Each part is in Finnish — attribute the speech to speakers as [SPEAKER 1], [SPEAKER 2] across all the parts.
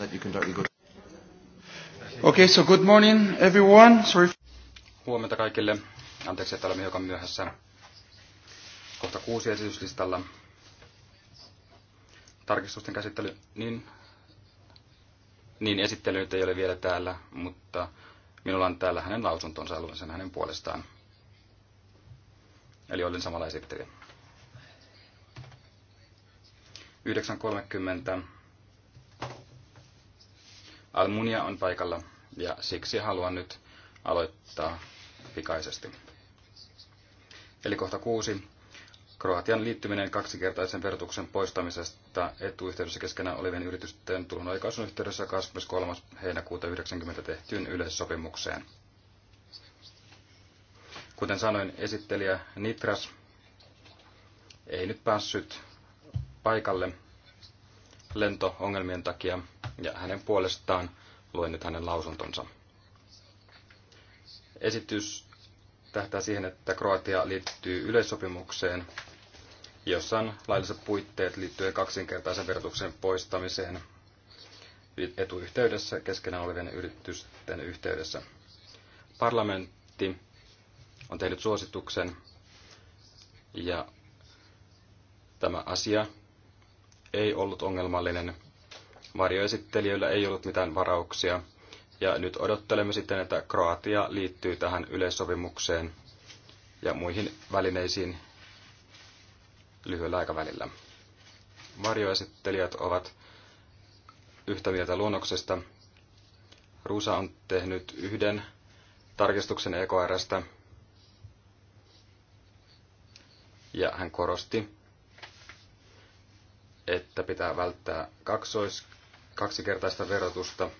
[SPEAKER 1] that you can directly go Okay, so
[SPEAKER 2] good morning everyone. Sorry.
[SPEAKER 1] Huomenta kaikille. Anteeksi, että olemme hiukan myöhässä. Kohta kuusi esityslistalla. Tarkistusten käsittely, niin, niin esittely nyt ei ole vielä täällä, mutta minulla on täällä hänen lausuntonsa ja sen hänen puolestaan. Eli olin samalla esittelijä. 9.30 Almunia on paikalla ja siksi haluan nyt aloittaa pikaisesti. Eli kohta kuusi. Kroatian liittyminen kaksikertaisen verotuksen poistamisesta etuyhteydessä keskenään olevien yritysten tulon oikaisun yhteydessä 23. heinäkuuta 90 tehtyyn yleissopimukseen. Kuten sanoin, esittelijä Nitras ei nyt päässyt paikalle, lentoongelmien takia ja hänen puolestaan luen nyt hänen lausuntonsa. Esitys tähtää siihen, että Kroatia liittyy yleissopimukseen, jossa on lailliset puitteet liittyen kaksinkertaisen verotuksen poistamiseen etuyhteydessä keskenään olevien yritysten yhteydessä. Parlamentti on tehnyt suosituksen ja tämä asia ei ollut ongelmallinen. Varjoesittelijöillä ei ollut mitään varauksia, ja nyt odottelemme sitten, että Kroatia liittyy tähän yleissopimukseen ja muihin välineisiin lyhyellä aikavälillä. Varjoesittelijät ovat yhtä mieltä luonnoksesta. Rusa on tehnyt yhden tarkistuksen EKRstä, ja hän korosti, että pitää välttää kaksois, kaksikertaista verotusta.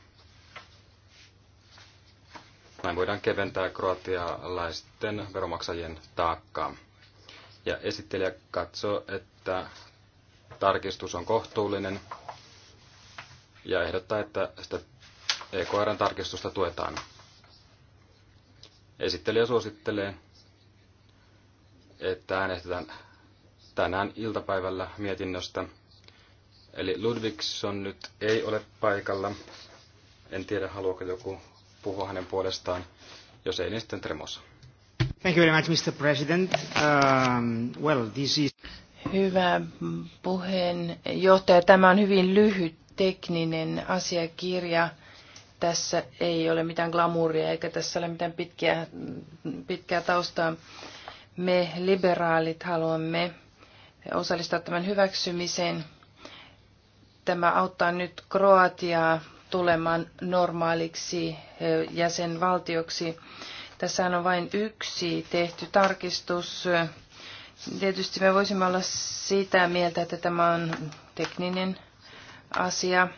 [SPEAKER 1] Näin voidaan keventää kroatialaisten veromaksajien taakkaa. Ja esittelijä katsoo, että tarkistus on kohtuullinen ja ehdottaa, että sitä EKRn tarkistusta tuetaan. Esittelijä suosittelee, että äänestetään tänään iltapäivällä mietinnöstä – Eli Ludvigsson nyt ei ole paikalla. En tiedä, haluaako joku puhua hänen puolestaan. Jos ei, niin sitten Tremossa.
[SPEAKER 3] Thank you very much, Mr. President. Um, well, this is...
[SPEAKER 4] Hyvä puheenjohtaja. Tämä on hyvin lyhyt tekninen asiakirja. Tässä ei ole mitään glamuuria eikä tässä ole mitään pitkiä, pitkää taustaa. Me liberaalit haluamme osallistua tämän hyväksymiseen. Tämä auttaa nyt Kroatiaa tulemaan normaaliksi jäsenvaltioksi. Tässä on vain yksi tehty tarkistus. Tietysti me voisimme olla sitä mieltä, että tämä on tekninen asia.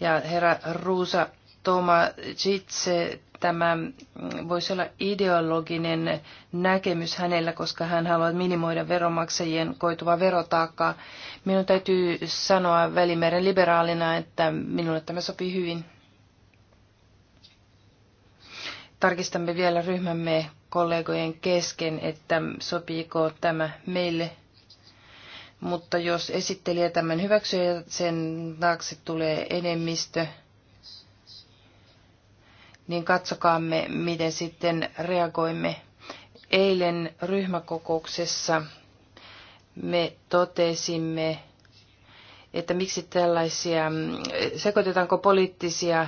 [SPEAKER 4] Ja herra Ruusa Toma Jitse tämä mm, voisi olla ideologinen näkemys hänellä, koska hän haluaa minimoida veronmaksajien koituvaa verotaakkaa. Minun täytyy sanoa välimeren liberaalina, että minulle tämä sopii hyvin. Tarkistamme vielä ryhmämme kollegojen kesken, että sopiiko tämä meille mutta jos esittelijä tämän hyväksyy ja sen taakse tulee enemmistö, niin katsokaamme, miten sitten reagoimme. Eilen ryhmäkokouksessa me totesimme, että miksi tällaisia, sekoitetaanko poliittisia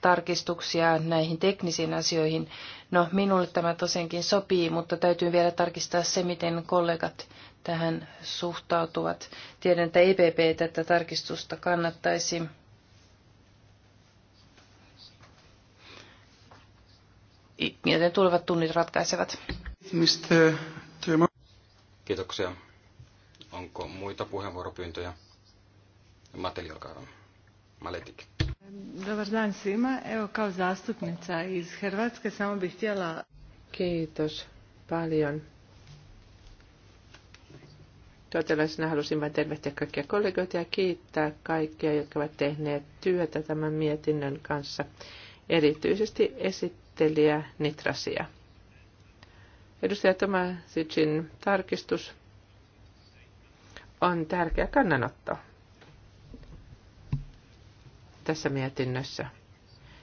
[SPEAKER 4] tarkistuksia näihin teknisiin asioihin. No, minulle tämä tosiaankin sopii, mutta täytyy vielä tarkistaa se, miten kollegat tähän suhtautuvat. Tiedän, että EPP tätä tarkistusta kannattaisi. miten tulevat tunnit ratkaisevat.
[SPEAKER 1] Kiitoksia. Onko muita puheenvuoropyyntöjä? Mateli, olkaa hyvä. Maletik.
[SPEAKER 3] Dobar dan svima. Evo kao zastupnica iz Hrvatske samo bih htjela... Kiitos paljon. Toivottavasti halusin vain tervehtiä kaikkia kollegoita ja kiittää kaikkia, jotka ovat tehneet työtä tämän mietinnön kanssa. Erityisesti esittää metteliä Nitrasia. Edustaja Sitsin tarkistus on tärkeä kannanotto tässä mietinnössä,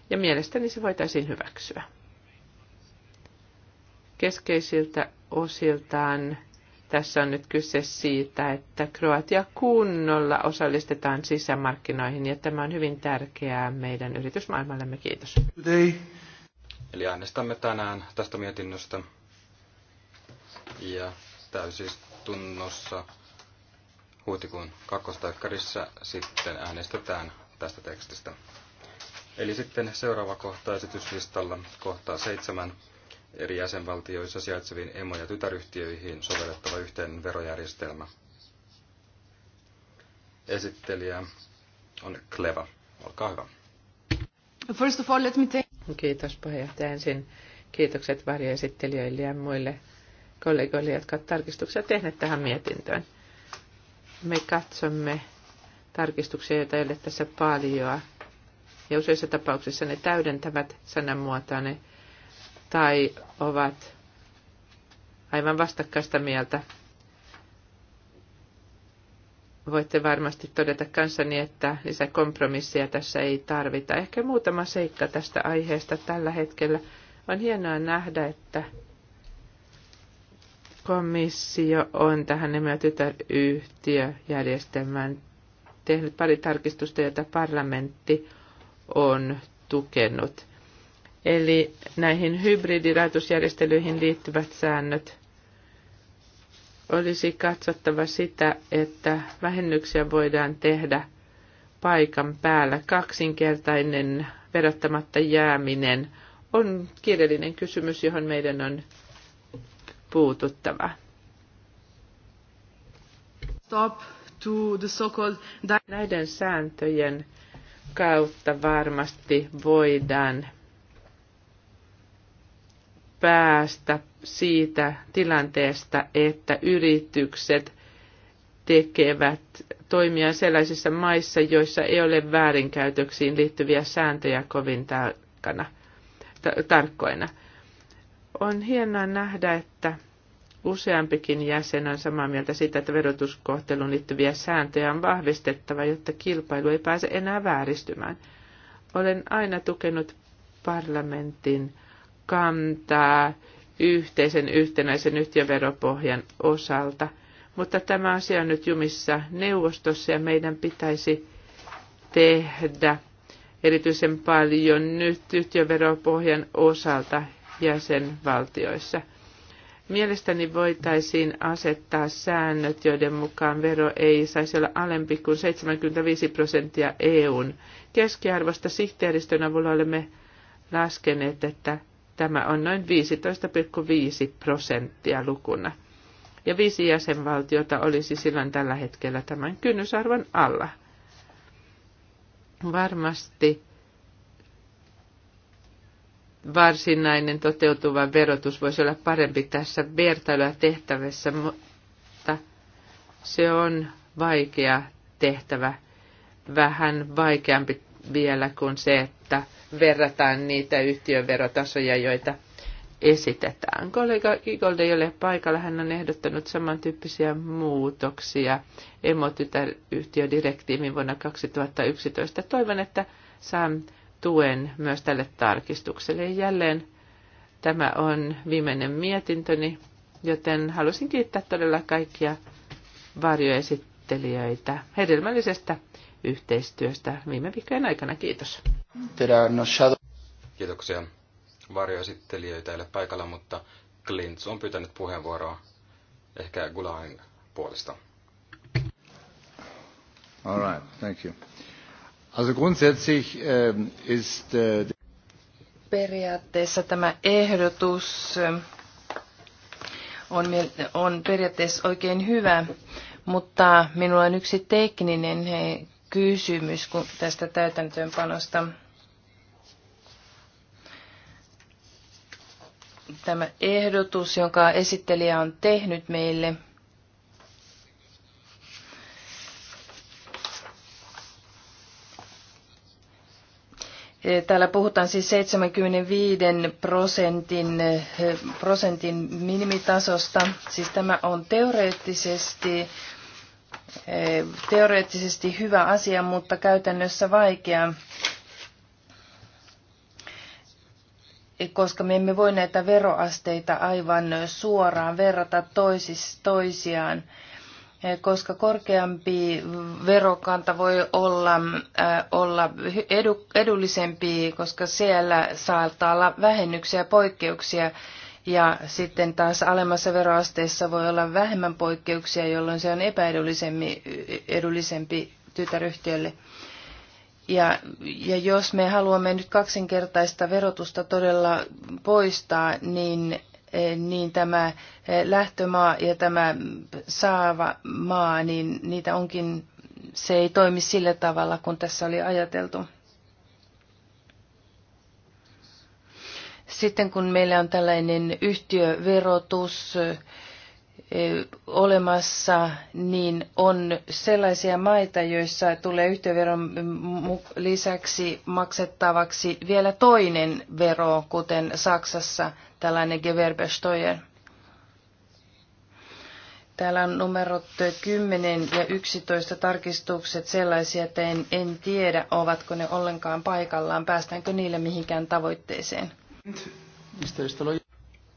[SPEAKER 3] ja mielestäni se voitaisiin hyväksyä. Keskeisiltä osiltaan tässä on nyt kyse siitä, että Kroatia kunnolla osallistetaan sisämarkkinoihin ja tämä on hyvin tärkeää meidän yritysmaailmallemme. Kiitos. Today.
[SPEAKER 1] Eli äänestämme tänään tästä mietinnöstä ja täysistunnossa huhtikuun kakkostaikkarissa sitten äänestetään tästä tekstistä. Eli sitten seuraava kohta esityslistalla, kohta seitsemän, eri jäsenvaltioissa sijaitseviin emo- ja tytäryhtiöihin sovellettava yhteinen verojärjestelmä. Esittelijä on Kleva. Olkaa hyvä.
[SPEAKER 3] First of all, let me take... Kiitos puheenjohtaja ensin. Kiitokset varjoesittelijöille ja muille kollegoille, jotka ovat tarkistuksia tehneet tähän mietintöön. Me katsomme tarkistuksia, joita ei ole tässä paljoa. Ja useissa tapauksissa ne täydentävät sanamuotoa tai ovat aivan vastakkaista mieltä voitte varmasti todeta kanssani, että lisäkompromisseja tässä ei tarvita. Ehkä muutama seikka tästä aiheesta tällä hetkellä. On hienoa nähdä, että komissio on tähän nimeä tytäryhtiöjärjestelmään tehnyt pari tarkistusta, joita parlamentti on tukenut. Eli näihin hybridirahoitusjärjestelyihin liittyvät säännöt – olisi katsottava sitä, että vähennyksiä voidaan tehdä paikan päällä. Kaksinkertainen verottamatta jääminen on kirjallinen kysymys, johon meidän on puututtava. Stop to the so-called... Näiden sääntöjen kautta varmasti voidaan päästä siitä tilanteesta, että yritykset tekevät toimia sellaisissa maissa, joissa ei ole väärinkäytöksiin liittyviä sääntöjä kovin tarkkana, ta- tarkkoina. On hienoa nähdä, että useampikin jäsen on samaa mieltä siitä, että verotuskohteluun liittyviä sääntöjä on vahvistettava, jotta kilpailu ei pääse enää vääristymään. Olen aina tukenut parlamentin kantaa yhteisen yhtenäisen yhtiöveropohjan osalta. Mutta tämä asia on nyt jumissa neuvostossa ja meidän pitäisi tehdä erityisen paljon nyt yhtiöveropohjan osalta jäsenvaltioissa. Mielestäni voitaisiin asettaa säännöt, joiden mukaan vero ei saisi olla alempi kuin 75 prosenttia EUn keskiarvosta. Sihteeristön avulla olemme laskeneet, että Tämä on noin 15,5 prosenttia lukuna. Ja viisi jäsenvaltiota olisi silloin tällä hetkellä tämän kynnysarvon alla. Varmasti varsinainen toteutuva verotus voisi olla parempi tässä vertailua tehtävässä, mutta se on vaikea tehtävä, vähän vaikeampi vielä kuin se, että verrataan niitä yhtiöverotasoja, joita esitetään. Kollega Gigold ei ole paikalla, hän on ehdottanut samantyyppisiä muutoksia emotytäryhtiödirektiivin vuonna 2011. Toivon, että saan tuen myös tälle tarkistukselle. Jälleen tämä on viimeinen mietintöni, joten halusin kiittää todella kaikkia varjoesittelijöitä hedelmällisestä yhteistyöstä viime viikkojen aikana. Kiitos.
[SPEAKER 1] No Kiitoksia. Varjoesittelijöitä ei ole paikalla, mutta Klintz on pyytänyt puheenvuoroa ehkä Gulain puolesta.
[SPEAKER 2] All right, thank you. Also grundsätzlich äh, ist äh,
[SPEAKER 4] periaatteessa tämä ehdotus äh, on, on periaatteessa oikein hyvä, mutta minulla on yksi tekninen kysymys tästä täytäntöönpanosta. tämä ehdotus, jonka esittelijä on tehnyt meille, Täällä puhutaan siis 75 prosentin, prosentin minimitasosta. Siis tämä on teoreettisesti, teoreettisesti hyvä asia, mutta käytännössä vaikea. koska me emme voi näitä veroasteita aivan suoraan verrata toisis, toisiaan, eh, koska korkeampi verokanta voi olla, äh, olla edu, edullisempi, koska siellä saattaa olla vähennyksiä ja poikkeuksia, ja sitten taas alemmassa veroasteessa voi olla vähemmän poikkeuksia, jolloin se on epäedullisempi edullisempi tytäryhtiölle. Ja, ja jos me haluamme nyt kaksinkertaista verotusta todella poistaa, niin, eh, niin tämä eh, lähtömaa ja tämä saava maa, niin niitä onkin, se ei toimi sillä tavalla, kun tässä oli ajateltu. Sitten kun meillä on tällainen yhtiöverotus, olemassa, niin on sellaisia maita, joissa tulee yhteenveron lisäksi maksettavaksi vielä toinen vero, kuten Saksassa tällainen Gewerbesteuer. Täällä on numerot 10 ja 11 tarkistukset sellaisia, että en, en tiedä, ovatko ne ollenkaan paikallaan, päästäänkö niille mihinkään tavoitteeseen.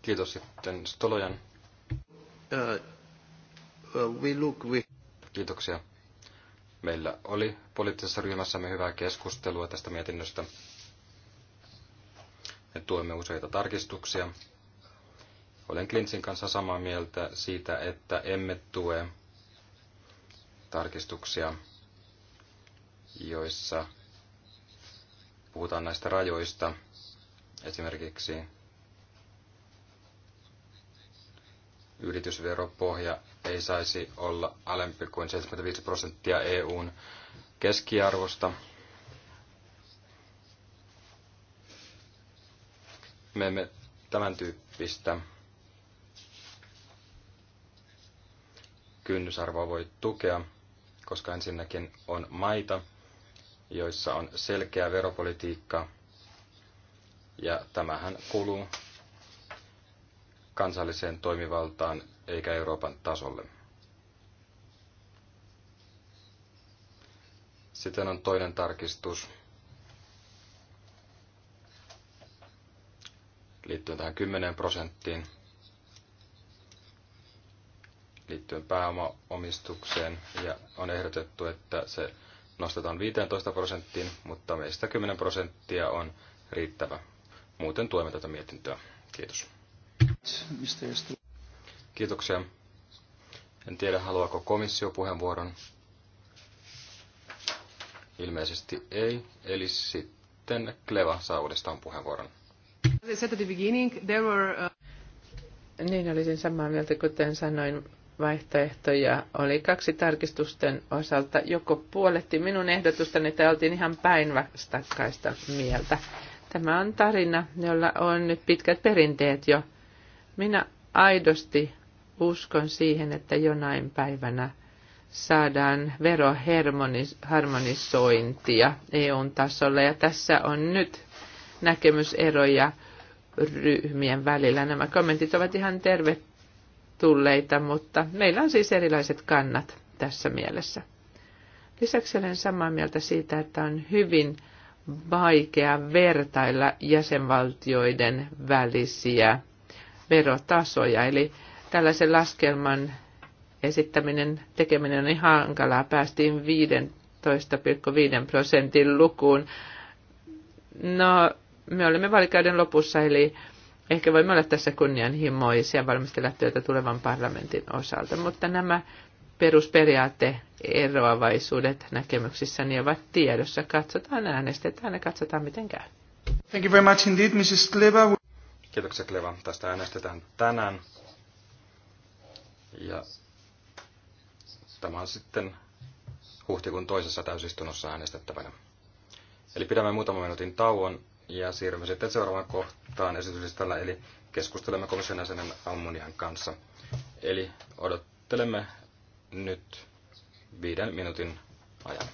[SPEAKER 1] Kiitos sitten Stolojan. Uh, uh, we look Kiitoksia. Meillä oli poliittisessa ryhmässämme hyvää keskustelua tästä mietinnöstä. Me tuemme useita tarkistuksia. Olen Klinsin kanssa samaa mieltä siitä, että emme tue tarkistuksia, joissa puhutaan näistä rajoista, esimerkiksi yritysveropohja ei saisi olla alempi kuin 75 prosenttia EUn keskiarvosta. Me emme tämän tyyppistä kynnysarvoa voi tukea, koska ensinnäkin on maita, joissa on selkeä veropolitiikka, ja tämähän kuluu kansalliseen toimivaltaan eikä Euroopan tasolle. Sitten on toinen tarkistus liittyen tähän 10 prosenttiin, liittyen pääomaomistukseen, ja on ehdotettu, että se nostetaan 15 prosenttiin, mutta meistä 10 prosenttia on riittävä. Muuten tuemme tätä mietintöä. Kiitos. Kiitoksia. En tiedä, haluaako komissio puheenvuoron. Ilmeisesti ei, eli sitten Kleva saa uudestaan puheenvuoron.
[SPEAKER 3] Uh, niin, olisin samaa mieltä, kuten sanoin, vaihtoehtoja oli kaksi tarkistusten osalta. Joko puoletti minun ehdotustani että oltiin ihan päinvastakkaista mieltä. Tämä on tarina, jolla on nyt pitkät perinteet jo minä aidosti uskon siihen, että jonain päivänä saadaan veroharmonisointia EUn tasolla. Ja tässä on nyt näkemyseroja ryhmien välillä. Nämä kommentit ovat ihan tervetulleita, mutta meillä on siis erilaiset kannat tässä mielessä. Lisäksi olen samaa mieltä siitä, että on hyvin vaikea vertailla jäsenvaltioiden välisiä verotasoja. Eli tällaisen laskelman esittäminen, tekeminen on ihan hankalaa. Päästiin 15,5 prosentin lukuun. No, me olemme valikauden lopussa, eli ehkä voimme olla tässä kunnianhimoisia valmistella työtä tulevan parlamentin osalta, mutta nämä perusperiaatte eroavaisuudet näkemyksissäni ovat tiedossa. Katsotaan, äänestetään ja katsotaan, miten käy.
[SPEAKER 1] Thank you very much indeed, Mrs. Kleber. Kiitokset Leva. Tästä äänestetään tänään. Ja tämä on sitten huhtikuun toisessa täysistunnossa äänestettävänä. Eli pidämme muutaman minuutin tauon ja siirrymme sitten seuraavaan kohtaan esityslistalla, eli keskustelemme komission jäsenen Ammonian kanssa. Eli odottelemme nyt viiden minuutin ajan.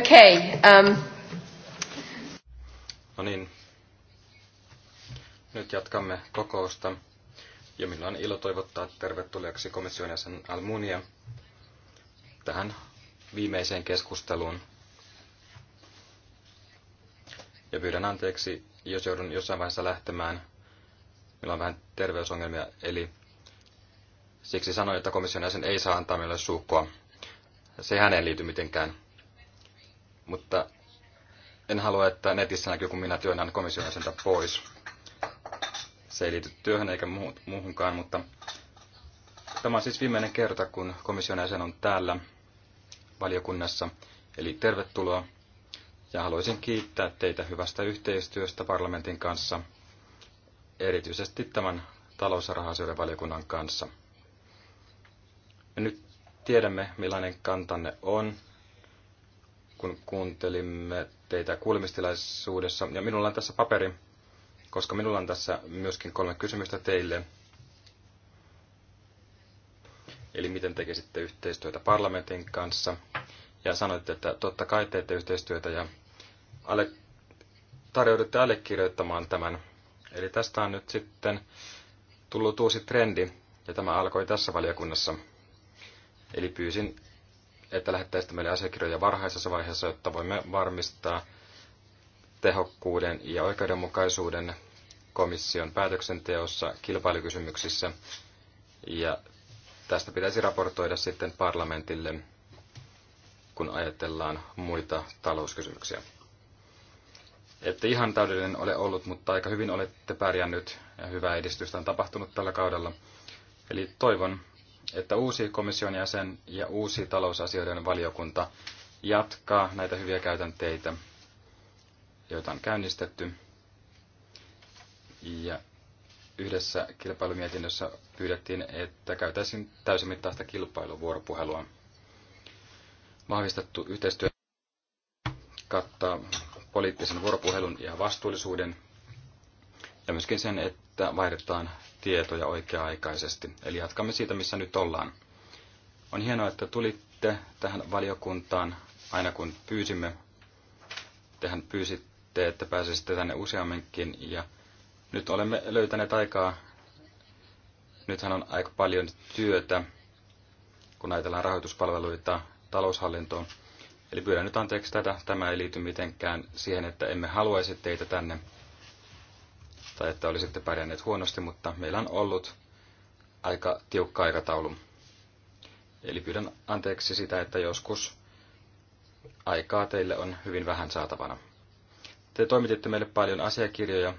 [SPEAKER 4] Okay, um.
[SPEAKER 1] No niin. Nyt jatkamme kokousta. Ja minulla on ilo toivottaa tervetulleeksi komission jäsen Almunia tähän viimeiseen keskusteluun. Ja pyydän anteeksi, jos joudun jossain vaiheessa lähtemään. Meillä on vähän terveysongelmia, eli siksi sanoin, että komission jäsen ei saa antaa meille suukkoa. Se ei liity mitenkään mutta en halua, että netissä näkyy, kun minä työnnän komission pois. Se ei liity työhön eikä muuhunkaan, mutta tämä on siis viimeinen kerta, kun komission jäsen on täällä valiokunnassa. Eli tervetuloa ja haluaisin kiittää teitä hyvästä yhteistyöstä parlamentin kanssa, erityisesti tämän talous- ja rahasioiden valiokunnan kanssa. Me nyt tiedämme, millainen kantanne on kun kuuntelimme teitä kuulemistilaisuudessa. Ja minulla on tässä paperi, koska minulla on tässä myöskin kolme kysymystä teille. Eli miten tekisitte yhteistyötä parlamentin kanssa. Ja sanoitte, että totta kai teette yhteistyötä ja alle, tarjoudutte allekirjoittamaan tämän. Eli tästä on nyt sitten tullut uusi trendi, ja tämä alkoi tässä valiokunnassa. Eli pyysin että lähettäisitte meille asiakirjoja varhaisessa vaiheessa, jotta voimme varmistaa tehokkuuden ja oikeudenmukaisuuden komission päätöksenteossa kilpailukysymyksissä. Ja tästä pitäisi raportoida sitten parlamentille, kun ajatellaan muita talouskysymyksiä. Ette ihan täydellinen ole ollut, mutta aika hyvin olette pärjännyt ja hyvää edistystä on tapahtunut tällä kaudella. Eli toivon, että uusi komission jäsen ja uusi talousasioiden valiokunta jatkaa näitä hyviä käytänteitä, joita on käynnistetty. Ja yhdessä kilpailumietinnössä pyydettiin, että käytäisiin täysimittaista kilpailuvuoropuhelua. Vahvistettu yhteistyö kattaa poliittisen vuoropuhelun ja vastuullisuuden ja myöskin sen, että vaihdetaan tietoja oikea-aikaisesti. Eli jatkamme siitä, missä nyt ollaan. On hienoa, että tulitte tähän valiokuntaan aina kun pyysimme. Tehän pyysitte, että pääsisitte tänne useamminkin ja nyt olemme löytäneet aikaa. Nythän on aika paljon työtä, kun ajatellaan rahoituspalveluita, taloushallintoon. Eli pyydän nyt anteeksi tätä. Tämä ei liity mitenkään siihen, että emme haluaisi teitä tänne tai että olisitte pärjänneet huonosti, mutta meillä on ollut aika tiukka aikataulu. Eli pyydän anteeksi sitä, että joskus aikaa teille on hyvin vähän saatavana. Te toimititte meille paljon asiakirjoja.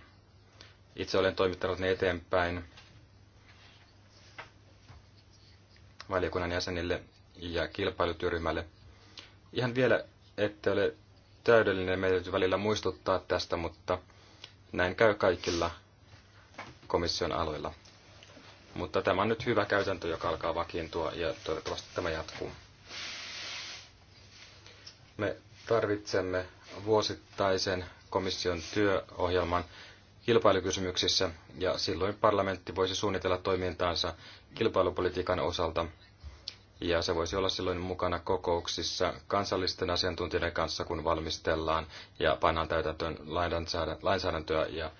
[SPEAKER 1] Itse olen toimittanut ne eteenpäin valiokunnan jäsenille ja kilpailutyöryhmälle. Ihan vielä ette ole täydellinen, meidän täytyy välillä muistuttaa tästä, mutta näin käy kaikilla komission aloilla. Mutta tämä on nyt hyvä käytäntö, joka alkaa vakiintua ja toivottavasti tämä jatkuu. Me tarvitsemme vuosittaisen komission työohjelman kilpailukysymyksissä ja silloin parlamentti voisi suunnitella toimintaansa kilpailupolitiikan osalta ja se voisi olla silloin mukana kokouksissa kansallisten asiantuntijoiden kanssa, kun valmistellaan ja pannaan täytäntöön lainsäädäntöä ja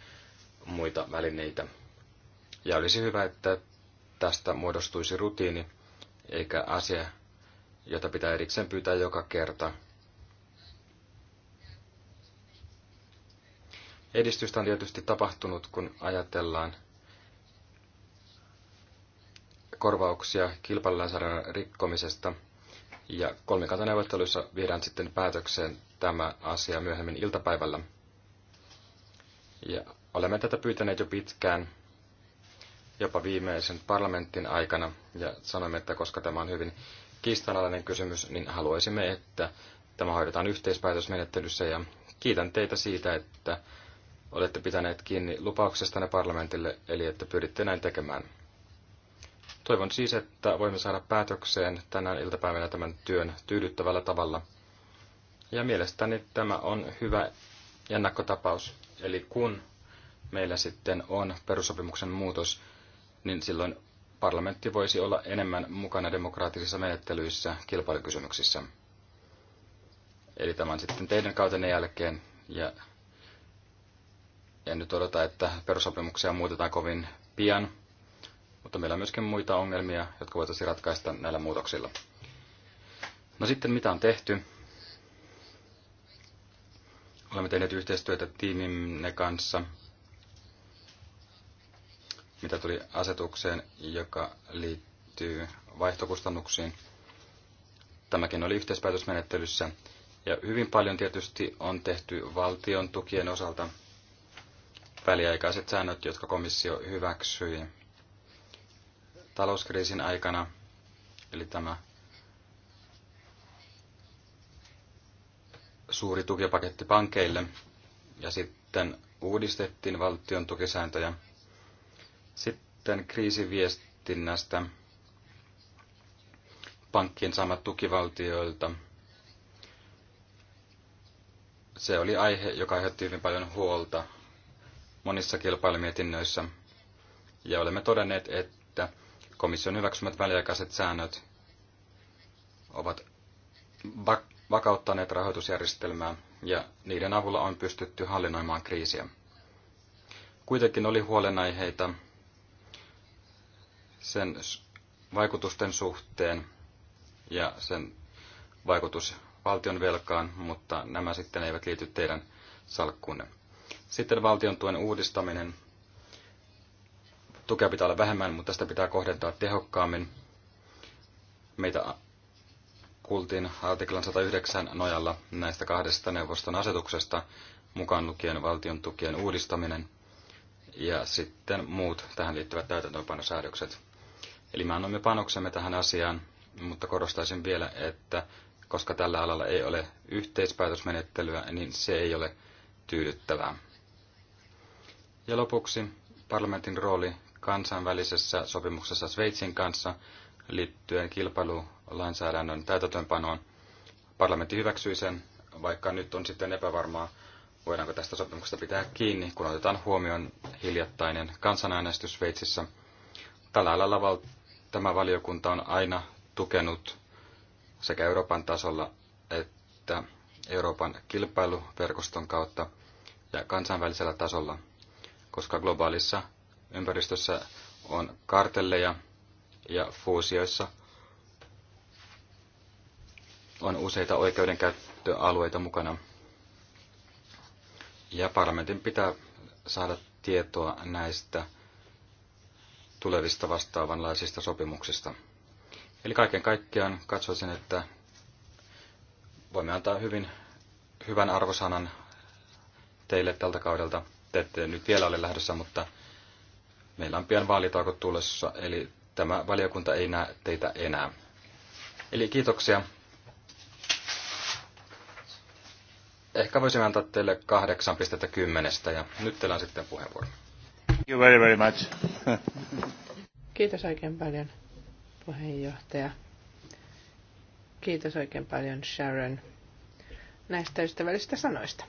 [SPEAKER 1] muita välineitä. Ja olisi hyvä, että tästä muodostuisi rutiini, eikä asia, jota pitää erikseen pyytää joka kerta. Edistystä on tietysti tapahtunut, kun ajatellaan korvauksia kilpailulainsäädännön rikkomisesta. Ja kolmikantaneuvotteluissa viedään sitten päätökseen tämä asia myöhemmin iltapäivällä. Ja olemme tätä pyytäneet jo pitkään, jopa viimeisen parlamentin aikana, ja sanoimme, että koska tämä on hyvin kiistanalainen kysymys, niin haluaisimme, että tämä hoidetaan yhteispäätösmenettelyssä, ja kiitän teitä siitä, että olette pitäneet kiinni lupauksestanne parlamentille, eli että pyritte näin tekemään. Toivon siis, että voimme saada päätökseen tänään iltapäivänä tämän työn tyydyttävällä tavalla. Ja mielestäni tämä on hyvä ennakkotapaus. Eli kun meillä sitten on perussopimuksen muutos, niin silloin parlamentti voisi olla enemmän mukana demokraattisissa menettelyissä kilpailukysymyksissä. Eli tämän sitten teidän kautenne jälkeen. Ja en nyt odota, että perussopimuksia muutetaan kovin pian, mutta meillä on myöskin muita ongelmia, jotka voitaisiin ratkaista näillä muutoksilla. No sitten mitä on tehty? Olemme tehneet yhteistyötä tiimimme kanssa, mitä tuli asetukseen, joka liittyy vaihtokustannuksiin. Tämäkin oli yhteispäätösmenettelyssä. Ja hyvin paljon tietysti on tehty valtion tukien osalta väliaikaiset säännöt, jotka komissio hyväksyi talouskriisin aikana, eli tämä suuri tukipaketti pankeille, ja sitten uudistettiin valtion tukisääntöjä. Sitten kriisiviestinnästä pankkien saamat tukivaltioilta. Se oli aihe, joka aiheutti hyvin paljon huolta monissa kilpailumietinnöissä. Ja olemme todenneet, että Komission hyväksymät väliaikaiset säännöt ovat vakauttaneet rahoitusjärjestelmää ja niiden avulla on pystytty hallinnoimaan kriisiä. Kuitenkin oli huolenaiheita sen vaikutusten suhteen ja sen vaikutus valtion velkaan, mutta nämä sitten eivät liity teidän salkkuunne. Sitten valtion tuen uudistaminen. Tukea pitää olla vähemmän, mutta sitä pitää kohdentaa tehokkaammin. Meitä kuultiin artiklan 109 nojalla näistä kahdesta neuvoston asetuksesta, mukaan lukien valtion tukien uudistaminen ja sitten muut tähän liittyvät täytäntöönpanosäädökset. Eli me annamme panoksemme tähän asiaan, mutta korostaisin vielä, että koska tällä alalla ei ole yhteispäätösmenettelyä, niin se ei ole tyydyttävää. Ja lopuksi parlamentin rooli kansainvälisessä sopimuksessa Sveitsin kanssa liittyen kilpailulainsäädännön täytäntöönpanoon. Parlamentti hyväksyi sen, vaikka nyt on sitten epävarmaa, voidaanko tästä sopimuksesta pitää kiinni, kun otetaan huomioon hiljattainen kansanäänestys Sveitsissä. Tällä alalla tämä valiokunta on aina tukenut sekä Euroopan tasolla että Euroopan kilpailuverkoston kautta ja kansainvälisellä tasolla, koska globaalissa ympäristössä on kartelleja ja fuusioissa on useita oikeudenkäyttöalueita mukana. Ja parlamentin pitää saada tietoa näistä tulevista vastaavanlaisista sopimuksista. Eli kaiken kaikkiaan katsoisin, että voimme antaa hyvin hyvän arvosanan teille tältä kaudelta. Te ette nyt vielä ole lähdössä, mutta Meillä on pian vaalitauko tulossa, eli tämä valiokunta ei näe teitä enää. Eli kiitoksia. Ehkä voisimme antaa teille 8.10 ja nyt teillä on sitten puheenvuoro.
[SPEAKER 2] Thank you very, very much.
[SPEAKER 3] Kiitos oikein paljon puheenjohtaja. Kiitos oikein paljon Sharon näistä ystävällisistä sanoista.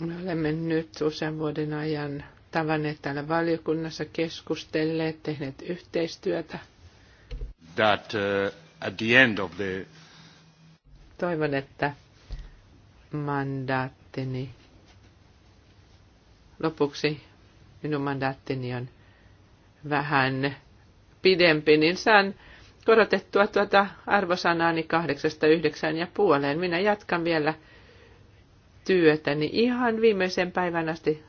[SPEAKER 3] Me olemme nyt usean vuoden ajan tavanneet täällä valiokunnassa, keskustelleet, tehneet yhteistyötä.
[SPEAKER 1] That, uh, at the end of the...
[SPEAKER 3] Toivon, että mandaattini lopuksi minun mandaattini on vähän pidempi, niin saan korotettua tuota arvosanaani kahdeksasta yhdeksään ja puoleen. Minä jatkan vielä työtä niin ihan viimeisen päivän asti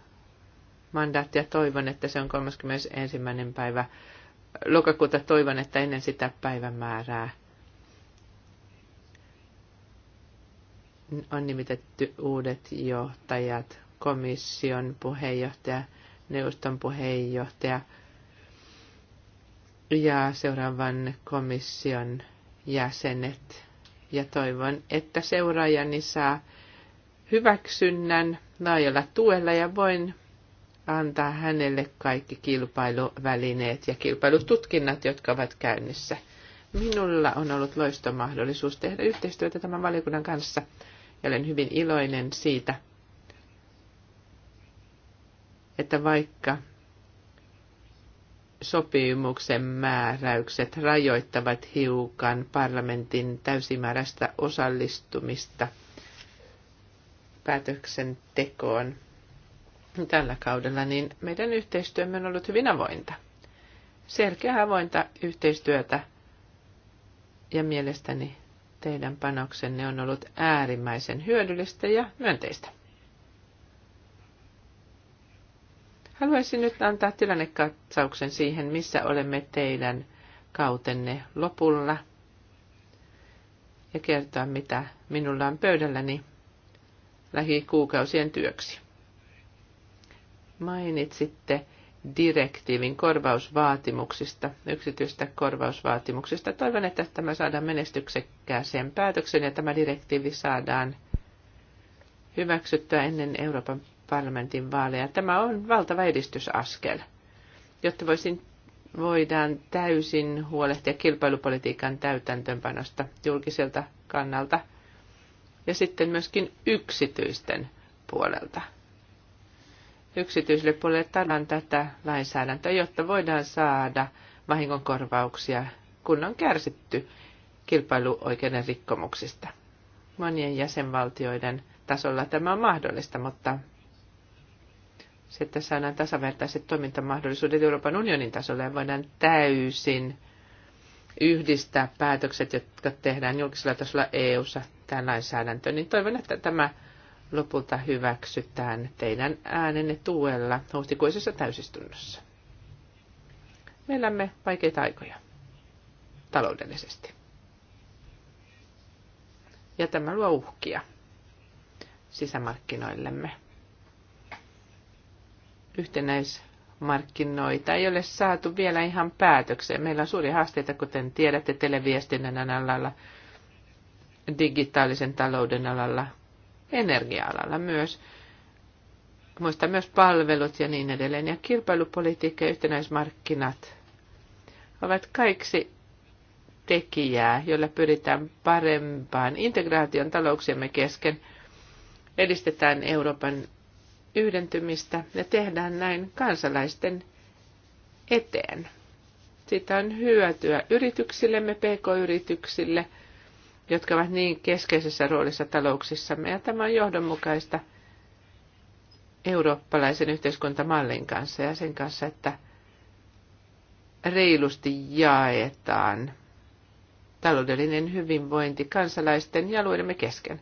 [SPEAKER 3] mandaattia. Toivon, että se on 31. päivä lokakuuta. Toivon, että ennen sitä päivämäärää on nimitetty uudet johtajat, komission puheenjohtaja, neuvoston puheenjohtaja ja seuraavan komission jäsenet. Ja toivon, että seuraajani saa hyväksynnän laajalla tuella ja voin antaa hänelle kaikki kilpailuvälineet ja kilpailututkinnat, jotka ovat käynnissä. Minulla on ollut loistomahdollisuus tehdä yhteistyötä tämän valiokunnan kanssa ja olen hyvin iloinen siitä, että vaikka sopimuksen määräykset rajoittavat hiukan parlamentin täysimääräistä osallistumista – päätöksentekoon tällä kaudella, niin meidän yhteistyömme on ollut hyvin avointa. Selkeä avointa yhteistyötä ja mielestäni teidän panoksenne on ollut äärimmäisen hyödyllistä ja myönteistä. Haluaisin nyt antaa tilannekatsauksen siihen, missä olemme teidän kautenne lopulla ja kertoa, mitä minulla on pöydälläni lähikuukausien työksi. Mainitsitte direktiivin korvausvaatimuksista, yksityistä korvausvaatimuksista. Toivon, että tämä saadaan menestyksekkääseen päätöksen ja tämä direktiivi saadaan hyväksyttyä ennen Euroopan parlamentin vaaleja. Tämä on valtava edistysaskel, jotta voisin, voidaan täysin huolehtia kilpailupolitiikan täytäntöönpanosta julkiselta kannalta – ja sitten myöskin yksityisten puolelta. Yksityisille puolelle tarvitaan tätä lainsäädäntöä, jotta voidaan saada vahingonkorvauksia, kun on kärsitty kilpailuoikeuden rikkomuksista. Monien jäsenvaltioiden tasolla tämä on mahdollista, mutta että saadaan tasavertaiset toimintamahdollisuudet Euroopan unionin tasolla ja voidaan täysin yhdistää päätökset, jotka tehdään julkisella tasolla EU-ssa tämä lainsäädäntö, niin toivon, että tämä lopulta hyväksytään teidän äänenne tuella huhtikuisessa täysistunnossa. Meillämme vaikeita aikoja taloudellisesti. Ja tämä luo uhkia sisämarkkinoillemme. Yhtenäismarkkinoita ei ole saatu vielä ihan päätökseen. Meillä on suuria haasteita, kuten tiedätte, televiestinnän alalla – digitaalisen talouden alalla, energia-alalla myös. Muista myös palvelut ja niin edelleen. Ja kilpailupolitiikka ja yhtenäismarkkinat ovat kaikki tekijää, joilla pyritään parempaan integraation talouksiemme kesken, edistetään Euroopan yhdentymistä ja tehdään näin kansalaisten eteen. Siitä on hyötyä yrityksillemme, pk-yrityksille – jotka ovat niin keskeisessä roolissa talouksissamme. Ja tämä on johdonmukaista eurooppalaisen yhteiskuntamallin kanssa ja sen kanssa, että reilusti jaetaan taloudellinen hyvinvointi kansalaisten ja alueidemme kesken.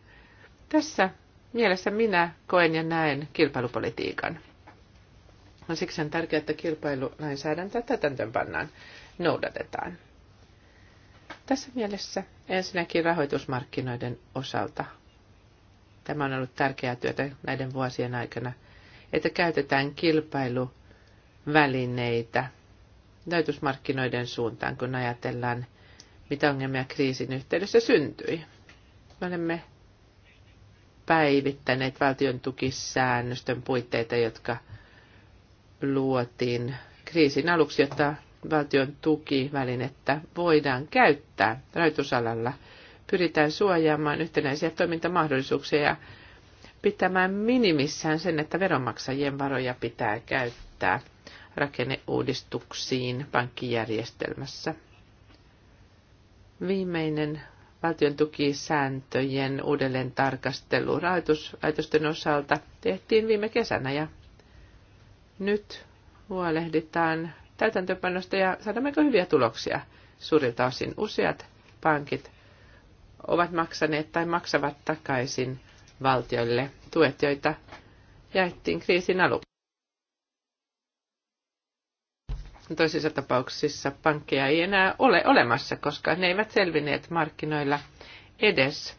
[SPEAKER 3] Tässä mielessä minä koen ja näen kilpailupolitiikan. No siksi on tärkeää, että kilpailulainsäädäntöä täytäntöön pannaan, noudatetaan. Tässä mielessä ensinnäkin rahoitusmarkkinoiden osalta. Tämä on ollut tärkeää työtä näiden vuosien aikana, että käytetään kilpailuvälineitä rahoitusmarkkinoiden suuntaan, kun ajatellaan, mitä ongelmia kriisin yhteydessä syntyi. Me olemme päivittäneet valtion tukisäännöstön puitteita, jotka luotiin kriisin aluksi, jotta valtion tukivälinettä voidaan käyttää rajoitusalalla. Pyritään suojaamaan yhtenäisiä toimintamahdollisuuksia ja pitämään minimissään sen, että veronmaksajien varoja pitää käyttää rakenneuudistuksiin pankkijärjestelmässä. Viimeinen valtion tukisääntöjen uudelleen tarkastelu rahoitusten osalta tehtiin viime kesänä ja nyt huolehditaan täytäntöönpanosta ja saadammeko hyviä tuloksia. Suurilta osin useat pankit ovat maksaneet tai maksavat takaisin valtioille tuet, joita jaettiin kriisin aluksi. Toisissa tapauksissa pankkeja ei enää ole olemassa, koska ne eivät selvinneet markkinoilla edes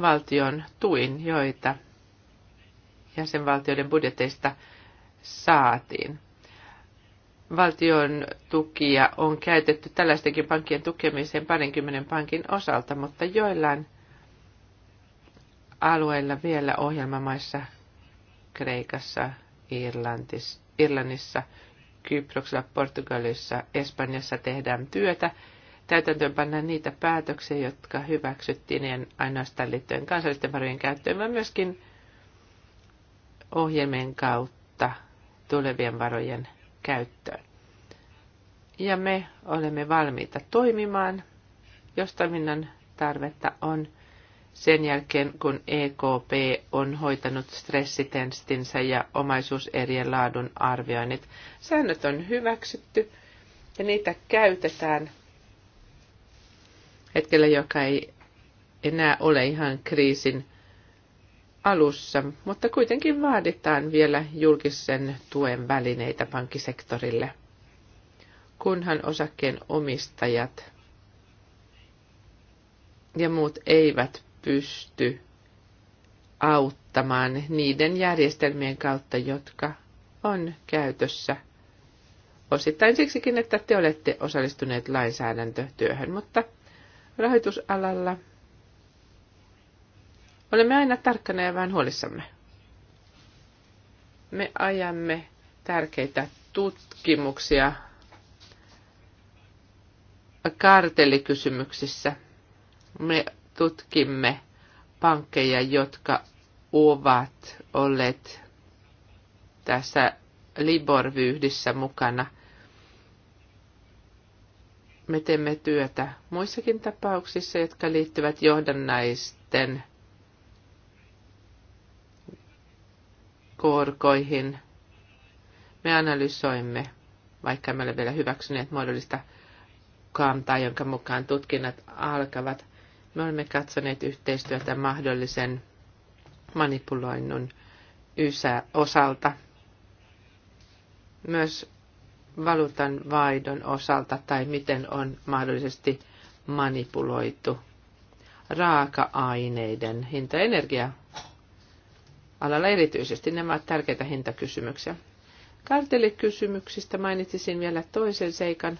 [SPEAKER 3] valtion tuin, joita jäsenvaltioiden budjeteista saatiin valtion tukia on käytetty tällaistenkin pankkien tukemiseen parinkymmenen pankin osalta, mutta joillain alueilla vielä ohjelmamaissa, Kreikassa, Irlantis, Irlannissa, Kyproksella, Portugalissa, Espanjassa tehdään työtä. Täytäntöön pannaan niitä päätöksiä, jotka hyväksyttiin en ainoastaan liittyen kansallisten varojen käyttöön, vaan myöskin ohjelmien kautta tulevien varojen käyttöön. Ja me olemme valmiita toimimaan, jos toiminnan tarvetta on sen jälkeen, kun EKP on hoitanut stressitestinsä ja omaisuuserien laadun arvioinnit. Säännöt on hyväksytty ja niitä käytetään hetkellä, joka ei enää ole ihan kriisin alussa, mutta kuitenkin vaaditaan vielä julkisen tuen välineitä pankkisektorille, kunhan osakkeen omistajat ja muut eivät pysty auttamaan niiden järjestelmien kautta, jotka on käytössä. Osittain siksikin, että te olette osallistuneet lainsäädäntötyöhön, mutta rahoitusalalla – Olemme aina tarkkana ja vähän huolissamme. Me ajamme tärkeitä tutkimuksia kartelikysymyksissä. Me tutkimme pankkeja, jotka ovat olleet tässä Libor-vyyhdissä mukana. Me teemme työtä muissakin tapauksissa, jotka liittyvät johdannaisten korkoihin. Me analysoimme, vaikka me olemme vielä hyväksyneet muodollista kantaa, jonka mukaan tutkinnat alkavat. Me olemme katsoneet yhteistyötä mahdollisen manipuloinnun osalta. Myös valuutan vaidon osalta tai miten on mahdollisesti manipuloitu raaka-aineiden hinta energia alalla erityisesti. Nämä ovat tärkeitä hintakysymyksiä. Kartellikysymyksistä mainitsisin vielä toisen seikan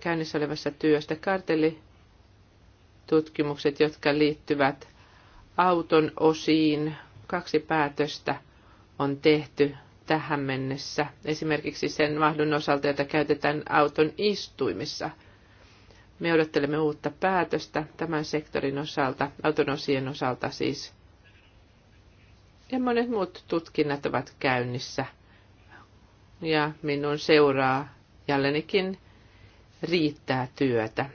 [SPEAKER 3] käynnissä olevassa työstä. Kartellitutkimukset, jotka liittyvät auton osiin. Kaksi päätöstä on tehty tähän mennessä. Esimerkiksi sen mahdun osalta, jota käytetään auton istuimissa. Me odottelemme uutta päätöstä tämän sektorin osalta, auton osien osalta siis ja monet muut tutkinnat ovat käynnissä. Ja minun seuraa jälleenkin riittää työtä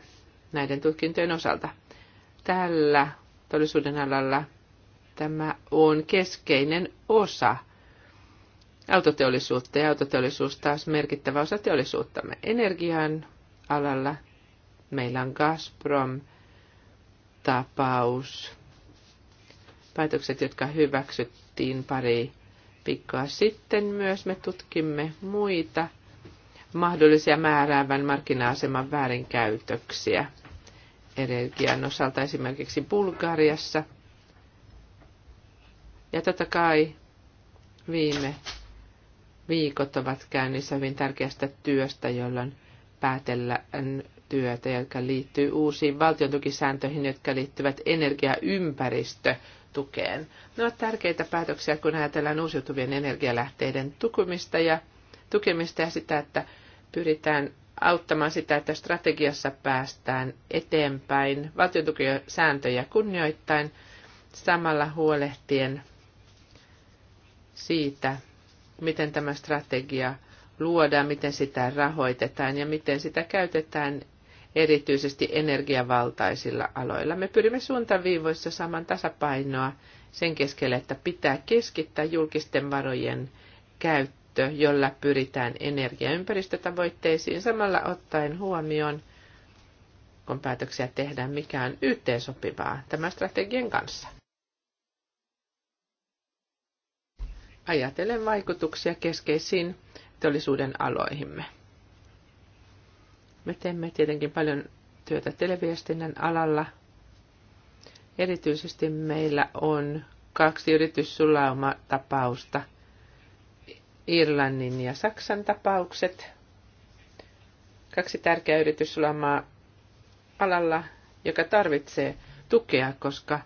[SPEAKER 3] näiden tutkintojen osalta. Tällä todellisuuden alalla tämä on keskeinen osa autoteollisuutta ja autoteollisuus taas merkittävä osa teollisuuttamme. Energian alalla meillä on Gazprom-tapaus, päätökset, jotka hyväksyttiin tutkittiin pari viikkoa sitten myös. Me tutkimme muita mahdollisia määräävän markkina-aseman väärinkäytöksiä energian osalta esimerkiksi Bulgariassa. Ja totta kai viime viikot ovat käynnissä hyvin tärkeästä työstä, jolloin päätellään työtä, jotka liittyy uusiin valtiontukisääntöihin, jotka liittyvät energiaympäristö- tukeen. Ne ovat tärkeitä päätöksiä, kun ajatellaan uusiutuvien energialähteiden tukemista ja, tukemista ja sitä, että pyritään auttamaan sitä, että strategiassa päästään eteenpäin sääntöjä kunnioittain, samalla huolehtien siitä, miten tämä strategia luodaan, miten sitä rahoitetaan ja miten sitä käytetään erityisesti energiavaltaisilla aloilla. Me pyrimme suuntaviivoissa saamaan tasapainoa sen keskellä, että pitää keskittää julkisten varojen käyttö, jolla pyritään energiaympäristötavoitteisiin, samalla ottaen huomioon, kun päätöksiä tehdään, mikä on yhteensopivaa tämän strategian kanssa. Ajatellen vaikutuksia keskeisiin teollisuuden aloihimme. Me teemme tietenkin paljon työtä televiestinnän alalla. Erityisesti meillä on kaksi yrityssulauma-tapausta. Irlannin ja Saksan tapaukset. Kaksi tärkeää yrityssulaumaa alalla, joka tarvitsee tukea, koska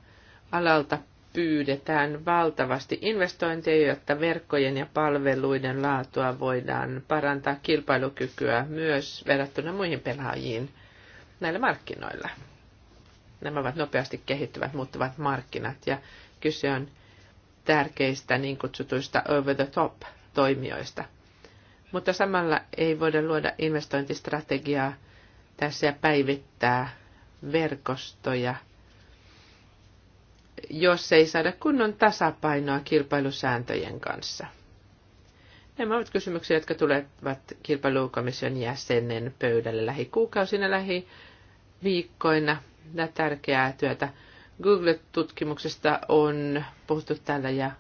[SPEAKER 3] alalta pyydetään valtavasti investointeja, jotta verkkojen ja palveluiden laatua voidaan parantaa kilpailukykyä myös verrattuna muihin pelaajiin näillä markkinoilla. Nämä ovat nopeasti kehittyvät, muuttuvat markkinat ja kyse on tärkeistä niin kutsutuista over the top toimijoista. Mutta samalla ei voida luoda investointistrategiaa tässä ja päivittää verkostoja – jos ei saada kunnon tasapainoa kilpailusääntöjen kanssa? Nämä ovat kysymyksiä, jotka tulevat kilpailukomission jäsenen pöydälle lähikuukausina, lähiviikkoina. Tätä tärkeää työtä Google-tutkimuksesta on puhuttu täällä ja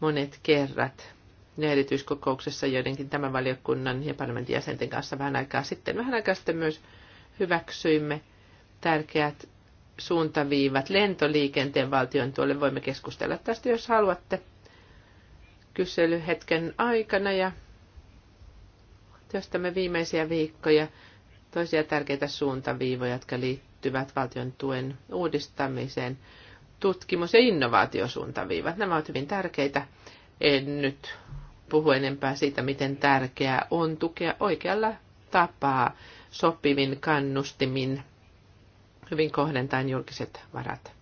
[SPEAKER 3] monet kerrat Ne erityiskokouksessa joidenkin tämän valiokunnan ja parlamentin jäsenten kanssa vähän aikaa sitten. Vähän aikaa sitten myös hyväksyimme tärkeät suuntaviivat lentoliikenteen valtion tuolle. Voimme keskustella tästä, jos haluatte, kyselyhetken aikana ja työstämme viimeisiä viikkoja toisia tärkeitä suuntaviivoja, jotka liittyvät valtion tuen uudistamiseen. Tutkimus- ja innovaatiosuuntaviivat, nämä ovat hyvin tärkeitä. En nyt puhu enempää siitä, miten tärkeää on tukea oikealla tapaa sopivin kannustimin hyvin kohdentaen julkiset varat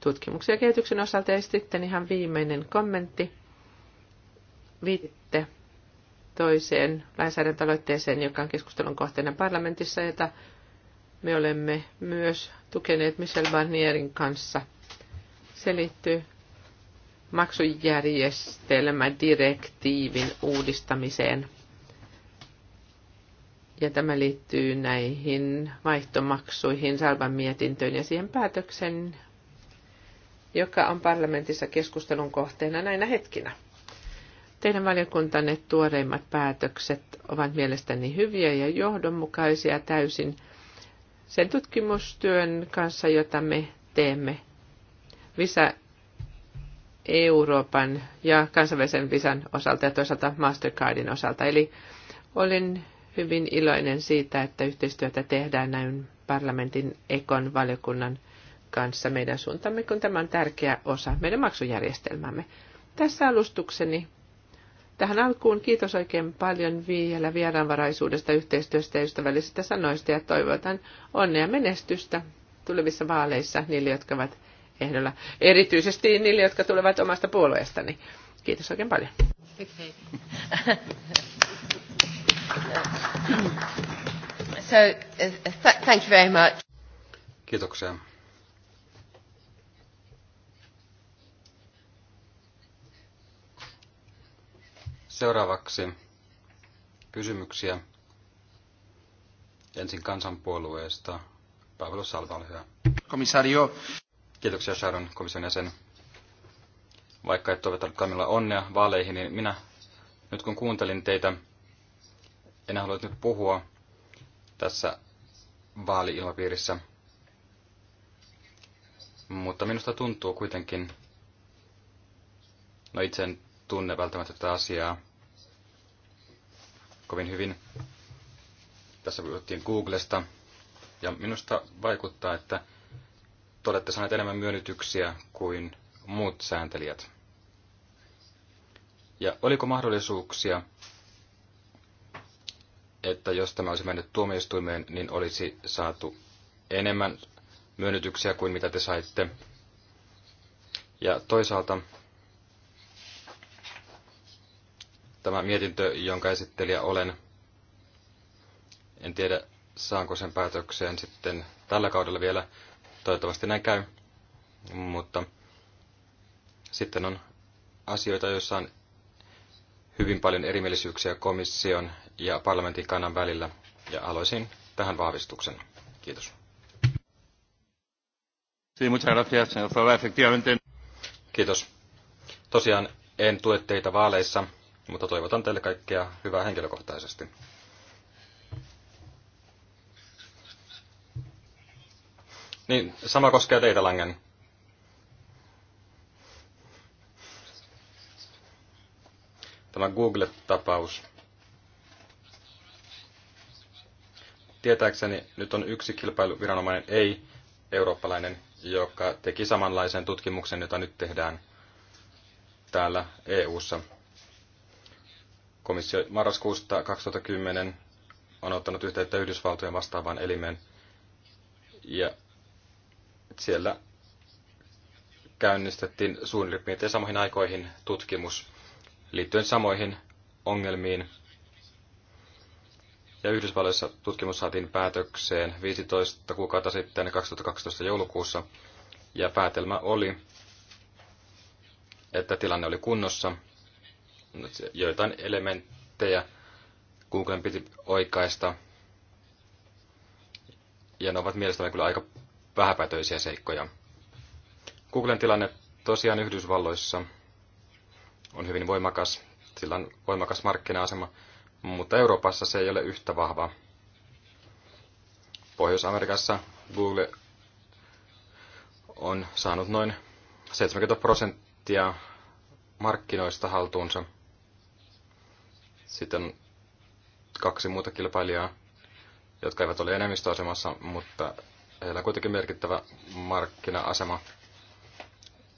[SPEAKER 3] tutkimuksen ja kehityksen osalta. Ja sitten ihan viimeinen kommentti. Viitte toiseen lainsäädäntöaloitteeseen, joka on keskustelun kohteena parlamentissa, jota me olemme myös tukeneet Michel Barnierin kanssa. Se liittyy maksujärjestelmädirektiivin uudistamiseen. Ja tämä liittyy näihin vaihtomaksuihin, Salvan mietintöön ja siihen päätöksen, joka on parlamentissa keskustelun kohteena näinä hetkinä. Teidän valiokuntanne tuoreimmat päätökset ovat mielestäni hyviä ja johdonmukaisia täysin sen tutkimustyön kanssa, jota me teemme Visa Euroopan ja kansainvälisen visan osalta ja toisaalta Mastercardin osalta. Eli olin hyvin iloinen siitä, että yhteistyötä tehdään näin parlamentin ekon valiokunnan kanssa meidän suuntamme, kun tämä on tärkeä osa meidän maksujärjestelmämme. Tässä alustukseni Tähän alkuun kiitos oikein paljon vielä vieraanvaraisuudesta, yhteistyöstä ja ystävällisistä sanoista ja toivotan onnea menestystä tulevissa vaaleissa niille, jotka ovat ehdolla. Erityisesti niille, jotka tulevat omasta puolueestani. Kiitos oikein paljon.
[SPEAKER 2] Okay.
[SPEAKER 3] So, uh, th- thank you very much.
[SPEAKER 1] Kiitoksia. Seuraavaksi kysymyksiä. Ensin kansanpuolueesta. Paavelo Salva, ole hyvä. Komisario. Kiitoksia Sharon, komission jäsen. Vaikka et toivotanut Kamilla onnea vaaleihin, niin minä nyt kun kuuntelin teitä, en halua nyt puhua tässä vaaliilmapiirissä, mutta minusta tuntuu kuitenkin, no itse en tunne välttämättä tätä asiaa kovin hyvin. Tässä puhuttiin Googlesta, ja minusta vaikuttaa, että te olette saaneet enemmän myönnytyksiä kuin muut sääntelijät. Ja oliko mahdollisuuksia että jos tämä olisi mennyt tuomioistuimeen, niin olisi saatu enemmän myönnytyksiä kuin mitä te saitte. Ja toisaalta tämä mietintö, jonka esittelijä olen, en tiedä saanko sen päätökseen sitten tällä kaudella vielä, toivottavasti näin käy, mutta sitten on asioita, joissa on hyvin paljon erimielisyyksiä komission ja parlamentin kannan välillä, ja haluaisin tähän vahvistuksen. Kiitos. Kiitos. Tosiaan en tue teitä vaaleissa, mutta toivotan teille kaikkea hyvää henkilökohtaisesti. Niin, sama koskee teitä Langen. tämä Google-tapaus. Tietääkseni nyt on yksi kilpailuviranomainen, ei eurooppalainen, joka teki samanlaisen tutkimuksen, jota nyt tehdään täällä EU:ssa. Komissio marraskuusta 2010 on ottanut yhteyttä Yhdysvaltojen vastaavaan elimeen. Ja siellä käynnistettiin suunnilleen samoihin aikoihin tutkimus liittyen samoihin ongelmiin. Ja Yhdysvalloissa tutkimus saatiin päätökseen 15 kuukautta sitten 2012 joulukuussa, ja päätelmä oli, että tilanne oli kunnossa. Joitain elementtejä Googlen piti oikaista, ja ne ovat mielestäni kyllä aika vähäpätöisiä seikkoja. Googlen tilanne tosiaan Yhdysvalloissa – on hyvin voimakas, sillä on voimakas markkina-asema, mutta Euroopassa se ei ole yhtä vahva. Pohjois-Amerikassa Google on saanut noin 70 prosenttia markkinoista haltuunsa. Sitten on kaksi muuta kilpailijaa, jotka eivät ole enemmistöasemassa, mutta heillä on kuitenkin merkittävä markkina-asema.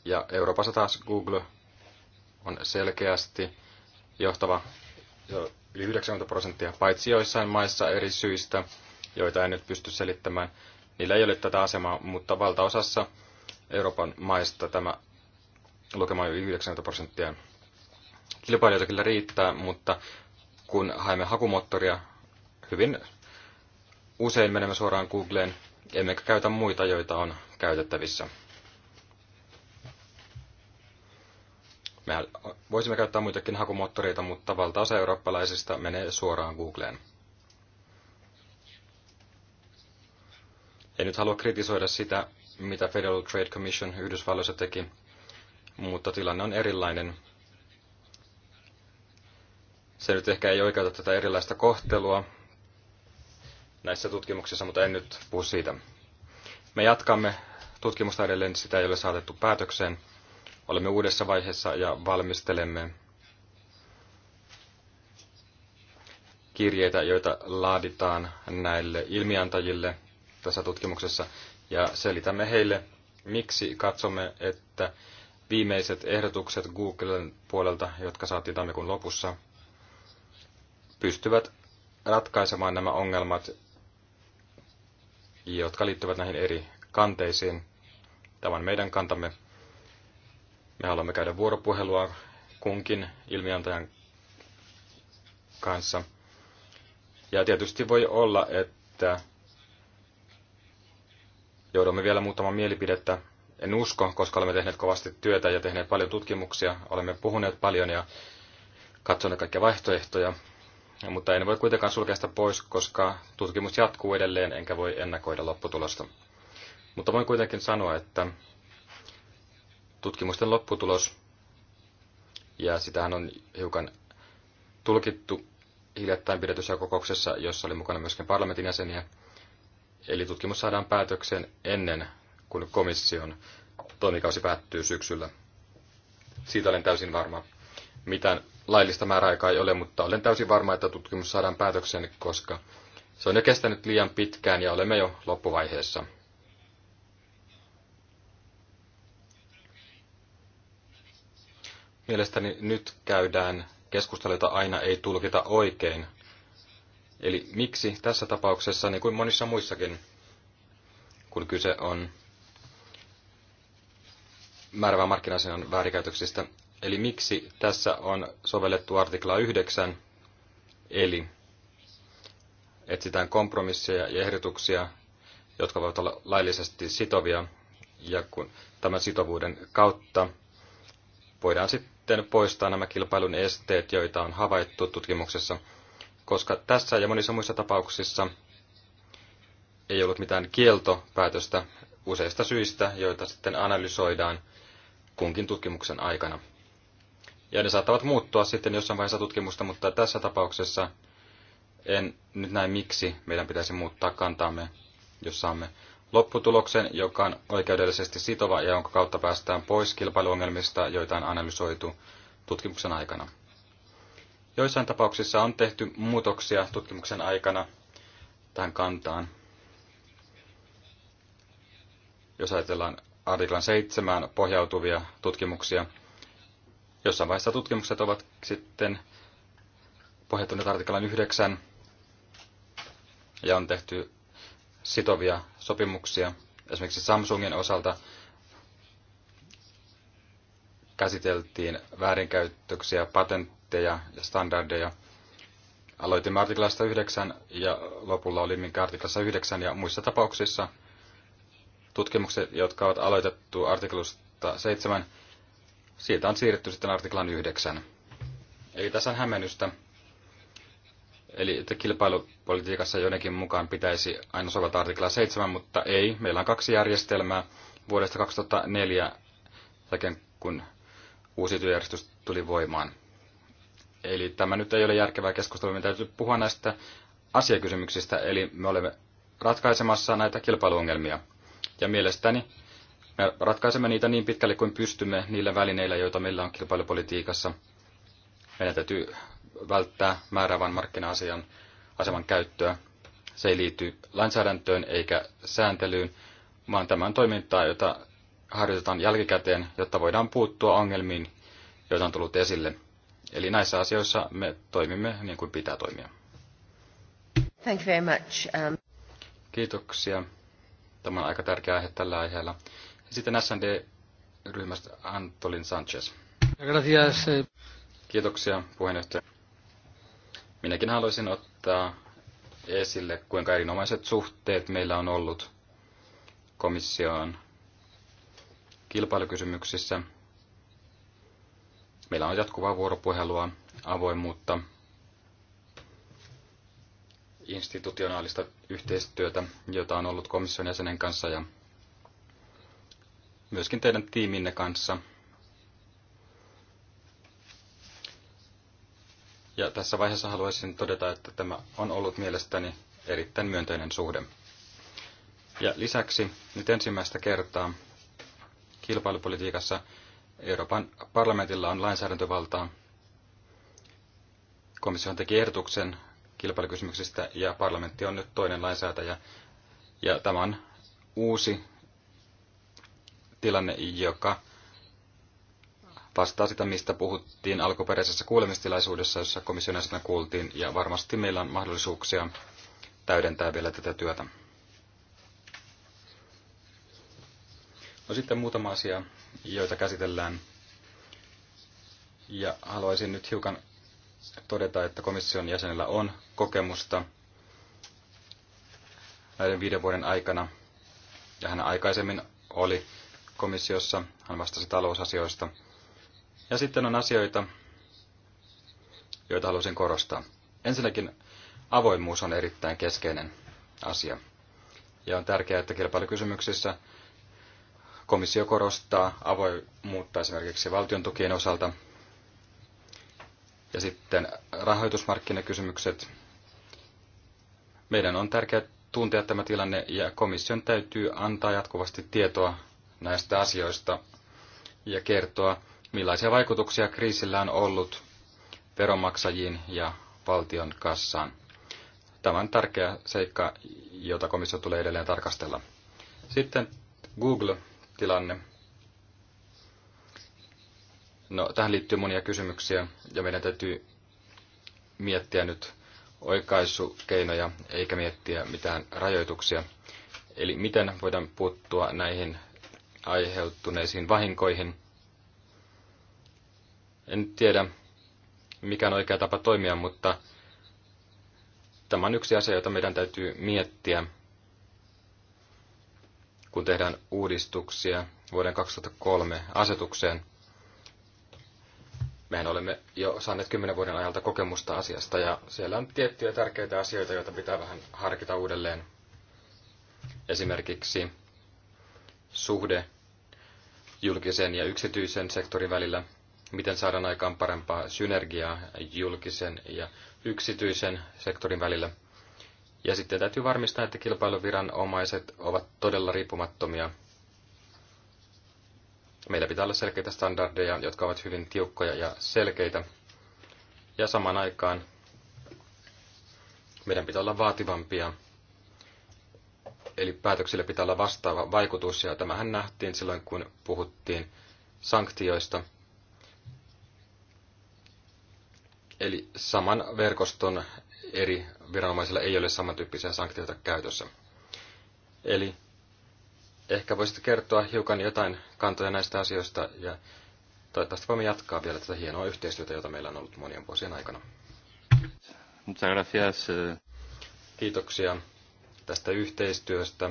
[SPEAKER 1] Ja Euroopassa taas Google on selkeästi johtava yli 90 prosenttia, paitsi joissain maissa eri syistä, joita en nyt pysty selittämään. Niillä ei ole tätä asemaa, mutta valtaosassa Euroopan maista tämä lukema on yli 90 prosenttia. Kilpailijoita kyllä riittää, mutta kun haemme hakumoottoria, hyvin usein menemme suoraan Googleen, emmekä käytä muita, joita on käytettävissä. Me voisimme käyttää muitakin hakumoottoreita, mutta valtaosa eurooppalaisista menee suoraan Googleen. En nyt halua kritisoida sitä, mitä Federal Trade Commission Yhdysvalloissa teki, mutta tilanne on erilainen. Se nyt ehkä ei oikeuta tätä erilaista kohtelua näissä tutkimuksissa, mutta en nyt puhu siitä. Me jatkamme tutkimusta edelleen, sitä ei ole saatettu päätökseen. Olemme uudessa vaiheessa ja valmistelemme kirjeitä, joita laaditaan näille ilmiantajille tässä tutkimuksessa, ja selitämme heille, miksi katsomme, että viimeiset ehdotukset Googlen puolelta, jotka saatiin tammikuun lopussa, pystyvät ratkaisemaan nämä ongelmat, jotka liittyvät näihin eri kanteisiin. Tämä on meidän kantamme. Me haluamme käydä vuoropuhelua kunkin ilmiantajan kanssa. Ja tietysti voi olla, että joudumme vielä muuttamaan mielipidettä. En usko, koska olemme tehneet kovasti työtä ja tehneet paljon tutkimuksia, olemme puhuneet paljon ja katsoneet kaikkia vaihtoehtoja. Mutta en voi kuitenkaan sulkea sitä pois, koska tutkimus jatkuu edelleen, enkä voi ennakoida lopputulosta. Mutta voin kuitenkin sanoa, että tutkimusten lopputulos, ja sitähän on hiukan tulkittu hiljattain pidetyssä kokouksessa, jossa oli mukana myöskin parlamentin jäseniä. Eli tutkimus saadaan päätöksen ennen kuin komission toimikausi päättyy syksyllä. Siitä olen täysin varma. Mitään laillista määräaikaa ei ole, mutta olen täysin varma, että tutkimus saadaan päätöksen, koska se on jo kestänyt liian pitkään ja olemme jo loppuvaiheessa. Mielestäni nyt käydään keskustelua, jota aina ei tulkita oikein. Eli miksi tässä tapauksessa, niin kuin monissa muissakin, kun kyse on määrävää markkinasenon väärikäytöksistä. eli miksi tässä on sovellettu artikla 9, eli etsitään kompromisseja ja ehdotuksia, jotka voivat olla laillisesti sitovia, ja kun tämän sitovuuden kautta voidaan sitten sitten poistaa nämä kilpailun esteet, joita on havaittu tutkimuksessa, koska tässä ja monissa muissa tapauksissa ei ollut mitään kieltopäätöstä useista syistä, joita sitten analysoidaan kunkin tutkimuksen aikana. Ja ne saattavat muuttua sitten jossain vaiheessa tutkimusta, mutta tässä tapauksessa en nyt näe miksi meidän pitäisi muuttaa kantaamme, jos saamme lopputuloksen, joka on oikeudellisesti sitova ja jonka kautta päästään pois kilpailuongelmista, joita on analysoitu tutkimuksen aikana. Joissain tapauksissa on tehty muutoksia tutkimuksen aikana tähän kantaan. Jos ajatellaan artiklan 7 pohjautuvia tutkimuksia, jossain vaiheessa tutkimukset ovat sitten pohjautuneet artiklan 9 ja on tehty sitovia sopimuksia. Esimerkiksi Samsungin osalta käsiteltiin väärinkäytöksiä, patentteja ja standardeja. Aloitimme artiklasta 9 ja lopulla oli minkä artiklassa 9 ja muissa tapauksissa tutkimukset, jotka ovat aloitettu artiklusta 7, siitä on siirretty sitten artiklan 9. Eli tässä on hämmennystä. Eli että kilpailupolitiikassa jonnekin mukaan pitäisi aina sovata artikla 7, mutta ei. Meillä on kaksi järjestelmää vuodesta 2004 jälkeen, kun uusi työjärjestys tuli voimaan. Eli tämä nyt ei ole järkevää keskustelua, me täytyy puhua näistä asiakysymyksistä, eli me olemme ratkaisemassa näitä kilpailuongelmia. Ja mielestäni me ratkaisemme niitä niin pitkälle kuin pystymme niillä välineillä, joita meillä on kilpailupolitiikassa. Meidän täytyy välttää määräävän markkina-asian aseman käyttöä. Se ei liity lainsäädäntöön eikä sääntelyyn, vaan tämän toimintaa, jota harjoitetaan jälkikäteen, jotta voidaan puuttua ongelmiin, joita on tullut esille. Eli näissä asioissa me toimimme niin kuin pitää toimia.
[SPEAKER 2] Thank you very much. Um...
[SPEAKER 1] Kiitoksia. Tämä on aika tärkeä aihe tällä aiheella. Sitten SND-ryhmästä Antolin Sanchez. Gracias. Eh. Kiitoksia puheenjohtaja. Minäkin haluaisin ottaa esille, kuinka erinomaiset suhteet meillä on ollut komissioon kilpailukysymyksissä. Meillä on jatkuvaa vuoropuhelua, avoimuutta, institutionaalista yhteistyötä, jota on ollut komission jäsenen kanssa ja myöskin teidän tiiminne kanssa – Ja tässä vaiheessa haluaisin todeta, että tämä on ollut mielestäni erittäin myönteinen suhde. Ja lisäksi nyt ensimmäistä kertaa kilpailupolitiikassa Euroopan parlamentilla on lainsäädäntövaltaa. Komissio teki ehdotuksen kilpailukysymyksistä ja parlamentti on nyt toinen lainsäätäjä. Ja tämä on uusi tilanne, joka vastaa sitä, mistä puhuttiin alkuperäisessä kuulemistilaisuudessa, jossa komission jäsenä kuultiin, ja varmasti meillä on mahdollisuuksia täydentää vielä tätä työtä. No sitten muutama asia, joita käsitellään. Ja haluaisin nyt hiukan todeta, että komission jäsenellä on kokemusta näiden viiden vuoden aikana. Ja hän aikaisemmin oli komissiossa, hän vastasi talousasioista. Ja sitten on asioita, joita haluaisin korostaa. Ensinnäkin avoimuus on erittäin keskeinen asia. Ja on tärkeää, että kilpailukysymyksissä komissio korostaa avoimuutta esimerkiksi valtion tukien osalta. Ja sitten rahoitusmarkkinakysymykset. Meidän on tärkeää tuntea tämä tilanne ja komission täytyy antaa jatkuvasti tietoa näistä asioista ja kertoa, millaisia vaikutuksia kriisillä on ollut veronmaksajiin ja valtion kassaan. Tämä on tärkeä seikka, jota komissio tulee edelleen tarkastella. Sitten Google-tilanne. No, tähän liittyy monia kysymyksiä ja meidän täytyy miettiä nyt oikaisukeinoja eikä miettiä mitään rajoituksia. Eli miten voidaan puuttua näihin aiheutuneisiin vahinkoihin – en tiedä, mikä on oikea tapa toimia, mutta tämä on yksi asia, jota meidän täytyy miettiä, kun tehdään uudistuksia vuoden 2003 asetukseen. Mehän olemme jo saaneet kymmenen vuoden ajalta kokemusta asiasta ja siellä on tiettyjä tärkeitä asioita, joita pitää vähän harkita uudelleen. Esimerkiksi suhde julkisen ja yksityisen sektorin välillä – miten saadaan aikaan parempaa synergiaa julkisen ja yksityisen sektorin välillä. Ja sitten täytyy varmistaa, että kilpailuviranomaiset ovat todella riippumattomia. Meillä pitää olla selkeitä standardeja, jotka ovat hyvin tiukkoja ja selkeitä. Ja samaan aikaan meidän pitää olla vaativampia. Eli päätöksille pitää olla vastaava vaikutus, ja tämähän nähtiin silloin, kun puhuttiin sanktioista – Eli saman verkoston eri viranomaisilla ei ole samantyyppisiä sanktioita käytössä. Eli ehkä voisit kertoa hiukan jotain kantoja näistä asioista ja toivottavasti voimme jatkaa vielä tätä hienoa yhteistyötä, jota meillä on ollut monien vuosien aikana. Kiitoksia tästä yhteistyöstä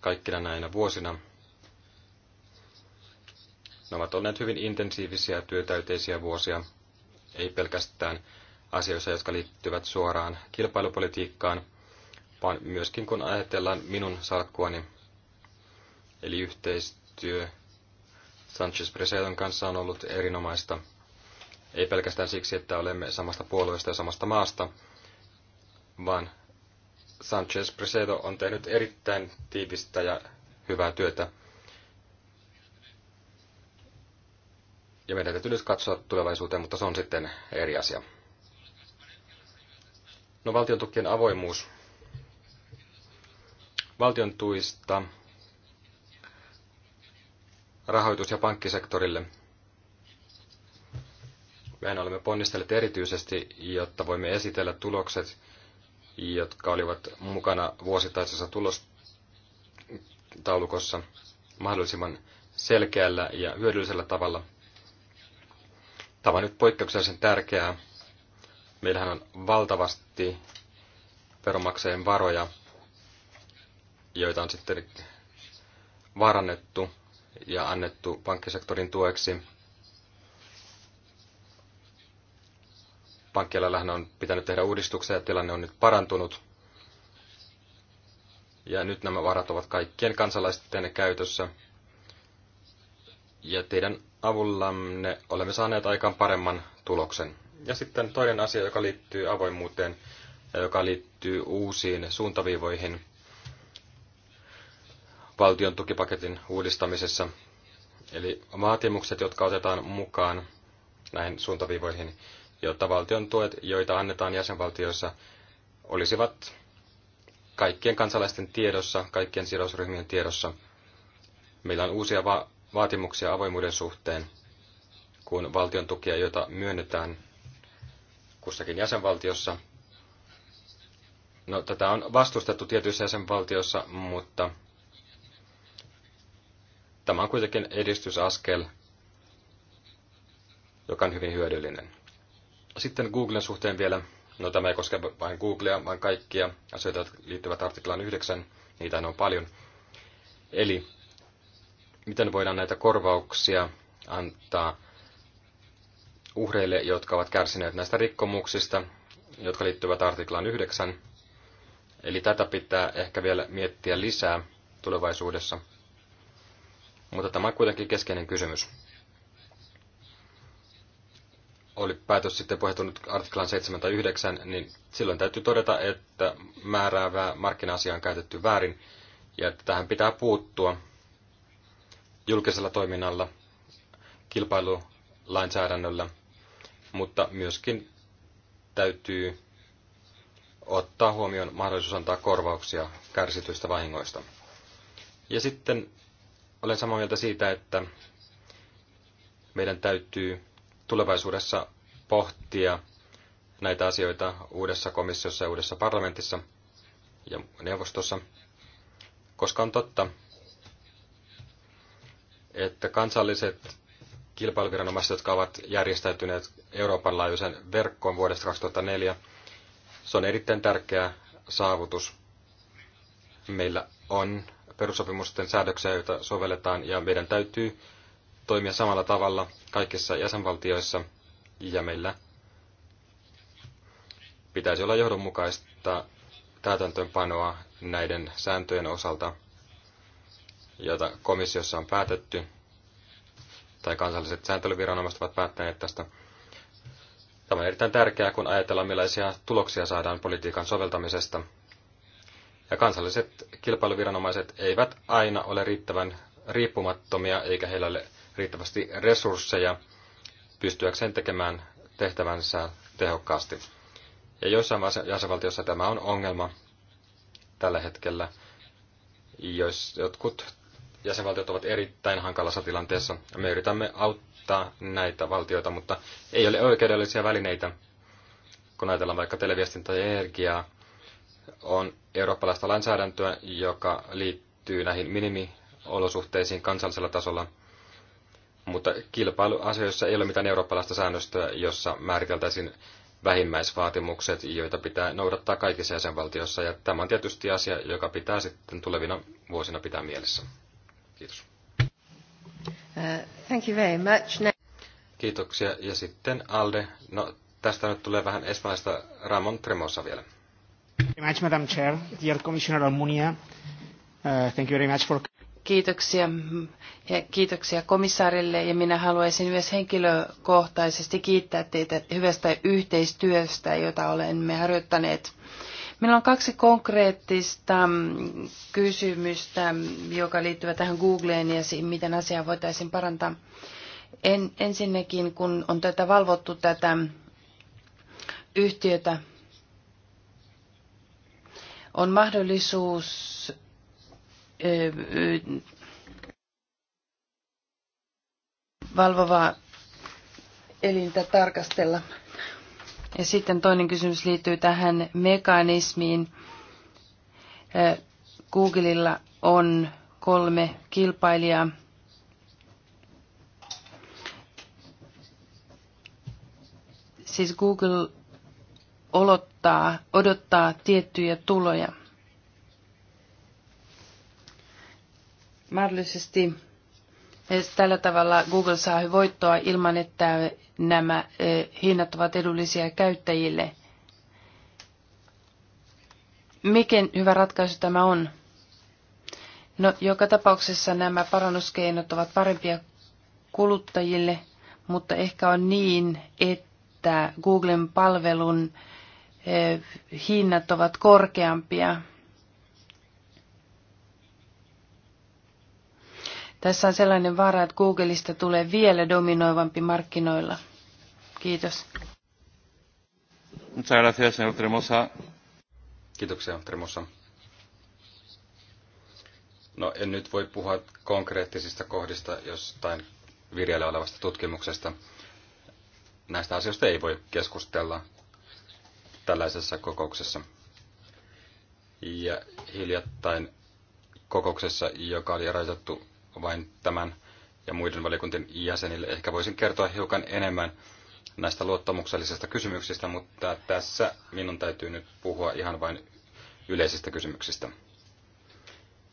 [SPEAKER 1] kaikkina näinä vuosina. Ne ovat olleet hyvin intensiivisiä työtäyteisiä vuosia ei pelkästään asioissa, jotka liittyvät suoraan kilpailupolitiikkaan, vaan myöskin kun ajatellaan minun salkkuani, eli yhteistyö Sanchez Presedon kanssa on ollut erinomaista. Ei pelkästään siksi, että olemme samasta puolueesta ja samasta maasta, vaan Sanchez Presedo on tehnyt erittäin tiivistä ja hyvää työtä Ja meidän täytyy nyt katsoa tulevaisuuteen, mutta se on sitten eri asia. No valtion tukien avoimuus. Valtion tuista rahoitus- ja pankkisektorille. Mehän olemme ponnistelleet erityisesti, jotta voimme esitellä tulokset, jotka olivat mukana vuosittaisessa tulostaulukossa mahdollisimman selkeällä ja hyödyllisellä tavalla. Tämä on nyt poikkeuksellisen tärkeää. Meillähän on valtavasti veronmaksajien varoja, joita on sitten varannettu ja annettu pankkisektorin tueksi. Pankkialallähän on pitänyt tehdä uudistuksia ja tilanne on nyt parantunut. Ja nyt nämä varat ovat kaikkien kansalaisten käytössä ja teidän avullanne olemme saaneet aikaan paremman tuloksen. Ja sitten toinen asia, joka liittyy avoimuuteen ja joka liittyy uusiin suuntaviivoihin valtion tukipaketin uudistamisessa. Eli vaatimukset, jotka otetaan mukaan näihin suuntaviivoihin, jotta valtion tuet, joita annetaan jäsenvaltioissa, olisivat kaikkien kansalaisten tiedossa, kaikkien sidosryhmien tiedossa. Meillä on uusia va- vaatimuksia avoimuuden suhteen, kun valtion tukia, joita myönnetään kussakin jäsenvaltiossa. No, tätä on vastustettu tietyissä jäsenvaltioissa, mutta tämä on kuitenkin edistysaskel, joka on hyvin hyödyllinen. Sitten Googlen suhteen vielä, no tämä ei koske vain Googlea, vaan kaikkia asioita, jotka liittyvät artiklaan 9, niitä on paljon. Eli miten voidaan näitä korvauksia antaa uhreille, jotka ovat kärsineet näistä rikkomuksista, jotka liittyvät artiklaan 9. Eli tätä pitää ehkä vielä miettiä lisää tulevaisuudessa. Mutta tämä on kuitenkin keskeinen kysymys. Oli päätös sitten pohjautunut artiklaan 79, niin silloin täytyy todeta, että määräävää markkina-asiaa on käytetty väärin ja että tähän pitää puuttua julkisella toiminnalla, kilpailulainsäädännöllä, mutta myöskin täytyy ottaa huomioon mahdollisuus antaa korvauksia kärsityistä vahingoista. Ja sitten olen samaa mieltä siitä, että meidän täytyy tulevaisuudessa pohtia näitä asioita uudessa komissiossa ja uudessa parlamentissa ja neuvostossa, koska on totta, että kansalliset kilpailuviranomaiset, jotka ovat järjestäytyneet Euroopan laajuisen verkkoon vuodesta 2004, se on erittäin tärkeä saavutus. Meillä on perusopimusten säädöksiä, joita sovelletaan, ja meidän täytyy toimia samalla tavalla kaikissa jäsenvaltioissa, ja meillä pitäisi olla johdonmukaista täytäntöönpanoa näiden sääntöjen osalta – jota komissiossa on päätetty, tai kansalliset sääntelyviranomaiset ovat päättäneet tästä. Tämä on erittäin tärkeää, kun ajatellaan, millaisia tuloksia saadaan politiikan soveltamisesta. Ja kansalliset kilpailuviranomaiset eivät aina ole riittävän riippumattomia, eikä heillä ole riittävästi resursseja pystyäkseen tekemään tehtävänsä tehokkaasti. Ja joissain jäsenvaltiossa tämä on ongelma tällä hetkellä. Jos jotkut jäsenvaltiot ovat erittäin hankalassa tilanteessa. Me yritämme auttaa näitä valtioita, mutta ei ole oikeudellisia välineitä. Kun ajatellaan vaikka televiestintä ja energiaa, on eurooppalaista lainsäädäntöä, joka liittyy näihin minimiolosuhteisiin kansallisella tasolla. Mutta kilpailuasioissa ei ole mitään eurooppalaista säännöstöä, jossa määriteltäisiin vähimmäisvaatimukset, joita pitää noudattaa kaikissa jäsenvaltioissa, ja tämä on tietysti asia, joka pitää sitten tulevina vuosina pitää mielessä. Kiitos.
[SPEAKER 4] Uh, thank you very much.
[SPEAKER 1] Kiitoksia. Ja sitten Alde. No, tästä nyt tulee vähän espanjasta Ramon Tremosa vielä.
[SPEAKER 3] Much, Madam Chair. Dear Commissioner Almunia, uh, thank you very much for...
[SPEAKER 4] Kiitoksia ja kiitoksia komissaarille ja minä haluaisin myös henkilökohtaisesti kiittää teitä hyvästä yhteistyöstä, jota olemme harjoittaneet. Meillä on kaksi konkreettista mm, kysymystä, joka liittyvät tähän Googleen ja siihen, miten asiaa voitaisiin parantaa. En, ensinnäkin, kun on tätä valvottu tätä yhtiötä, on mahdollisuus valvovaa elintä tarkastella. Ja sitten toinen kysymys liittyy tähän mekanismiin. Googlella on kolme kilpailijaa. Siis Google olottaa, odottaa tiettyjä tuloja. Mahdollisesti Tällä tavalla Google saa voittoa ilman, että nämä eh, hinnat ovat edullisia käyttäjille. Mikä hyvä ratkaisu tämä on? No, joka tapauksessa nämä parannuskeinot ovat parempia kuluttajille, mutta ehkä on niin, että Googlen palvelun eh, hinnat ovat korkeampia Tässä on sellainen vaara, että Googleista tulee vielä dominoivampi markkinoilla. Kiitos.
[SPEAKER 1] Muchas gracias, señor Tremosa. Kiitoksia, Tremosa. No en nyt voi puhua konkreettisista kohdista jostain vireillä olevasta tutkimuksesta. Näistä asioista ei voi keskustella tällaisessa kokouksessa. Ja hiljattain kokouksessa, joka oli rajoitettu vain tämän ja muiden valiokuntien jäsenille. Ehkä voisin kertoa hiukan enemmän näistä luottamuksellisista kysymyksistä, mutta tässä minun täytyy nyt puhua ihan vain yleisistä kysymyksistä.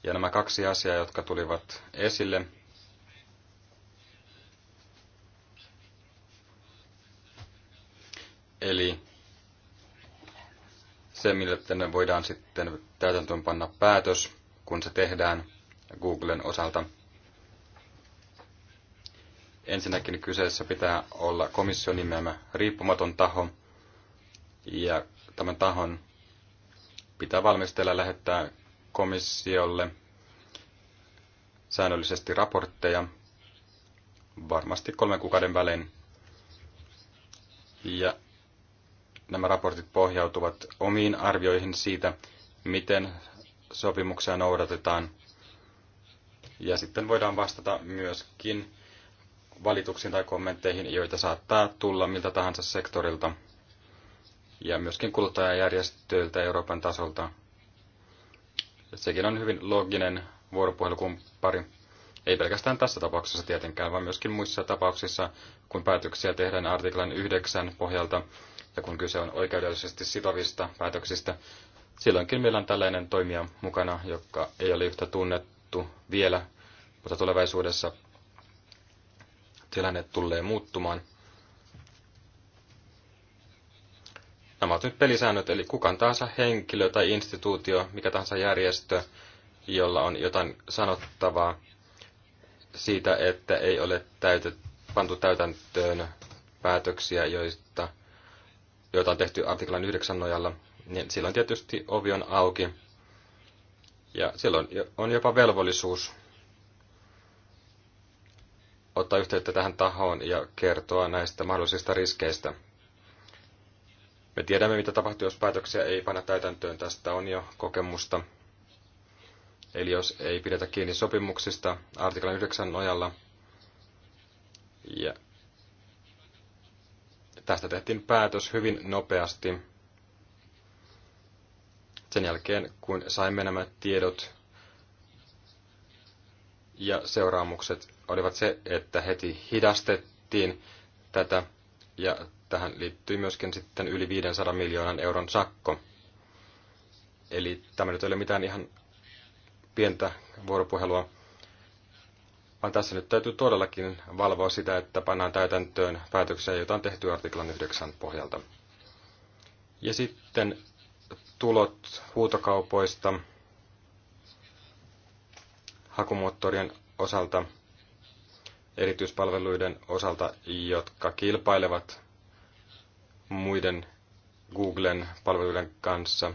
[SPEAKER 1] Ja nämä kaksi asiaa, jotka tulivat esille, eli se, millä voidaan sitten täytäntöön panna päätös, kun se tehdään Googlen osalta – Ensinnäkin kyseessä pitää olla komission nimeämä riippumaton taho, ja tämän tahon pitää valmistella lähettää komissiolle säännöllisesti raportteja, varmasti kolmen kuukauden välein. Ja nämä raportit pohjautuvat omiin arvioihin siitä, miten sopimuksia noudatetaan. Ja sitten voidaan vastata myöskin valituksiin tai kommentteihin, joita saattaa tulla miltä tahansa sektorilta ja myöskin kuluttajajärjestöiltä Euroopan tasolta. Sekin on hyvin looginen vuoropuhelukumppari. Ei pelkästään tässä tapauksessa tietenkään, vaan myöskin muissa tapauksissa, kun päätöksiä tehdään artiklan 9 pohjalta ja kun kyse on oikeudellisesti sitovista päätöksistä. Silloinkin meillä on tällainen toimija mukana, joka ei ole yhtä tunnettu vielä, mutta tulevaisuudessa tilanne tulee muuttumaan. Nämä ovat nyt pelisäännöt, eli kukaan tahansa henkilö tai instituutio, mikä tahansa järjestö, jolla on jotain sanottavaa siitä, että ei ole täytet, pantu täytäntöön päätöksiä, joista, joita on tehty artiklan 9 nojalla, niin silloin tietysti ovi on auki. Ja silloin on jopa velvollisuus ottaa yhteyttä tähän tahoon ja kertoa näistä mahdollisista riskeistä. Me tiedämme, mitä tapahtuu, jos päätöksiä ei panna täytäntöön. Tästä on jo kokemusta. Eli jos ei pidetä kiinni sopimuksista artiklan 9 nojalla. Ja tästä tehtiin päätös hyvin nopeasti. Sen jälkeen, kun saimme nämä tiedot ja seuraamukset olivat se, että heti hidastettiin tätä ja tähän liittyi myöskin sitten yli 500 miljoonan euron sakko. Eli tämä nyt ei ole mitään ihan pientä vuoropuhelua, vaan tässä nyt täytyy todellakin valvoa sitä, että pannaan täytäntöön päätöksiä, joita on tehty artiklan 9 pohjalta. Ja sitten tulot huutokaupoista hakumuottorien osalta – erityispalveluiden osalta, jotka kilpailevat muiden Googlen palveluiden kanssa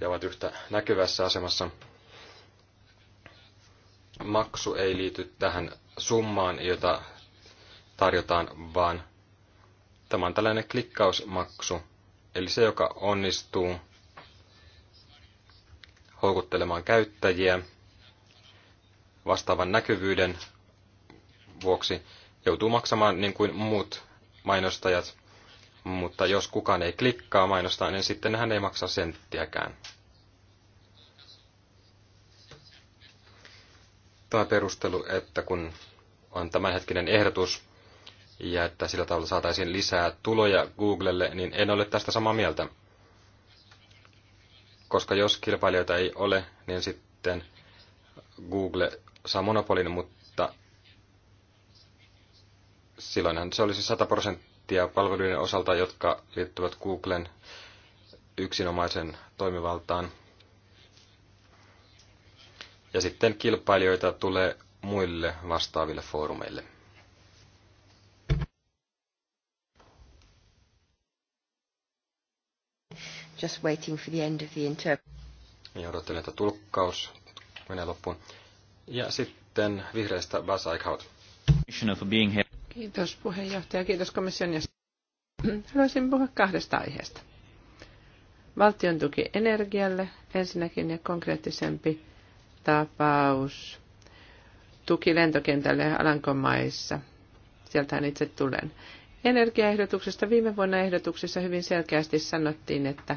[SPEAKER 1] ja ovat yhtä näkyvässä asemassa. Maksu ei liity tähän summaan, jota tarjotaan, vaan tämä on tällainen klikkausmaksu, eli se, joka onnistuu houkuttelemaan käyttäjiä vastaavan näkyvyyden vuoksi joutuu maksamaan niin kuin muut mainostajat, mutta jos kukaan ei klikkaa mainostaa, niin sitten hän ei maksa senttiäkään. Tämä perustelu, että kun on tämänhetkinen ehdotus ja että sillä tavalla saataisiin lisää tuloja Googlelle, niin en ole tästä samaa mieltä. Koska jos kilpailijoita ei ole, niin sitten Google saa monopolin, mutta silloinhan se olisi siis 100 prosenttia palveluiden osalta, jotka liittyvät Googlen yksinomaisen toimivaltaan. Ja sitten kilpailijoita tulee muille vastaaville foorumeille.
[SPEAKER 4] Just waiting for the end of the inter-
[SPEAKER 1] ja niin odottelen, että tulkkaus menee loppuun. Ja sitten vihreistä Bas Eichhout.
[SPEAKER 4] For being here.
[SPEAKER 3] Kiitos puheenjohtaja, kiitos komission jäsen. Haluaisin puhua kahdesta aiheesta. Valtion tuki energialle ensinnäkin ja konkreettisempi tapaus tuki lentokentälle Alankomaissa. Sieltähän itse tulen. Energiaehdotuksesta viime vuonna ehdotuksessa hyvin selkeästi sanottiin, että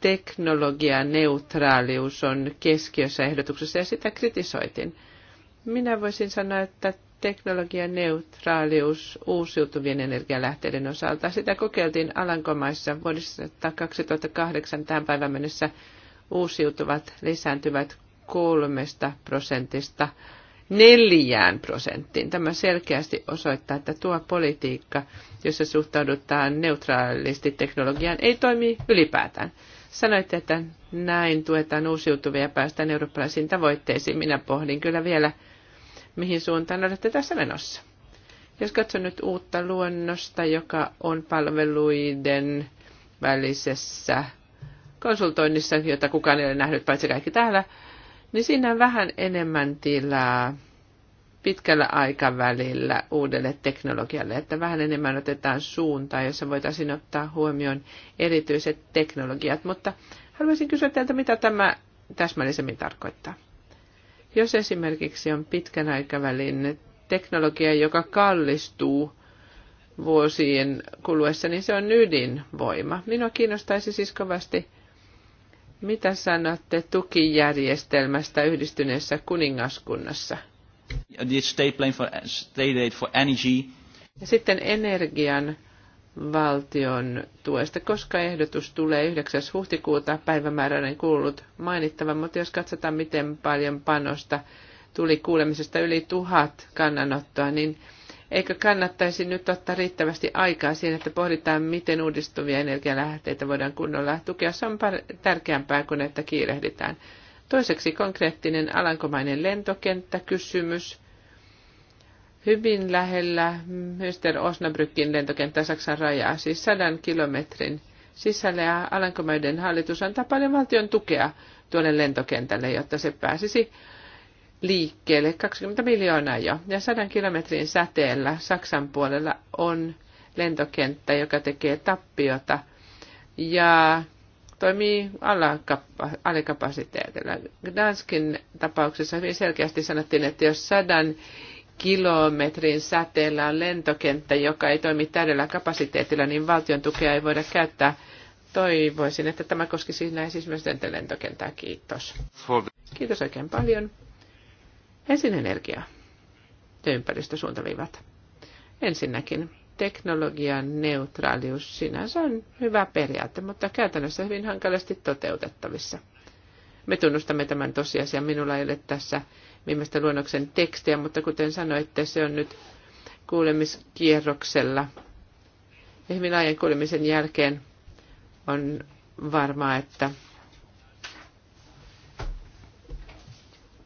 [SPEAKER 3] teknologianeutraalius on keskiössä ehdotuksessa ja sitä kritisoitiin. Minä voisin sanoa, että teknologian neutraalius uusiutuvien energialähteiden osalta. Sitä kokeiltiin Alankomaissa vuodesta 2008 tämän päivän mennessä uusiutuvat lisääntyvät kolmesta prosentista neljään prosenttiin. Tämä selkeästi osoittaa, että tuo politiikka, jossa suhtaudutaan neutraalisti teknologiaan, ei toimi ylipäätään. Sanoitte, että näin tuetaan uusiutuvia ja päästään eurooppalaisiin tavoitteisiin. Minä pohdin kyllä vielä, mihin suuntaan olette tässä menossa. Jos katson nyt uutta luonnosta, joka on palveluiden välisessä konsultoinnissa, jota kukaan ei ole nähnyt paitsi kaikki täällä, niin siinä on vähän enemmän tilaa pitkällä aikavälillä uudelle teknologialle, että vähän enemmän otetaan suuntaa, jossa voitaisiin ottaa huomioon erityiset teknologiat. Mutta haluaisin kysyä teiltä, mitä tämä täsmällisemmin tarkoittaa. Jos esimerkiksi on pitkän aikavälin teknologia, joka kallistuu vuosien kuluessa, niin se on ydinvoima. Minua kiinnostaisi siis kovasti mitä sanotte tukijärjestelmästä yhdistyneessä kuningaskunnassa? Uh, ja sitten energian valtion tuesta, koska ehdotus tulee 9. huhtikuuta päivämääränä kuulut mainittavan, mutta jos katsotaan miten paljon panosta tuli kuulemisesta yli tuhat kannanottoa, niin eikö kannattaisi nyt ottaa riittävästi aikaa siihen, että pohditaan, miten uudistuvia energialähteitä voidaan kunnolla tukea. Se on tärkeämpää kuin, että kiirehditään. Toiseksi konkreettinen alankomainen lentokenttäkysymys. Hyvin lähellä Münster Osnabrückin lentokenttä Saksan rajaa, siis sadan kilometrin sisällä. Ja alankomaiden hallitus antaa paljon valtion tukea tuonne lentokentälle, jotta se pääsisi liikkeelle 20 miljoonaa jo. Ja sadan kilometrin säteellä Saksan puolella on lentokenttä, joka tekee tappiota. Ja toimii alikapasiteetilla. Gdanskin tapauksessa hyvin selkeästi sanottiin, että jos sadan kilometrin säteellä on lentokenttä, joka ei toimi täydellä kapasiteetilla, niin valtion tukea ei voida käyttää. Toivoisin, että tämä koskisi näin siis myös lentokenttää. Kiitos. Kiitos oikein paljon. Ensin energiaa ja ympäristösuuntaviivat. Ensinnäkin teknologian neutraalius sinänsä on hyvä periaate, mutta käytännössä hyvin hankalasti toteutettavissa. Me tunnustamme tämän tosiasian. Minulla ei ole tässä viimeistä luonnoksen tekstiä, mutta kuten sanoitte, se on nyt kuulemiskierroksella. Ja hyvin laajan kuulemisen jälkeen on varmaa, että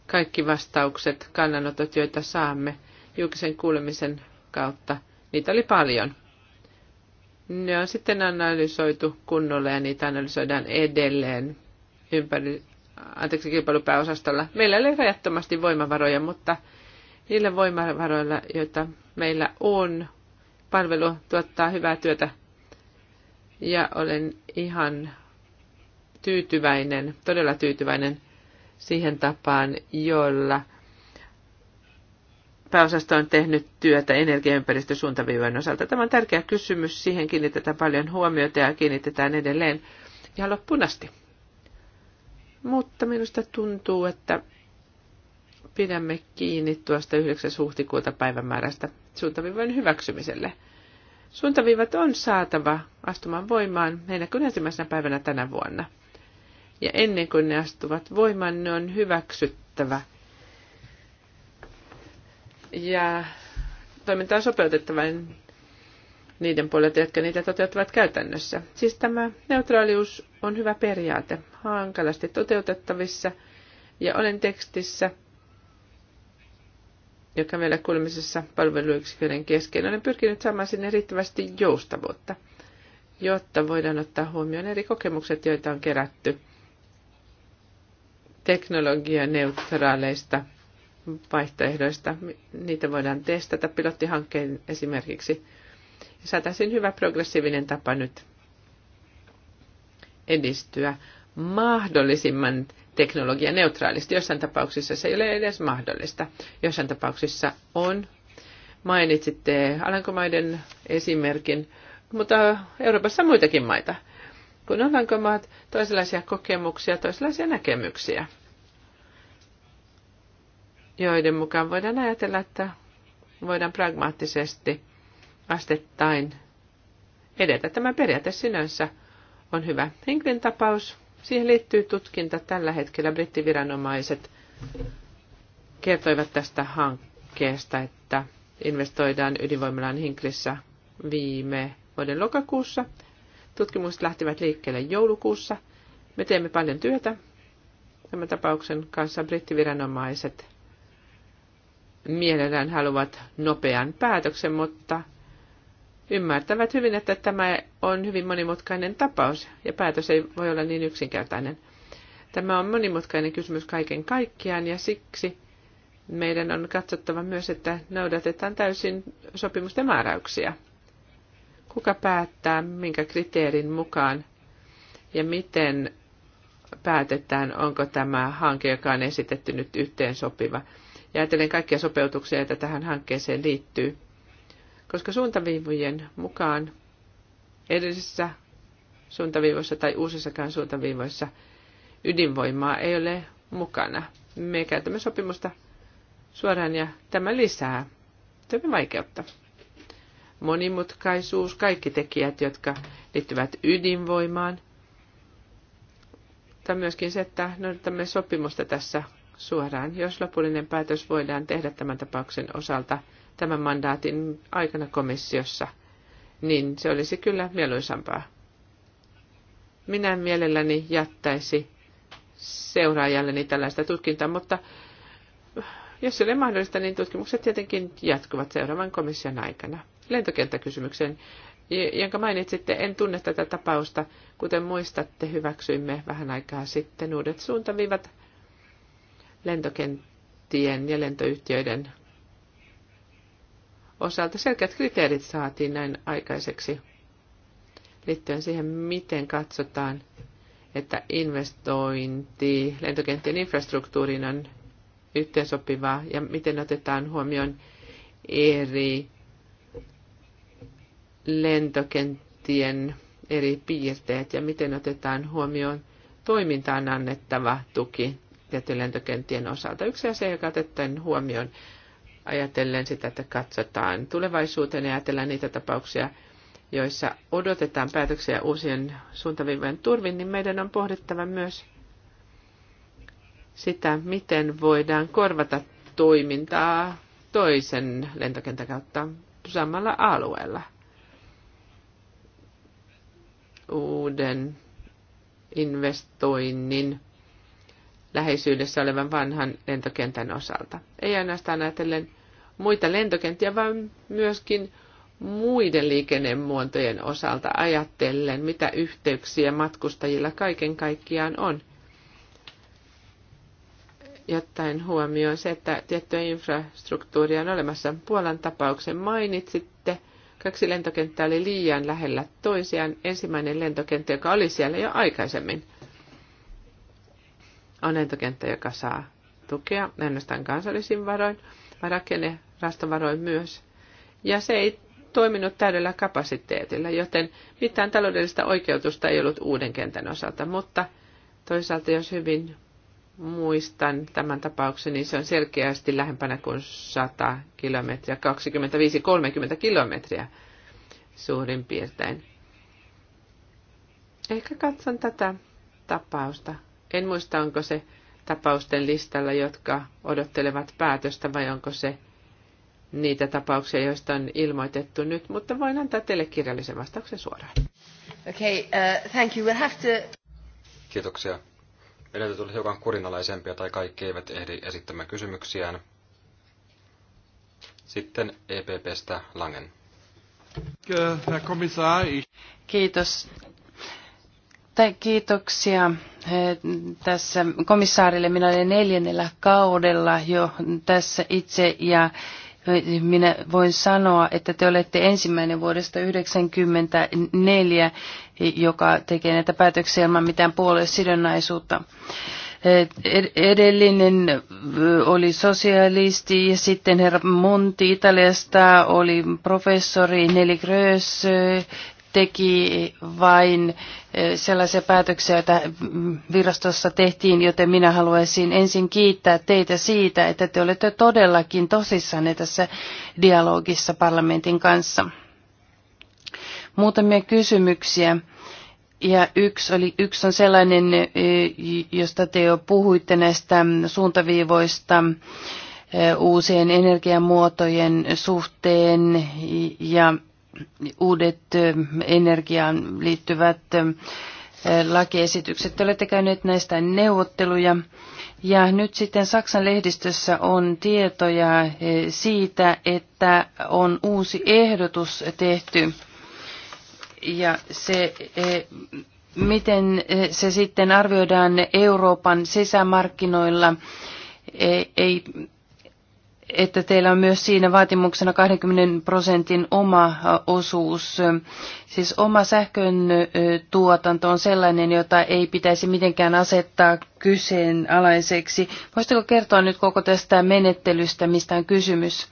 [SPEAKER 3] kaikki vastaukset, kannanotot, joita saamme julkisen kuulemisen kautta – Niitä oli paljon. Ne on sitten analysoitu kunnolla ja niitä analysoidaan edelleen ympäri, anteeksi, kilpailupääosastolla. Meillä ei rajattomasti voimavaroja, mutta niillä voimavaroilla, joita meillä on, palvelu tuottaa hyvää työtä ja olen ihan tyytyväinen, todella tyytyväinen siihen tapaan, jolla – pääosasto on tehnyt työtä energiaympäristösuuntaviivojen osalta. Tämä on tärkeä kysymys, siihen kiinnitetään paljon huomiota ja kiinnitetään edelleen ja loppuun asti. Mutta minusta tuntuu, että pidämme kiinni tuosta 9. huhtikuuta päivämäärästä suuntaviivojen hyväksymiselle. Suuntaviivat on saatava astumaan voimaan heinäkuun ensimmäisenä päivänä tänä vuonna. Ja ennen kuin ne astuvat voimaan, ne on hyväksyttävä – ja toimintaa sopeutettavan niiden puolelta, jotka niitä toteuttavat käytännössä. Siis tämä neutraalius on hyvä periaate, hankalasti toteutettavissa, ja olen tekstissä, joka meillä kuulemisessa palveluyksiköiden kesken, olen pyrkinyt saamaan sinne riittävästi joustavuutta, jotta voidaan ottaa huomioon eri kokemukset, joita on kerätty teknologianeutraaleista vaihtoehdoista. Niitä voidaan testata pilottihankkeen esimerkiksi. Saataisiin hyvä progressiivinen tapa nyt edistyä mahdollisimman teknologia-neutraalisti, neutraalisti. Jossain tapauksissa se ei ole edes mahdollista. Jossain tapauksissa on. Mainitsitte Alankomaiden esimerkin, mutta Euroopassa on muitakin maita. Kun Alankomaat, toisenlaisia kokemuksia, toisenlaisia näkemyksiä joiden mukaan voidaan ajatella, että voidaan pragmaattisesti astettain edetä. Tämä periaate sinänsä on hyvä. Hinklin tapaus, siihen liittyy tutkinta tällä hetkellä. Brittiviranomaiset kertoivat tästä hankkeesta, että investoidaan ydinvoimalaan Hinklissä viime vuoden lokakuussa. Tutkimukset lähtivät liikkeelle joulukuussa. Me teemme paljon työtä tämän tapauksen kanssa. Brittiviranomaiset mielellään haluavat nopean päätöksen, mutta ymmärtävät hyvin, että tämä on hyvin monimutkainen tapaus ja päätös ei voi olla niin yksinkertainen. Tämä on monimutkainen kysymys kaiken kaikkiaan ja siksi meidän on katsottava myös, että noudatetaan täysin sopimusten määräyksiä. Kuka päättää, minkä kriteerin mukaan ja miten päätetään, onko tämä hanke, joka on esitetty nyt yhteensopiva sopiva ja ajatellen kaikkia sopeutuksia, joita tähän hankkeeseen liittyy. Koska suuntaviivojen mukaan edellisessä suuntaviivoissa tai uusissakaan suuntaviivoissa ydinvoimaa ei ole mukana. Me käytämme sopimusta suoraan ja tämä lisää tämä vaikeutta. Monimutkaisuus, kaikki tekijät, jotka liittyvät ydinvoimaan. Tai myöskin se, että noudatamme sopimusta tässä suoraan, jos lopullinen päätös voidaan tehdä tämän tapauksen osalta tämän mandaatin aikana komissiossa, niin se olisi kyllä mieluisampaa. Minä mielelläni jättäisi seuraajalleni tällaista tutkintaa, mutta jos se ei ole mahdollista, niin tutkimukset tietenkin jatkuvat seuraavan komission aikana. Lentokenttäkysymykseen, jonka mainitsitte, en tunne tätä tapausta. Kuten muistatte, hyväksyimme vähän aikaa sitten uudet suuntaviivat – lentokenttien ja lentoyhtiöiden osalta selkeät kriteerit saatiin näin aikaiseksi liittyen siihen, miten katsotaan, että investointi lentokenttien infrastruktuuriin on yhteensopivaa ja miten otetaan huomioon eri lentokenttien eri piirteet ja miten otetaan huomioon toimintaan annettava tuki tiettyjen lentokenttien osalta. Yksi asia, joka otetaan huomioon ajatellen sitä, että katsotaan tulevaisuuteen ja ajatellaan niitä tapauksia, joissa odotetaan päätöksiä uusien suuntaviivojen turvin, niin meidän on pohdittava myös sitä, miten voidaan korvata toimintaa toisen lentokentän kautta samalla alueella. Uuden investoinnin läheisyydessä olevan vanhan lentokentän osalta. Ei ainoastaan ajatellen muita lentokenttiä, vaan myöskin muiden liikennemuotojen osalta ajatellen, mitä yhteyksiä matkustajilla kaiken kaikkiaan on. Jottain huomioon se, että tiettyä infrastruktuuria on olemassa. Puolan tapauksen mainitsitte. Kaksi lentokenttää oli liian lähellä toisiaan. Ensimmäinen lentokenttä, joka oli siellä jo aikaisemmin on lentokenttä, joka saa tukea, ennestään kansallisin varoin, rakenne rastavaroin myös. Ja se ei toiminut täydellä kapasiteetilla, joten mitään taloudellista oikeutusta ei ollut uuden kentän osalta, mutta toisaalta jos hyvin muistan tämän tapauksen, niin se on selkeästi lähempänä kuin 100 kilometriä, 25-30 kilometriä suurin piirtein. Ehkä katson tätä tapausta en muista, onko se tapausten listalla, jotka odottelevat päätöstä, vai onko se niitä tapauksia, joista on ilmoitettu nyt, mutta voin antaa teille kirjallisen vastauksen suoraan.
[SPEAKER 4] Okay, uh, thank you. We'll have to...
[SPEAKER 1] Kiitoksia. Meidän täytyy olla hiukan kurinalaisempia tai kaikki eivät ehdi esittämään kysymyksiään. Sitten EPPstä Langen.
[SPEAKER 4] Kiitos kiitoksia tässä komissaarille. Minä olen neljännellä kaudella jo tässä itse ja minä voin sanoa, että te olette ensimmäinen vuodesta 1994, joka tekee näitä päätöksiä ilman mitään puoluesidonnaisuutta. Edellinen oli sosialisti ja sitten herra Monti Italiasta oli professori Neli Grös teki vain eh, sellaisia päätöksiä, joita virastossa tehtiin, joten minä haluaisin ensin kiittää teitä siitä, että te olette todellakin tosissanne tässä dialogissa parlamentin kanssa. Muutamia kysymyksiä. Ja yksi, oli, yksi on sellainen, eh, josta te jo puhuitte näistä suuntaviivoista eh, uusien energiamuotojen suhteen ja uudet energiaan liittyvät lakiesitykset. Te olette käyneet näistä neuvotteluja. Ja nyt sitten Saksan lehdistössä on tietoja siitä, että on uusi ehdotus tehty. Ja se, miten se sitten arvioidaan Euroopan sisämarkkinoilla, ei että teillä on myös siinä vaatimuksena 20 prosentin oma osuus. Siis oma sähkön tuotanto on sellainen, jota ei pitäisi mitenkään asettaa kyseenalaiseksi. Voisitko kertoa nyt koko tästä menettelystä, mistä on kysymys?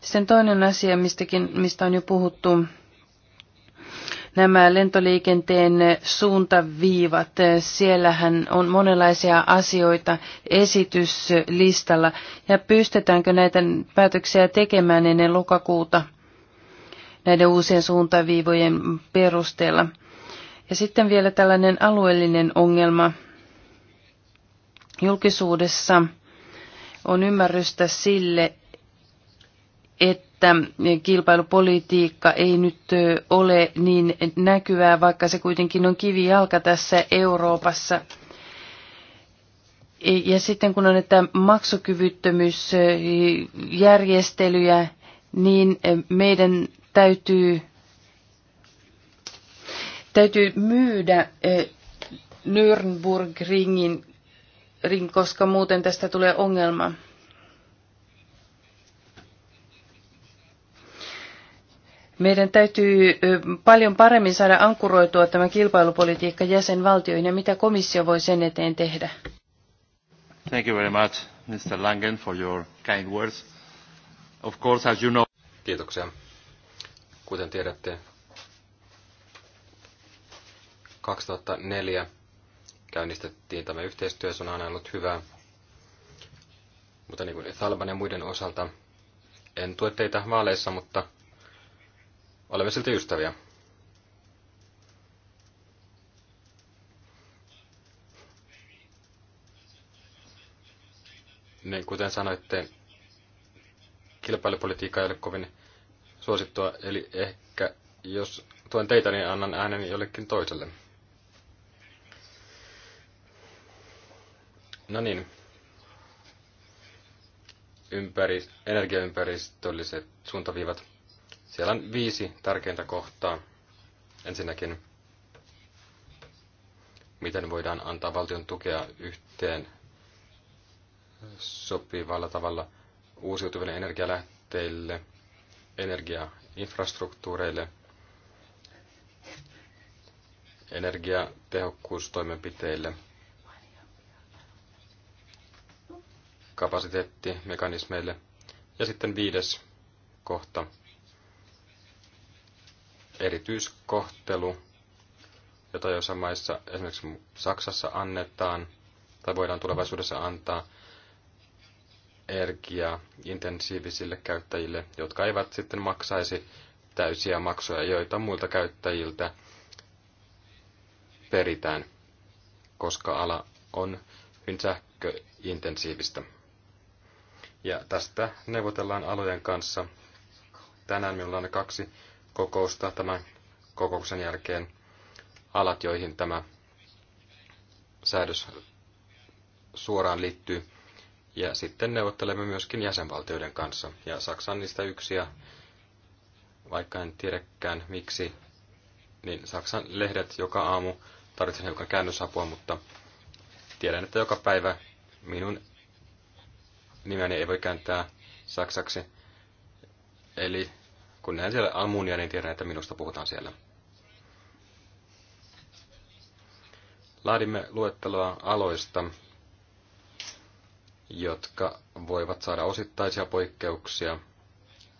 [SPEAKER 4] Sen toinen asia, mistäkin, mistä on jo puhuttu, nämä lentoliikenteen suuntaviivat. Siellähän on monenlaisia asioita esityslistalla. Ja pystytäänkö näitä päätöksiä tekemään ennen lokakuuta näiden uusien suuntaviivojen perusteella? Ja sitten vielä tällainen alueellinen ongelma. Julkisuudessa on ymmärrystä sille, että kilpailupolitiikka ei nyt ole niin näkyvää, vaikka se kuitenkin on kivijalka tässä Euroopassa. E, ja sitten kun on näitä maksukyvyttömyysjärjestelyjä, niin meidän täytyy, täytyy myydä Nürnbergringin, koska muuten tästä tulee ongelma. Meidän täytyy paljon paremmin saada ankkuroitua tämä kilpailupolitiikka jäsenvaltioihin ja mitä komissio voi sen eteen tehdä.
[SPEAKER 1] Thank you very much, Mr. Langen, for your kind words. Of course, as you know... Kiitoksia. Kuten tiedätte, 2004 käynnistettiin tämä yhteistyö, se on aina ollut hyvää. Mutta niin kuin Thalban ja muiden osalta, en tue teitä vaaleissa, mutta Olemme silti ystäviä. Niin kuten sanoitte, kilpailupolitiikka ei ole kovin suosittua, eli ehkä jos tuen teitä, niin annan ääneni jollekin toiselle. No niin. Ympäri, energiaympäristölliset suuntaviivat. Siellä on viisi tärkeintä kohtaa. Ensinnäkin, miten voidaan antaa valtion tukea yhteen sopivalla tavalla uusiutuville energialähteille, energiainfrastruktuureille, energiatehokkuustoimenpiteille, kapasiteettimekanismeille ja sitten viides kohta – erityiskohtelu, jota joissain maissa, esimerkiksi Saksassa annetaan, tai voidaan tulevaisuudessa antaa energiaa intensiivisille käyttäjille, jotka eivät sitten maksaisi täysiä maksuja, joita muilta käyttäjiltä peritään, koska ala on hyvin sähköintensiivistä. Ja tästä neuvotellaan alojen kanssa. Tänään minulla on kaksi kokousta tämän kokouksen jälkeen. Alat, joihin tämä säädös suoraan liittyy. Ja sitten neuvottelemme myöskin jäsenvaltioiden kanssa. Ja Saksa on niistä yksi, ja vaikka en tiedäkään miksi, niin Saksan lehdet joka aamu tarvitsen hiukan käännösapua, mutta tiedän, että joka päivä minun nimeni ei voi kääntää saksaksi. Eli kun näen siellä Almunia, niin tiedän, että minusta puhutaan siellä. Laadimme luetteloa aloista, jotka voivat saada osittaisia poikkeuksia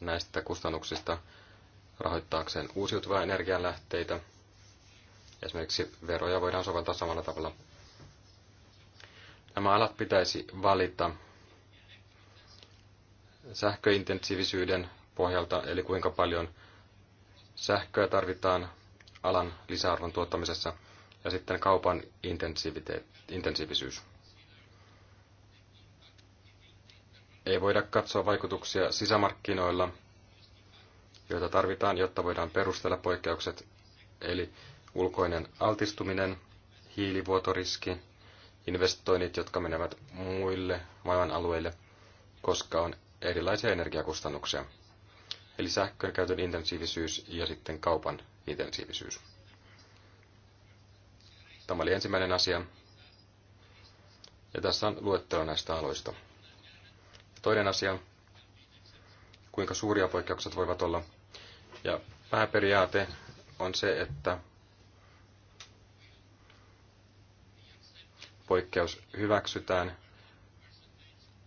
[SPEAKER 1] näistä kustannuksista rahoittaakseen uusiutuvaa energianlähteitä. Esimerkiksi veroja voidaan soveltaa samalla tavalla. Nämä alat pitäisi valita sähköintensiivisyyden pohjalta, eli kuinka paljon sähköä tarvitaan alan lisäarvon tuottamisessa ja sitten kaupan intensiivisyys. Ei voida katsoa vaikutuksia sisämarkkinoilla, joita tarvitaan, jotta voidaan perustella poikkeukset, eli ulkoinen altistuminen, hiilivuotoriski, investoinnit, jotka menevät muille maailman alueille, koska on erilaisia energiakustannuksia. Eli sähkön käytön intensiivisyys ja sitten kaupan intensiivisyys. Tämä oli ensimmäinen asia. Ja tässä on luettelo näistä aloista. Toinen asia, kuinka suuria poikkeukset voivat olla. Ja pääperiaate on se, että poikkeus hyväksytään,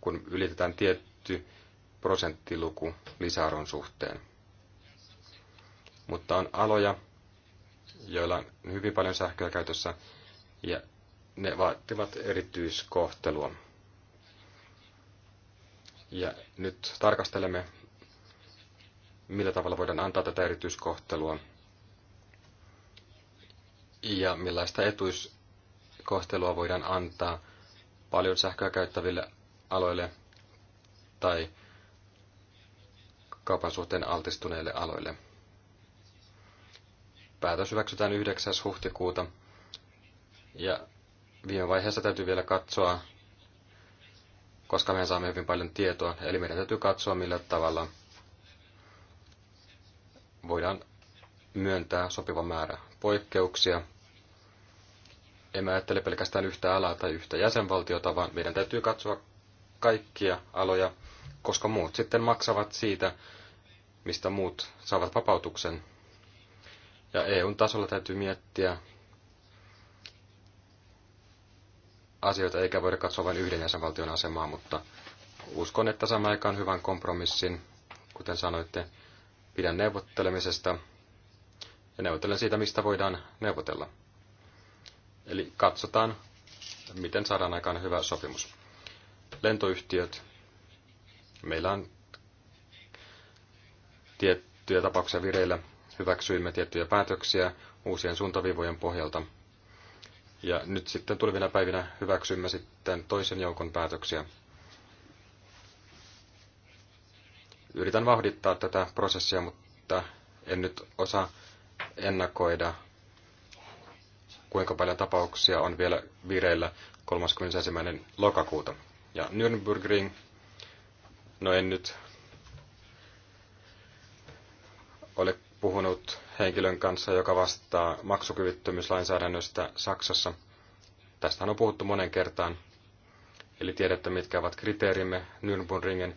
[SPEAKER 1] kun ylitetään tietty prosenttiluku lisäarvon suhteen. Mutta on aloja, joilla on hyvin paljon sähköä käytössä ja ne vaativat erityiskohtelua. Ja nyt tarkastelemme, millä tavalla voidaan antaa tätä erityiskohtelua ja millaista etuiskohtelua voidaan antaa paljon sähköä käyttäville aloille tai kaupan suhteen altistuneille aloille. Päätös hyväksytään 9. huhtikuuta ja viime vaiheessa täytyy vielä katsoa, koska me saamme hyvin paljon tietoa, eli meidän täytyy katsoa millä tavalla voidaan myöntää sopiva määrä poikkeuksia. Emme ajattele pelkästään yhtä alaa tai yhtä jäsenvaltiota, vaan meidän täytyy katsoa kaikkia aloja, koska muut sitten maksavat siitä, mistä muut saavat vapautuksen. Ja EUn tasolla täytyy miettiä asioita, eikä voida katsoa vain yhden jäsenvaltion asemaa, mutta uskon, että saamme aikaan hyvän kompromissin, kuten sanoitte, pidän neuvottelemisesta ja neuvottelen siitä, mistä voidaan neuvotella. Eli katsotaan, miten saadaan aikaan hyvä sopimus. Lentoyhtiöt. Meillä on tiettyjä tapauksia vireillä. Hyväksyimme tiettyjä päätöksiä uusien suuntaviivojen pohjalta. Ja nyt sitten tulevina päivinä hyväksymme sitten toisen joukon päätöksiä. Yritän vahdittaa tätä prosessia, mutta en nyt osaa ennakoida, kuinka paljon tapauksia on vielä vireillä 31. lokakuuta. Ja Nürnbergring No en nyt ole puhunut henkilön kanssa, joka vastaa maksukyvyttömyyslainsäädännöstä Saksassa. Tästä on puhuttu monen kertaan. Eli tiedätte, mitkä ovat kriteerimme Nürnbunringen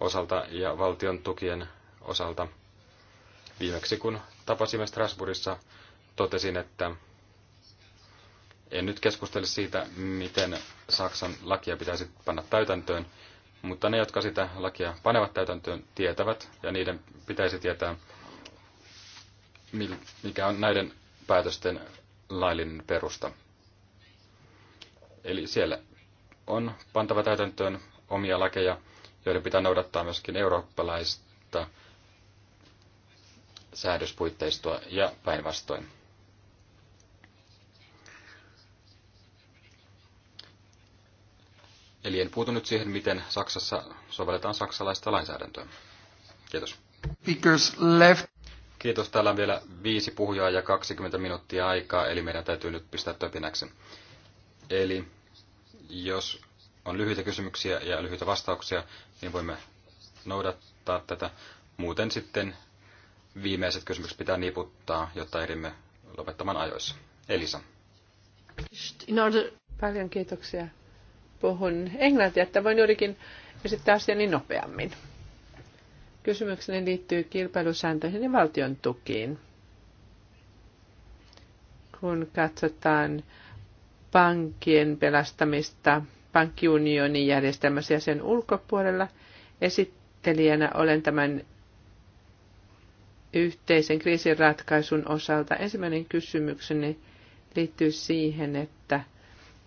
[SPEAKER 1] osalta ja valtion tukien osalta. Viimeksi kun tapasimme Strasbourgissa, totesin, että en nyt keskustele siitä, miten Saksan lakia pitäisi panna täytäntöön, mutta ne, jotka sitä lakia panevat täytäntöön, tietävät, ja niiden pitäisi tietää, mikä on näiden päätösten laillinen perusta. Eli siellä on pantava täytäntöön omia lakeja, joiden pitää noudattaa myöskin eurooppalaista säädöspuitteistoa ja päinvastoin. Eli en puutu nyt siihen, miten Saksassa sovelletaan saksalaista lainsäädäntöä. Kiitos.
[SPEAKER 2] Speakers left.
[SPEAKER 1] Kiitos. Täällä on vielä viisi puhujaa ja 20 minuuttia aikaa, eli meidän täytyy nyt pistää töpinäksi. Eli jos on lyhyitä kysymyksiä ja lyhyitä vastauksia, niin voimme noudattaa tätä. Muuten sitten viimeiset kysymykset pitää niputtaa, jotta ehdimme lopettamaan ajoissa. Elisa.
[SPEAKER 3] Paljon kiitoksia puhun englantia, että voin juurikin esittää niin nopeammin. Kysymykseni liittyy kilpailusääntöihin ja valtion tukiin. Kun katsotaan pankkien pelastamista pankkiunionin järjestelmässä ja sen ulkopuolella, esittelijänä olen tämän yhteisen kriisin ratkaisun osalta. Ensimmäinen kysymykseni liittyy siihen, että –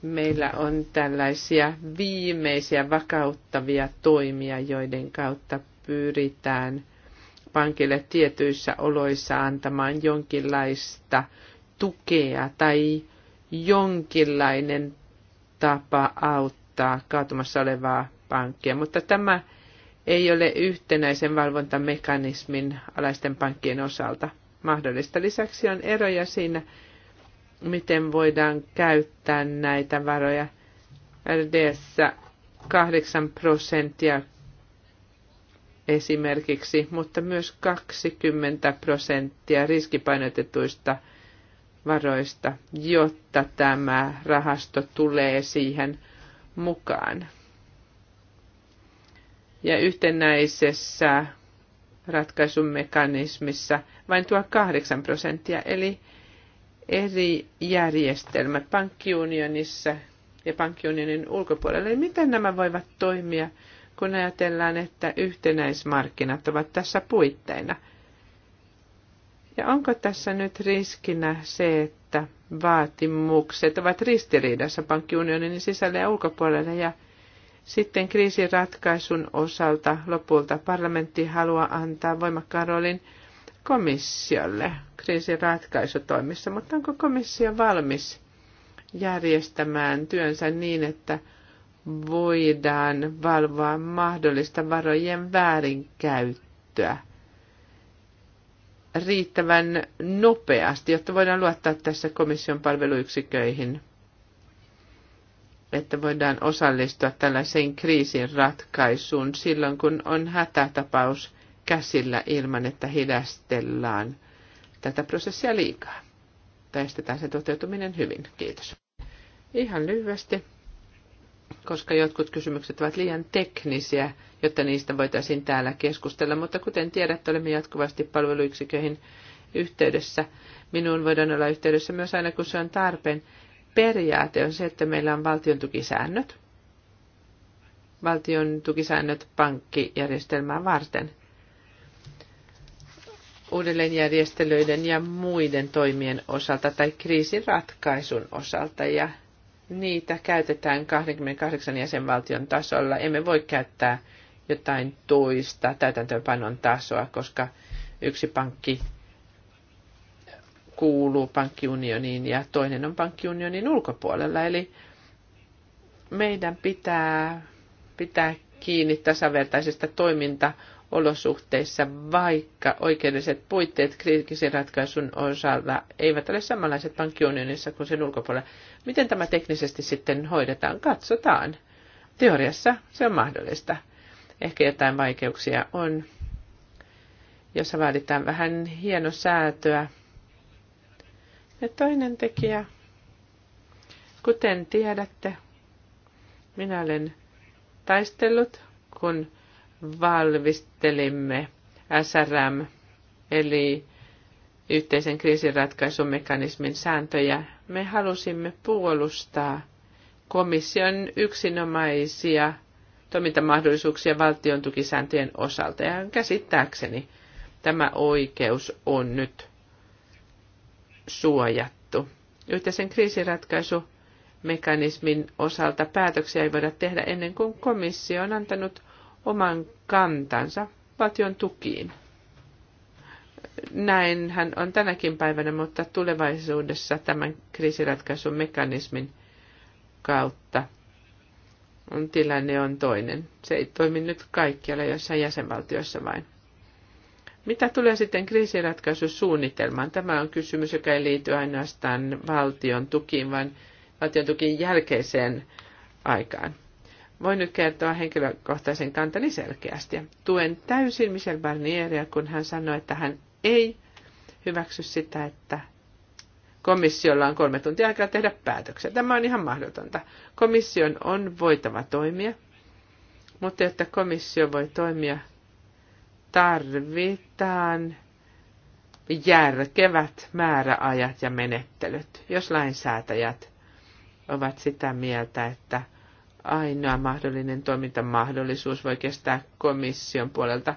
[SPEAKER 3] meillä on tällaisia viimeisiä vakauttavia toimia, joiden kautta pyritään pankille tietyissä oloissa antamaan jonkinlaista tukea tai jonkinlainen tapa auttaa kaatumassa olevaa pankkia. Mutta tämä ei ole yhtenäisen valvontamekanismin alaisten pankkien osalta mahdollista. Lisäksi on eroja siinä, miten voidaan käyttää näitä varoja. RDS 8 prosenttia esimerkiksi, mutta myös 20 prosenttia riskipainotetuista varoista, jotta tämä rahasto tulee siihen mukaan. Ja yhtenäisessä ratkaisumekanismissa vain tuo 8 prosenttia, eli eri järjestelmät pankkiunionissa ja pankkiunionin ulkopuolella. Eli miten nämä voivat toimia, kun ajatellaan, että yhtenäismarkkinat ovat tässä puitteina? Ja onko tässä nyt riskinä se, että vaatimukset ovat ristiriidassa pankkiunionin sisällä ja ulkopuolella ja sitten ratkaisun osalta lopulta parlamentti haluaa antaa voimakkaan roolin komissiolle kriisin ratkaisutoimissa, mutta onko komissio valmis järjestämään työnsä niin, että voidaan valvoa mahdollista varojen väärinkäyttöä riittävän nopeasti, jotta voidaan luottaa tässä komission palveluyksiköihin, että voidaan osallistua tällaiseen kriisin ratkaisuun silloin, kun on hätätapaus käsillä ilman, että hidastellaan tätä prosessia liikaa. Tai estetään sen toteutuminen hyvin. Kiitos. Ihan lyhyesti, koska jotkut kysymykset ovat liian teknisiä, jotta niistä voitaisiin täällä keskustella, mutta kuten tiedätte, olemme jatkuvasti palveluyksiköihin yhteydessä. Minuun voidaan olla yhteydessä myös aina, kun se on tarpeen. Periaate on se, että meillä on valtion tukisäännöt, valtion tukisäännöt pankkijärjestelmää varten uudelleenjärjestelyiden ja muiden toimien osalta tai kriisin ratkaisun osalta ja niitä käytetään 28 jäsenvaltion tasolla. Emme voi käyttää jotain toista täytäntöönpanon tasoa, koska yksi pankki kuuluu pankkiunioniin ja toinen on pankkiunionin ulkopuolella. Eli meidän pitää pitää kiinni tasavertaisesta toimintaa olosuhteissa, vaikka oikeudelliset puitteet kriittisen ratkaisun osalta eivät ole samanlaiset pankkiunionissa kuin sen ulkopuolella. Miten tämä teknisesti sitten hoidetaan? Katsotaan. Teoriassa se on mahdollista. Ehkä jotain vaikeuksia on, jossa vaaditaan vähän hieno säätöä. Ja toinen tekijä, kuten tiedätte, minä olen taistellut, kun valmistelimme SRM, eli yhteisen kriisinratkaisumekanismin sääntöjä, me halusimme puolustaa komission yksinomaisia toimintamahdollisuuksia valtion tukisääntöjen osalta. Ja käsittääkseni tämä oikeus on nyt suojattu. Yhteisen kriisinratkaisumekanismin osalta päätöksiä ei voida tehdä ennen kuin komissio on antanut oman kantansa valtion tukiin. Näin hän on tänäkin päivänä, mutta tulevaisuudessa tämän kriisiratkaisun mekanismin kautta on tilanne on toinen. Se ei toimi nyt kaikkialla, jossain jäsenvaltiossa vain. Mitä tulee sitten kriisiratkaisusuunnitelmaan? Tämä on kysymys, joka ei liity ainoastaan valtion tukiin, vaan valtion tukiin jälkeiseen aikaan. Voin nyt kertoa henkilökohtaisen kantani selkeästi. Tuen täysin Michel Barnieria, kun hän sanoi, että hän ei hyväksy sitä, että komissiolla on kolme tuntia aikaa tehdä päätöksiä. Tämä on ihan mahdotonta. Komission on voitava toimia, mutta jotta komissio voi toimia, tarvitaan järkevät määräajat ja menettelyt, jos lainsäätäjät ovat sitä mieltä, että – ainoa mahdollinen toimintamahdollisuus voi kestää komission puolelta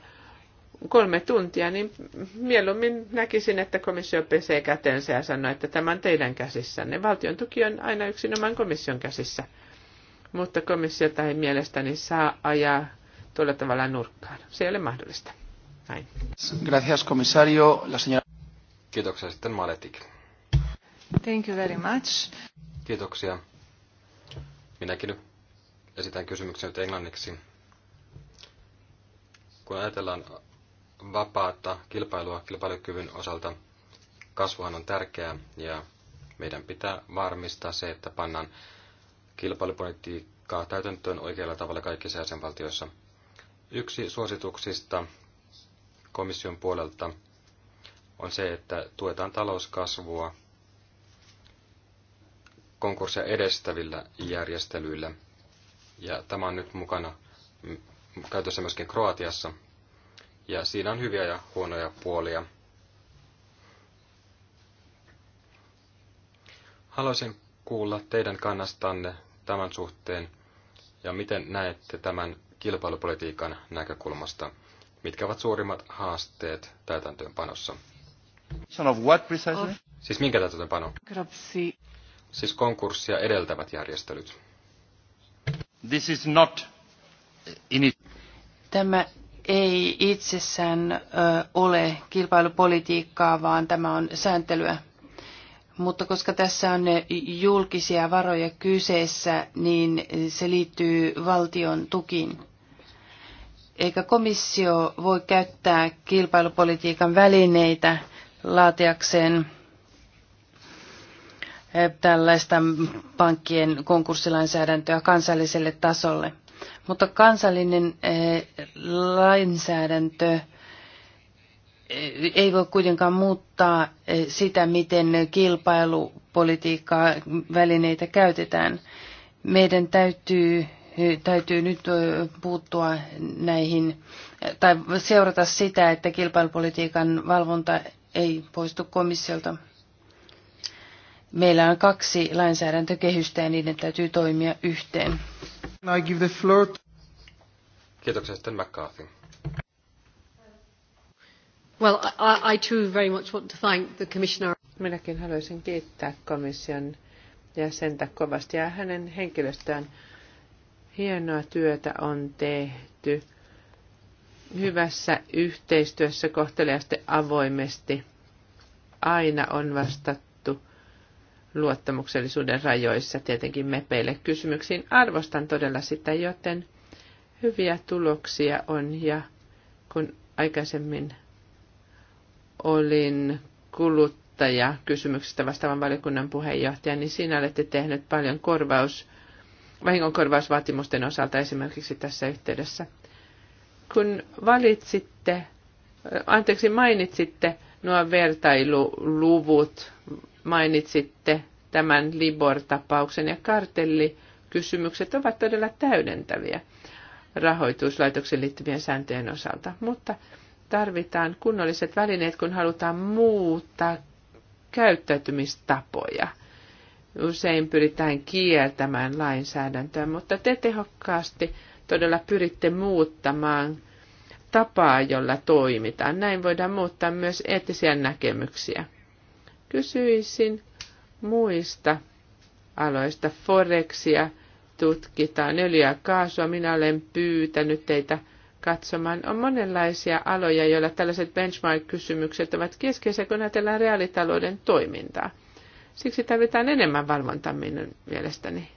[SPEAKER 3] kolme tuntia, niin mieluummin näkisin, että komissio pesee kätensä ja sanoo, että tämä on teidän käsissänne. Valtion tuki on aina yksinomaan komission käsissä. Mutta komissiota ei mielestäni saa ajaa tuolla tavalla nurkkaan. Se ei ole mahdollista. Näin.
[SPEAKER 1] Gracias, komissario. La señora... Kiitoksia sitten Maletik.
[SPEAKER 3] Thank you very much.
[SPEAKER 1] Kiitoksia. Minäkin esitän kysymyksen nyt englanniksi. Kun ajatellaan vapaata kilpailua kilpailukyvyn osalta, kasvuhan on tärkeää ja meidän pitää varmistaa se, että pannaan kilpailupolitiikkaa täytäntöön oikealla tavalla kaikissa jäsenvaltioissa. Yksi suosituksista komission puolelta on se, että tuetaan talouskasvua konkurssia edestävillä järjestelyillä – ja tämä on nyt mukana käytössä myöskin Kroatiassa. Ja siinä on hyviä ja huonoja puolia. Haluaisin kuulla teidän kannastanne tämän suhteen ja miten näette tämän kilpailupolitiikan näkökulmasta. Mitkä ovat suurimmat haasteet täytäntöönpanossa? Of what precisely? Siis minkä täytäntöönpano? Siis konkurssia edeltävät järjestelyt. This is not uh, in it.
[SPEAKER 4] Tämä ei itsessään ö, ole kilpailupolitiikkaa, vaan tämä on sääntelyä. Mutta koska tässä on julkisia varoja kyseessä, niin se liittyy valtion tukiin. Eikä komissio voi käyttää kilpailupolitiikan välineitä laatiakseen tällaista pankkien konkurssilainsäädäntöä kansalliselle tasolle. Mutta kansallinen eh, lainsäädäntö eh, ei voi kuitenkaan muuttaa eh, sitä, miten kilpailupolitiikkaa välineitä käytetään. Meidän täytyy, täytyy nyt puuttua näihin tai seurata sitä, että kilpailupolitiikan valvonta ei poistu komissiolta meillä on kaksi lainsäädäntökehystä ja niiden täytyy toimia yhteen.
[SPEAKER 1] I give the floor to... Kiitoksia sitten McCarthy.
[SPEAKER 3] Well, I, I too very much want to thank the commissioner. Minäkin haluaisin kiittää komission jäsentä kovasti ja hänen henkilöstään. Hienoa työtä on tehty hyvässä yhteistyössä kohteliaasti avoimesti. Aina on vastattu luottamuksellisuuden rajoissa tietenkin mepeille kysymyksiin. Arvostan todella sitä, joten hyviä tuloksia on ja kun aikaisemmin olin kuluttaja kysymyksestä vastaavan valiokunnan puheenjohtaja, niin siinä olette tehnyt paljon korvaus, vahingonkorvausvaatimusten osalta esimerkiksi tässä yhteydessä. Kun valitsitte, anteeksi mainitsitte nuo vertailuluvut mainitsitte tämän Libor-tapauksen ja kartellikysymykset ovat todella täydentäviä rahoituslaitoksen liittyvien sääntöjen osalta, mutta tarvitaan kunnolliset välineet, kun halutaan muuttaa käyttäytymistapoja. Usein pyritään kieltämään lainsäädäntöä, mutta te tehokkaasti todella pyritte muuttamaan tapaa, jolla toimitaan. Näin voidaan muuttaa myös eettisiä näkemyksiä. Kysyisin muista aloista. Forexia tutkitaan, öljyä kaasua. Minä olen pyytänyt teitä katsomaan. On monenlaisia aloja, joilla tällaiset benchmark-kysymykset ovat keskeisiä, kun ajatellaan reaalitalouden toimintaa. Siksi tarvitaan enemmän valvontaa minun mielestäni.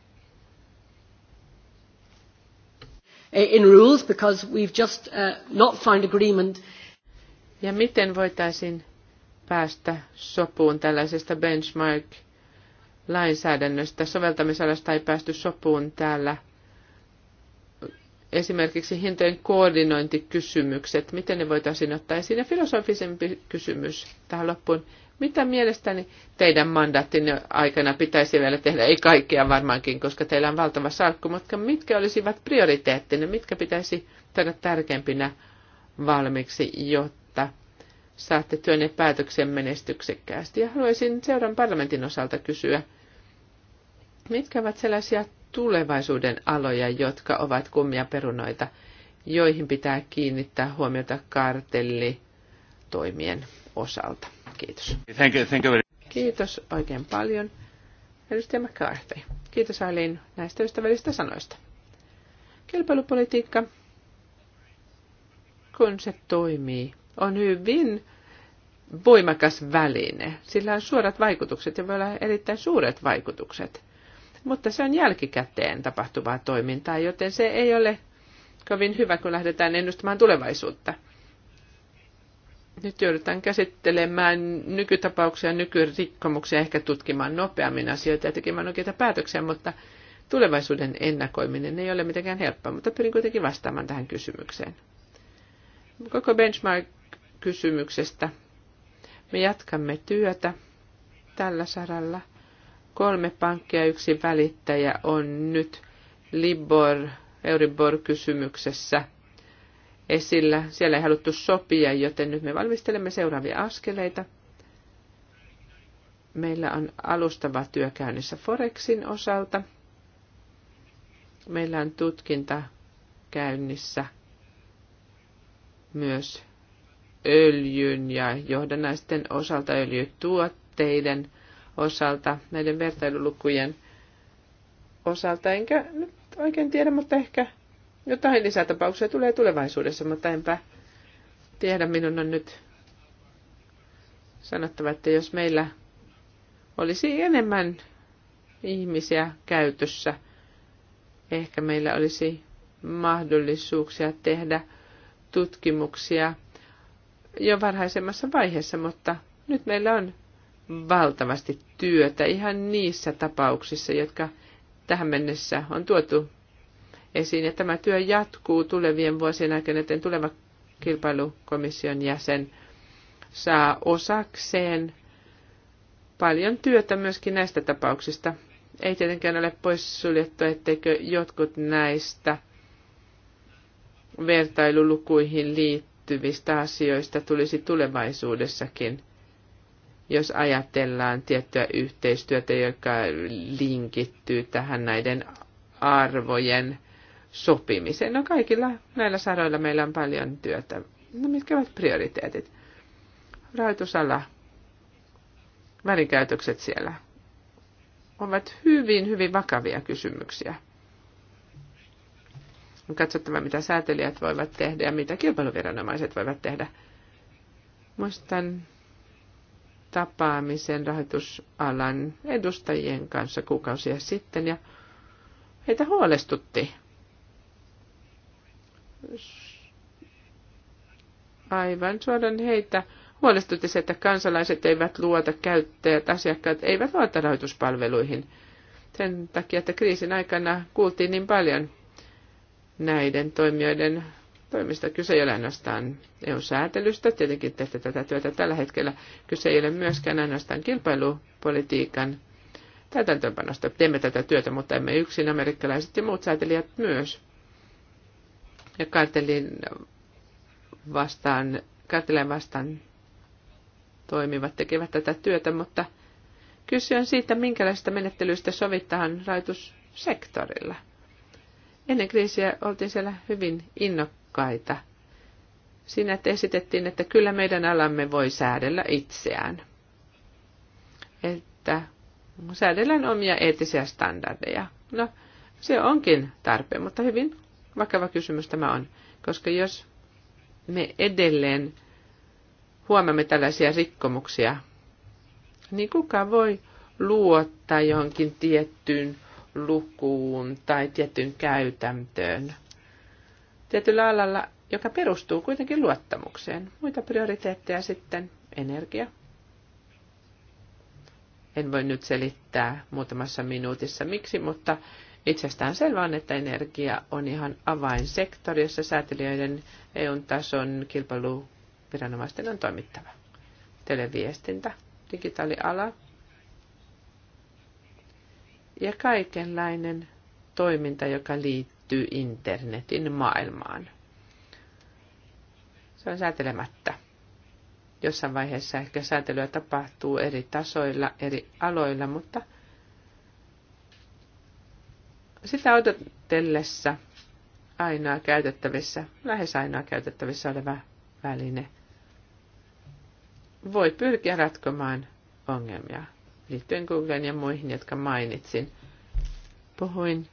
[SPEAKER 3] In rules because we've just uh, not found agreement. Ja miten voitaisiin päästä sopuun tällaisesta benchmark-lainsäädännöstä. Soveltamisalasta ei päästy sopuun täällä. Esimerkiksi hintojen koordinointikysymykset, miten ne voitaisiin ottaa esiin. Ja filosofisempi kysymys tähän loppuun. Mitä mielestäni teidän mandaattinne aikana pitäisi vielä tehdä? Ei kaikkea varmaankin, koska teillä on valtava salkku, mutta mitkä olisivat prioriteettinne? Mitkä pitäisi tehdä tärkeimpinä valmiiksi, jotta saatte työnne päätöksen menestyksekkäästi. Ja haluaisin seuran parlamentin osalta kysyä, mitkä ovat sellaisia tulevaisuuden aloja, jotka ovat kummia perunoita, joihin pitää kiinnittää huomiota kartelli toimien osalta. Kiitos. Thank you, thank you. Kiitos oikein paljon. Edustaja McCarthy. Kiitos Aileen näistä ystävällisistä sanoista. Kilpailupolitiikka, kun se toimii on hyvin voimakas väline. Sillä on suorat vaikutukset ja voi olla erittäin suuret vaikutukset. Mutta se on jälkikäteen tapahtuvaa toimintaa, joten se ei ole kovin hyvä, kun lähdetään ennustamaan tulevaisuutta. Nyt joudutaan käsittelemään nykytapauksia, nykyrikkomuksia, ehkä tutkimaan nopeammin asioita ja tekemään oikeita päätöksiä, mutta tulevaisuuden ennakoiminen ei ole mitenkään helppoa, mutta pyrin kuitenkin vastaamaan tähän kysymykseen. Koko benchmark kysymyksestä. Me jatkamme työtä tällä saralla. Kolme pankkia ja yksi välittäjä on nyt Libor, Euribor-kysymyksessä esillä. Siellä ei haluttu sopia, joten nyt me valmistelemme seuraavia askeleita. Meillä on alustava työ käynnissä Forexin osalta. Meillä on tutkinta käynnissä myös öljyn ja johdannaisten osalta, öljytuotteiden osalta, näiden vertailulukujen osalta. Enkä nyt oikein tiedä, mutta ehkä jotain lisätapauksia tulee tulevaisuudessa, mutta enpä tiedä. Minun on nyt sanottava, että jos meillä olisi enemmän ihmisiä käytössä, ehkä meillä olisi mahdollisuuksia tehdä tutkimuksia – jo varhaisemmassa vaiheessa, mutta nyt meillä on valtavasti työtä ihan niissä tapauksissa, jotka tähän mennessä on tuotu esiin. Ja tämä työ jatkuu tulevien vuosien aikana, joten tuleva kilpailukomission jäsen saa osakseen paljon työtä myöskin näistä tapauksista. Ei tietenkään ole poissuljettu, etteikö jotkut näistä vertailulukuihin liittyy liittyvistä asioista tulisi tulevaisuudessakin, jos ajatellaan tiettyä yhteistyötä, joka linkittyy tähän näiden arvojen sopimiseen. No kaikilla näillä saroilla meillä on paljon työtä. No mitkä ovat prioriteetit? Rahoitusala, välikäytökset siellä ovat hyvin, hyvin vakavia kysymyksiä. On katsottava, mitä säätelijät voivat tehdä ja mitä kilpailuviranomaiset voivat tehdä. Muistan tapaamisen rahoitusalan edustajien kanssa kuukausia sitten ja heitä huolestutti aivan suoran heitä huolestutti se, että kansalaiset eivät luota, käyttäjät, asiakkaat eivät luota rahoituspalveluihin. Sen takia, että kriisin aikana kuultiin niin paljon näiden toimijoiden toimista. Kyse ei ole ainoastaan EU-säätelystä, tietenkin tehty tätä työtä tällä hetkellä. Kyse ei ole myöskään ainoastaan kilpailupolitiikan täytäntöönpanosta. Teemme tätä työtä, mutta emme yksin, amerikkalaiset ja muut säätelijät myös. Ja kartelin vastaan, kartelin vastaan toimivat tekevät tätä työtä, mutta kyse on siitä, minkälaista menettelyistä sovitaan rajoitussektorilla. Ennen kriisiä oltiin siellä hyvin innokkaita siinä, että esitettiin, että kyllä meidän alamme voi säädellä itseään. Että säädellään omia eettisiä standardeja. No, se onkin tarpeen, mutta hyvin vakava kysymys tämä on, koska jos me edelleen huomaamme tällaisia rikkomuksia, niin kuka voi luottaa johonkin tiettyyn lukuun tai tiettyyn käytäntöön tietyllä alalla, joka perustuu kuitenkin luottamukseen. Muita prioriteetteja sitten energia. En voi nyt selittää muutamassa minuutissa miksi, mutta itsestään selvää on, että energia on ihan avainsektori, jossa säätelijöiden EU-tason kilpailuviranomaisten on toimittava. Televiestintä, digitaaliala, ja kaikenlainen toiminta, joka liittyy internetin maailmaan. Se on säätelemättä. Jossain vaiheessa ehkä säätelyä tapahtuu eri tasoilla, eri aloilla, mutta sitä odotellessa ainoa käytettävissä, lähes ainoa käytettävissä oleva väline voi pyrkiä ratkomaan ongelmia liittyen Googleen ja muihin, jotka mainitsin. Puhuin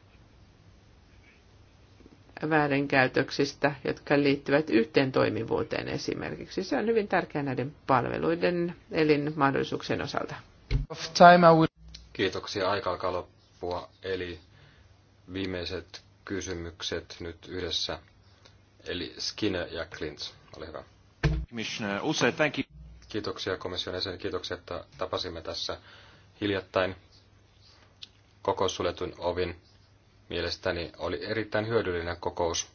[SPEAKER 3] väärinkäytöksistä, jotka liittyvät yhteen toimivuuteen esimerkiksi. Se on hyvin tärkeää näiden palveluiden elinmahdollisuuksien osalta.
[SPEAKER 1] Kiitoksia. Aika alkaa loppua. Eli viimeiset kysymykset nyt yhdessä. Eli Skinner ja Klintz. Ole hyvä. Also, thank you. Kiitoksia komission jäsen, kiitoksia, että tapasimme tässä hiljattain koko suljetun ovin. Mielestäni oli erittäin hyödyllinen kokous.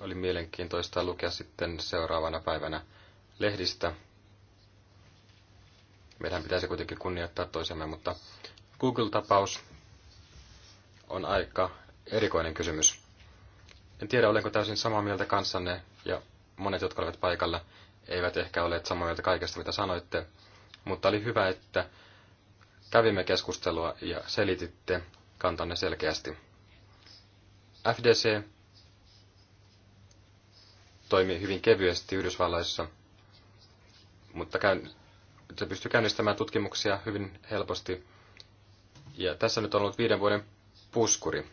[SPEAKER 1] Oli mielenkiintoista lukea sitten seuraavana päivänä lehdistä. Meidän pitäisi kuitenkin kunnioittaa toisemme, mutta Google-tapaus on aika erikoinen kysymys. En tiedä, olenko täysin samaa mieltä kanssanne ja monet, jotka olivat paikalla, eivät ehkä ole samoja mieltä kaikesta, mitä sanoitte, mutta oli hyvä, että kävimme keskustelua ja selititte kantanne selkeästi. FDC toimi hyvin kevyesti Yhdysvalloissa, mutta käyn, se pystyy käynnistämään tutkimuksia hyvin helposti. Ja tässä nyt on ollut viiden vuoden puskuri.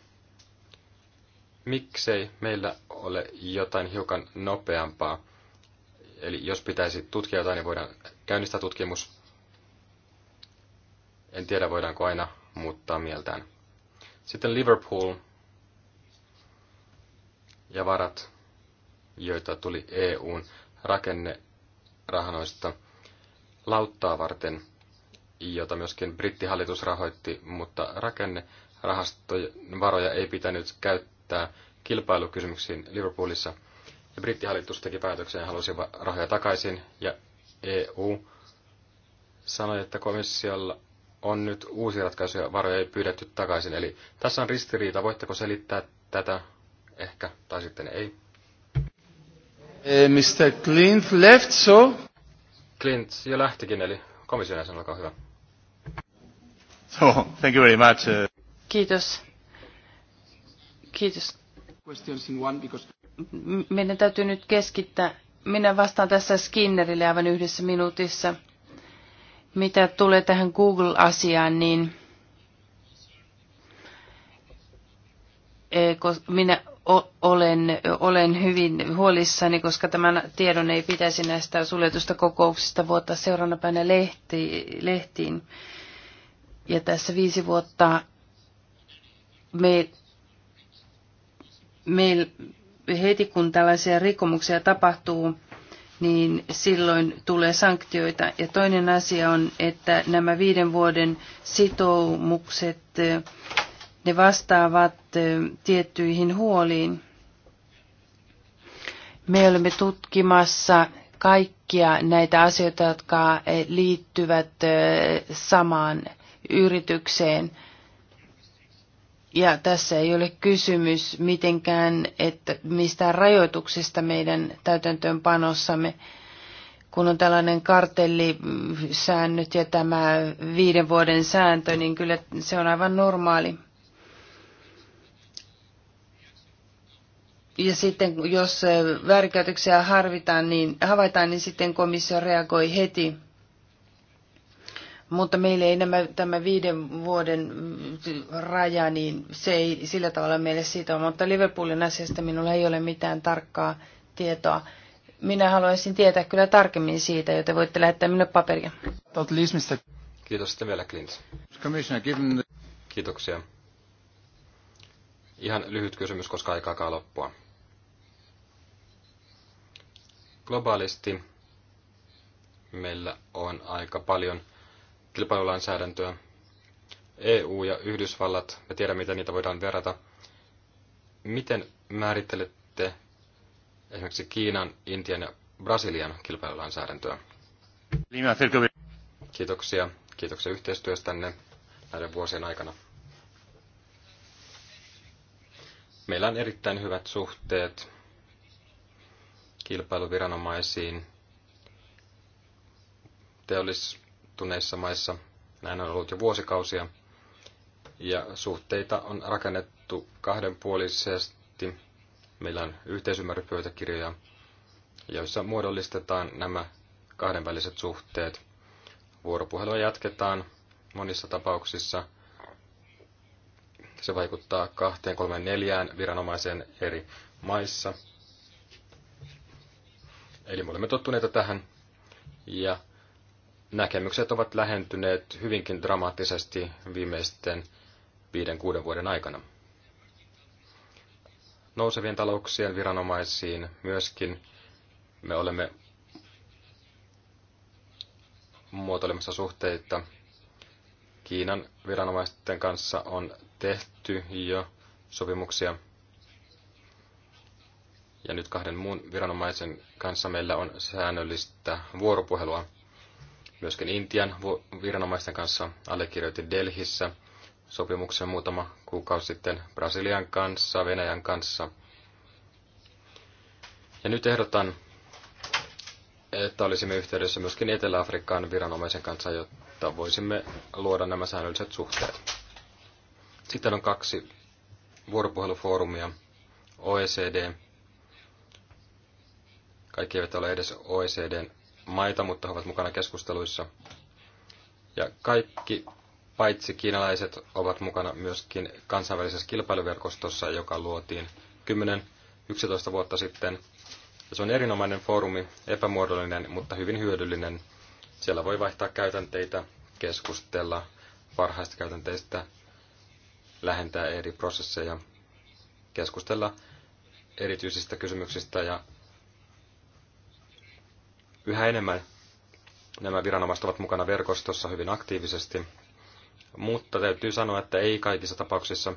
[SPEAKER 1] Miksei meillä ole jotain hiukan nopeampaa Eli jos pitäisi tutkia jotain, niin voidaan käynnistää tutkimus. En tiedä, voidaanko aina muuttaa mieltään. Sitten Liverpool ja varat, joita tuli EUn rakennerahanoista lauttaa varten, jota myöskin brittihallitus rahoitti, mutta rakennerahastojen varoja ei pitänyt käyttää kilpailukysymyksiin Liverpoolissa – ja brittihallitus teki päätöksen ja halusi rahoja takaisin. Ja EU sanoi, että komissiolla on nyt uusi ratkaisu ja varoja ei pyydetty takaisin. Eli tässä on ristiriita. Voitteko selittää tätä ehkä tai sitten ei? Eh,
[SPEAKER 2] Mr. Clint left, so...
[SPEAKER 1] Clint jo lähtikin, eli komission jäsen, olkaa hyvä. So, thank you very much. Eh.
[SPEAKER 4] Kiitos. Kiitos. Questions in one because meidän täytyy nyt keskittää. Minä vastaan tässä Skinnerille aivan yhdessä minuutissa. Mitä tulee tähän Google-asiaan, niin eh, minä olen, olen hyvin huolissani, koska tämän tiedon ei pitäisi näistä suljetusta kokouksista vuotta seuraavana päivänä lehti, lehtiin. Ja tässä viisi vuotta me, me, heti kun tällaisia rikkomuksia tapahtuu, niin silloin tulee sanktioita. Ja toinen asia on, että nämä viiden vuoden sitoumukset, ne vastaavat tiettyihin huoliin. Me olemme tutkimassa kaikkia näitä asioita, jotka liittyvät samaan yritykseen – ja tässä ei ole kysymys mitenkään, että mistään rajoituksista meidän täytäntöönpanossamme, kun on tällainen kartellisäännöt ja tämä viiden vuoden sääntö, niin kyllä se on aivan normaali. Ja sitten jos väärinkäytöksiä harvitaan, niin, havaitaan, niin sitten komissio reagoi heti mutta meille ei nämä, tämä viiden vuoden mm, raja, niin se ei sillä tavalla meille sitoo. Mutta Liverpoolin asiasta minulla ei ole mitään tarkkaa tietoa. Minä haluaisin tietää kyllä tarkemmin siitä, joten voitte lähettää minulle paperia.
[SPEAKER 1] Kiitos sitten vielä Clint. Kiitoksia. Ihan lyhyt kysymys, koska aikaakaan loppua. Globaalisti meillä on aika paljon – kilpailulainsäädäntöä. EU ja Yhdysvallat, me tiedämme, miten niitä voidaan verrata. Miten määrittelette esimerkiksi Kiinan, Intian ja Brasilian kilpailulainsäädäntöä? Kiitoksia. Kiitoksia yhteistyöstänne näiden vuosien aikana. Meillä on erittäin hyvät suhteet kilpailuviranomaisiin, teollis- kehittyneissä maissa. Näin on ollut jo vuosikausia. Ja suhteita on rakennettu kahdenpuolisesti. Meillä on yhteisymmärryspöytäkirjoja, joissa muodollistetaan nämä kahdenväliset suhteet. Vuoropuhelua jatketaan monissa tapauksissa. Se vaikuttaa kahteen, kolmeen, neljään viranomaiseen eri maissa. Eli me olemme tottuneita tähän. Ja näkemykset ovat lähentyneet hyvinkin dramaattisesti viimeisten viiden kuuden vuoden aikana. Nousevien talouksien viranomaisiin myöskin me olemme muotoilemassa suhteita. Kiinan viranomaisten kanssa on tehty jo sopimuksia. Ja nyt kahden muun viranomaisen kanssa meillä on säännöllistä vuoropuhelua myöskin Intian viranomaisten kanssa allekirjoitti Delhissä sopimuksen muutama kuukausi sitten Brasilian kanssa, Venäjän kanssa. Ja nyt ehdotan, että olisimme yhteydessä myöskin Etelä-Afrikan viranomaisen kanssa, jotta voisimme luoda nämä säännölliset suhteet. Sitten on kaksi vuoropuhelufoorumia, OECD. Kaikki eivät ole edes OECDn maita, mutta he ovat mukana keskusteluissa. Ja kaikki paitsi kiinalaiset ovat mukana myöskin kansainvälisessä kilpailuverkostossa, joka luotiin 10-11 vuotta sitten. Ja se on erinomainen foorumi, epämuodollinen, mutta hyvin hyödyllinen. Siellä voi vaihtaa käytänteitä, keskustella parhaista käytänteistä, lähentää eri prosesseja, keskustella erityisistä kysymyksistä ja Yhä enemmän nämä viranomaiset ovat mukana verkostossa hyvin aktiivisesti, mutta täytyy sanoa, että ei kaikissa tapauksissa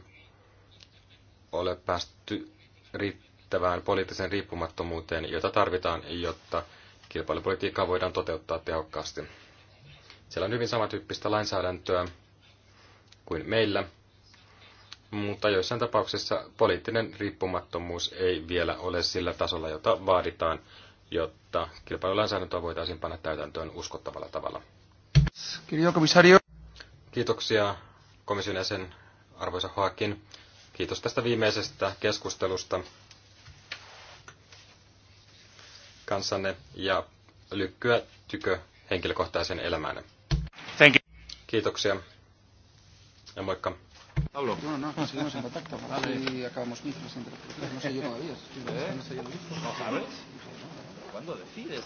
[SPEAKER 1] ole päästy riittävään poliittiseen riippumattomuuteen, jota tarvitaan, jotta kilpailupolitiikkaa voidaan toteuttaa tehokkaasti. Siellä on hyvin samantyyppistä lainsäädäntöä kuin meillä, mutta joissain tapauksissa poliittinen riippumattomuus ei vielä ole sillä tasolla, jota vaaditaan jotta kilpailulainsäädäntöä voitaisiin panna täytäntöön uskottavalla tavalla. Kiitoksia komission jäsen arvoisa Hoakin. Kiitos tästä viimeisestä keskustelusta kanssanne ja lykkyä tykö henkilökohtaisen elämään. Thank you. Kiitoksia. Ja moikka.
[SPEAKER 2] Hallo. No, no, no, no, ¿Eh? no, no, no, no, no, No no, no, no, No no, no, no cuando decides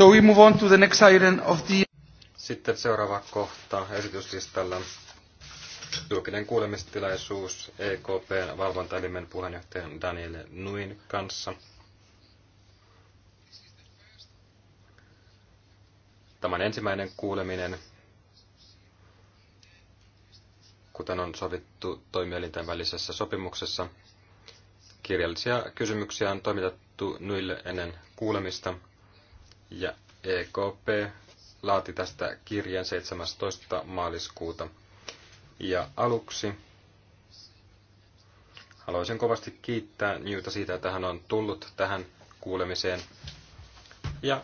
[SPEAKER 2] So we move on to the next item of the...
[SPEAKER 1] Sitten seuraava kohta esityslistalla. Julkinen kuulemistilaisuus EKPn valvontaelimen puheenjohtajan Daniel Nuin kanssa. on ensimmäinen kuuleminen, kuten on sovittu toimielinten välisessä sopimuksessa, kirjallisia kysymyksiä on toimitettu Nuille ennen kuulemista – ja EKP laati tästä kirjan 17. maaliskuuta. Ja aluksi haluaisin kovasti kiittää Newta siitä, että hän on tullut tähän kuulemiseen. Ja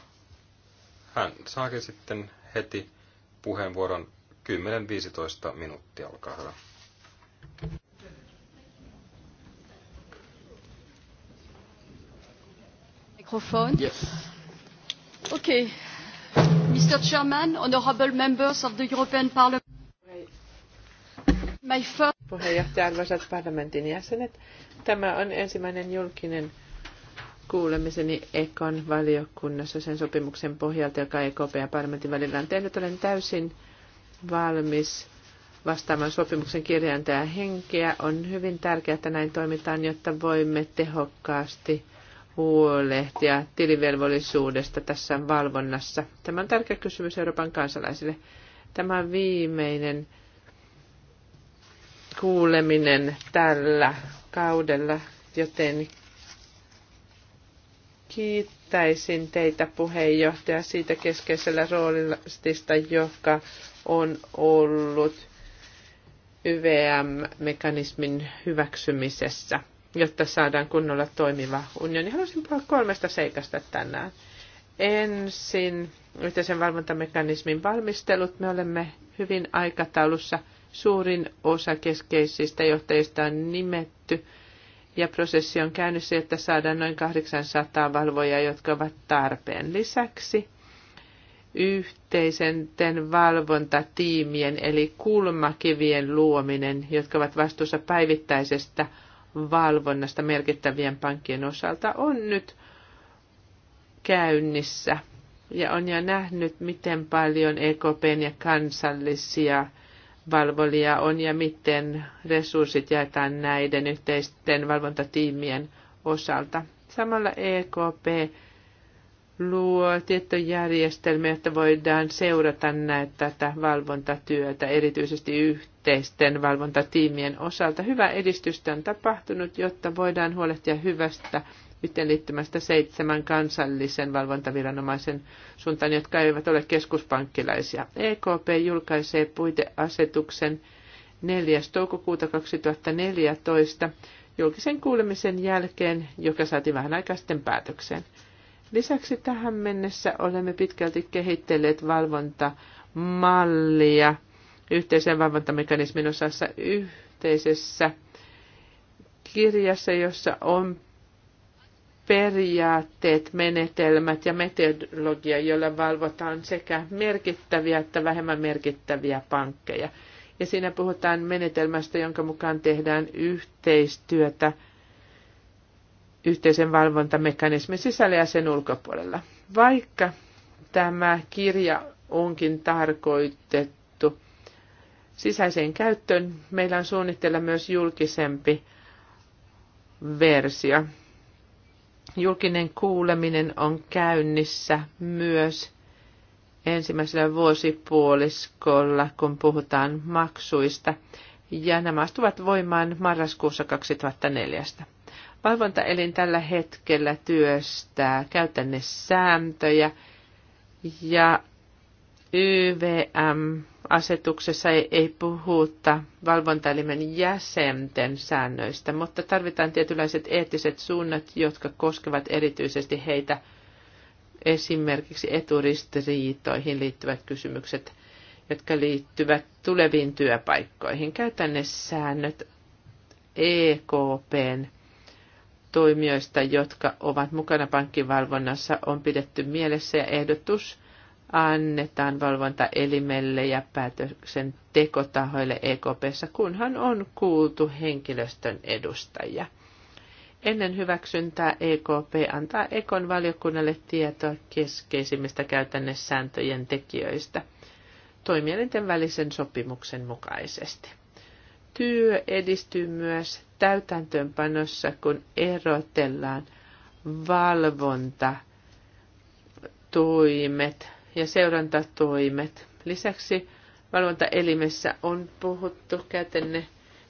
[SPEAKER 1] hän saakin sitten heti puheenvuoron 10-15 minuuttia, olkaa hyvä.
[SPEAKER 2] Yes.
[SPEAKER 3] Puheenjohtaja, arvoisat parlamentin jäsenet. Tämä on ensimmäinen julkinen kuulemiseni Ekon valiokunnassa sen sopimuksen pohjalta, joka EKP ja parlamentin välillä on tehnyt. Olen täysin valmis vastaamaan sopimuksen kirjainta ja henkeä. On hyvin tärkeää, että näin toimitaan, jotta voimme tehokkaasti – huolehtia tilivelvollisuudesta tässä valvonnassa? Tämä on tärkeä kysymys Euroopan kansalaisille. Tämä on viimeinen kuuleminen tällä kaudella, joten kiittäisin teitä puheenjohtaja siitä keskeisellä roolista, joka on ollut YVM-mekanismin hyväksymisessä – jotta saadaan kunnolla toimiva unioni. Haluaisin puhua kolmesta seikasta tänään. Ensin yhteisen valvontamekanismin valmistelut. Me olemme hyvin aikataulussa. Suurin osa keskeisistä johtajista on nimetty ja prosessi on käynnissä, että saadaan noin 800 valvojaa, jotka ovat tarpeen. Lisäksi yhteisenten valvontatiimien eli kulmakivien luominen, jotka ovat vastuussa päivittäisestä valvonnasta merkittävien pankkien osalta on nyt käynnissä. Ja on jo nähnyt, miten paljon EKPn ja kansallisia valvolia on ja miten resurssit jaetaan näiden yhteisten valvontatiimien osalta. Samalla EKP luo tietojärjestelmiä, että voidaan seurata näitä tätä valvontatyötä, erityisesti yhteisten valvontatiimien osalta. Hyvä edistystä on tapahtunut, jotta voidaan huolehtia hyvästä yhteenliittymästä seitsemän kansallisen valvontaviranomaisen suuntaan, jotka eivät ole keskuspankkilaisia. EKP julkaisee puiteasetuksen 4. toukokuuta 2014 julkisen kuulemisen jälkeen, joka saatiin vähän aikaa sitten päätökseen. Lisäksi tähän mennessä olemme pitkälti kehittelleet valvontamallia yhteisen valvontamekanismin osassa yhteisessä kirjassa, jossa on periaatteet, menetelmät ja metodologia, joilla valvotaan sekä merkittäviä että vähemmän merkittäviä pankkeja. Ja siinä puhutaan menetelmästä, jonka mukaan tehdään yhteistyötä yhteisen valvontamekanismin sisällä ja sen ulkopuolella. Vaikka tämä kirja onkin tarkoitettu sisäiseen käyttöön, meillä on suunnitteilla myös julkisempi versio. Julkinen kuuleminen on käynnissä myös ensimmäisellä vuosipuoliskolla, kun puhutaan maksuista, ja nämä astuvat voimaan marraskuussa 2004. Valvontaelin tällä hetkellä työstää sääntöjä ja YVM-asetuksessa ei, ei puhuta valvontaelimen jäsenten säännöistä, mutta tarvitaan tietynlaiset eettiset suunnat, jotka koskevat erityisesti heitä esimerkiksi eturistiriitoihin liittyvät kysymykset, jotka liittyvät tuleviin työpaikkoihin. Käytännössäännöt EKPn toimijoista, jotka ovat mukana pankkivalvonnassa, on pidetty mielessä ja ehdotus annetaan valvontaelimelle ja tekotahoille EKPssä, kunhan on kuultu henkilöstön edustajia. Ennen hyväksyntää EKP antaa Ekon valiokunnalle tietoa keskeisimmistä käytännössääntöjen tekijöistä toimielinten välisen sopimuksen mukaisesti. Työ edistyy myös täytäntöönpanossa, kun erotellaan valvonta, toimet ja seurantatoimet. Lisäksi valvontaelimessä on puhuttu käytänne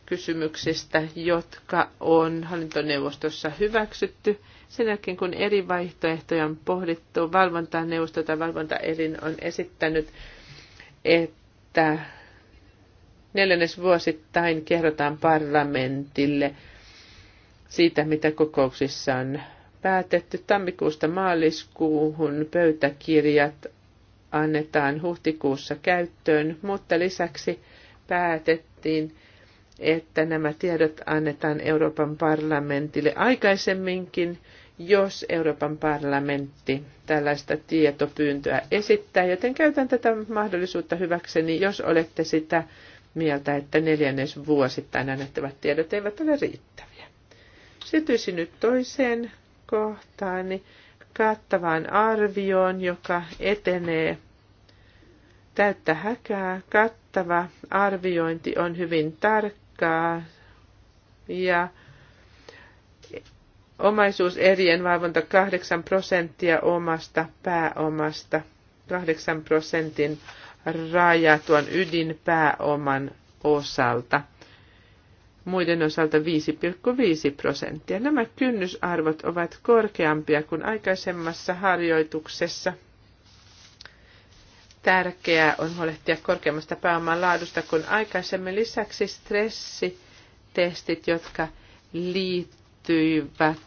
[SPEAKER 3] kysymyksistä, jotka on hallintoneuvostossa hyväksytty. Sen jälkeen, kun eri vaihtoehtoja on pohdittu, valvontaneuvosto tai valvontaelin on esittänyt, että neljännesvuosittain kerrotaan parlamentille siitä, mitä kokouksissa on päätetty. Tammikuusta maaliskuuhun pöytäkirjat annetaan huhtikuussa käyttöön, mutta lisäksi päätettiin, että nämä tiedot annetaan Euroopan parlamentille aikaisemminkin, jos Euroopan parlamentti tällaista tietopyyntöä esittää, joten käytän tätä mahdollisuutta hyväkseni, jos olette sitä mieltä, että neljännes vuosittain annettavat tiedot eivät ole riittäviä. Sytyisin nyt toiseen kohtaan, niin kattavaan arvioon, joka etenee täyttä häkää. Kattava arviointi on hyvin tarkkaa ja omaisuuserien valvonta 8 prosenttia omasta pääomasta, 8 prosentin raja tuon ydinpääoman osalta. Muiden osalta 5,5 prosenttia. Nämä kynnysarvot ovat korkeampia kuin aikaisemmassa harjoituksessa. Tärkeää on huolehtia korkeammasta pääoman laadusta kuin aikaisemmin. Lisäksi stressitestit, jotka liittyivät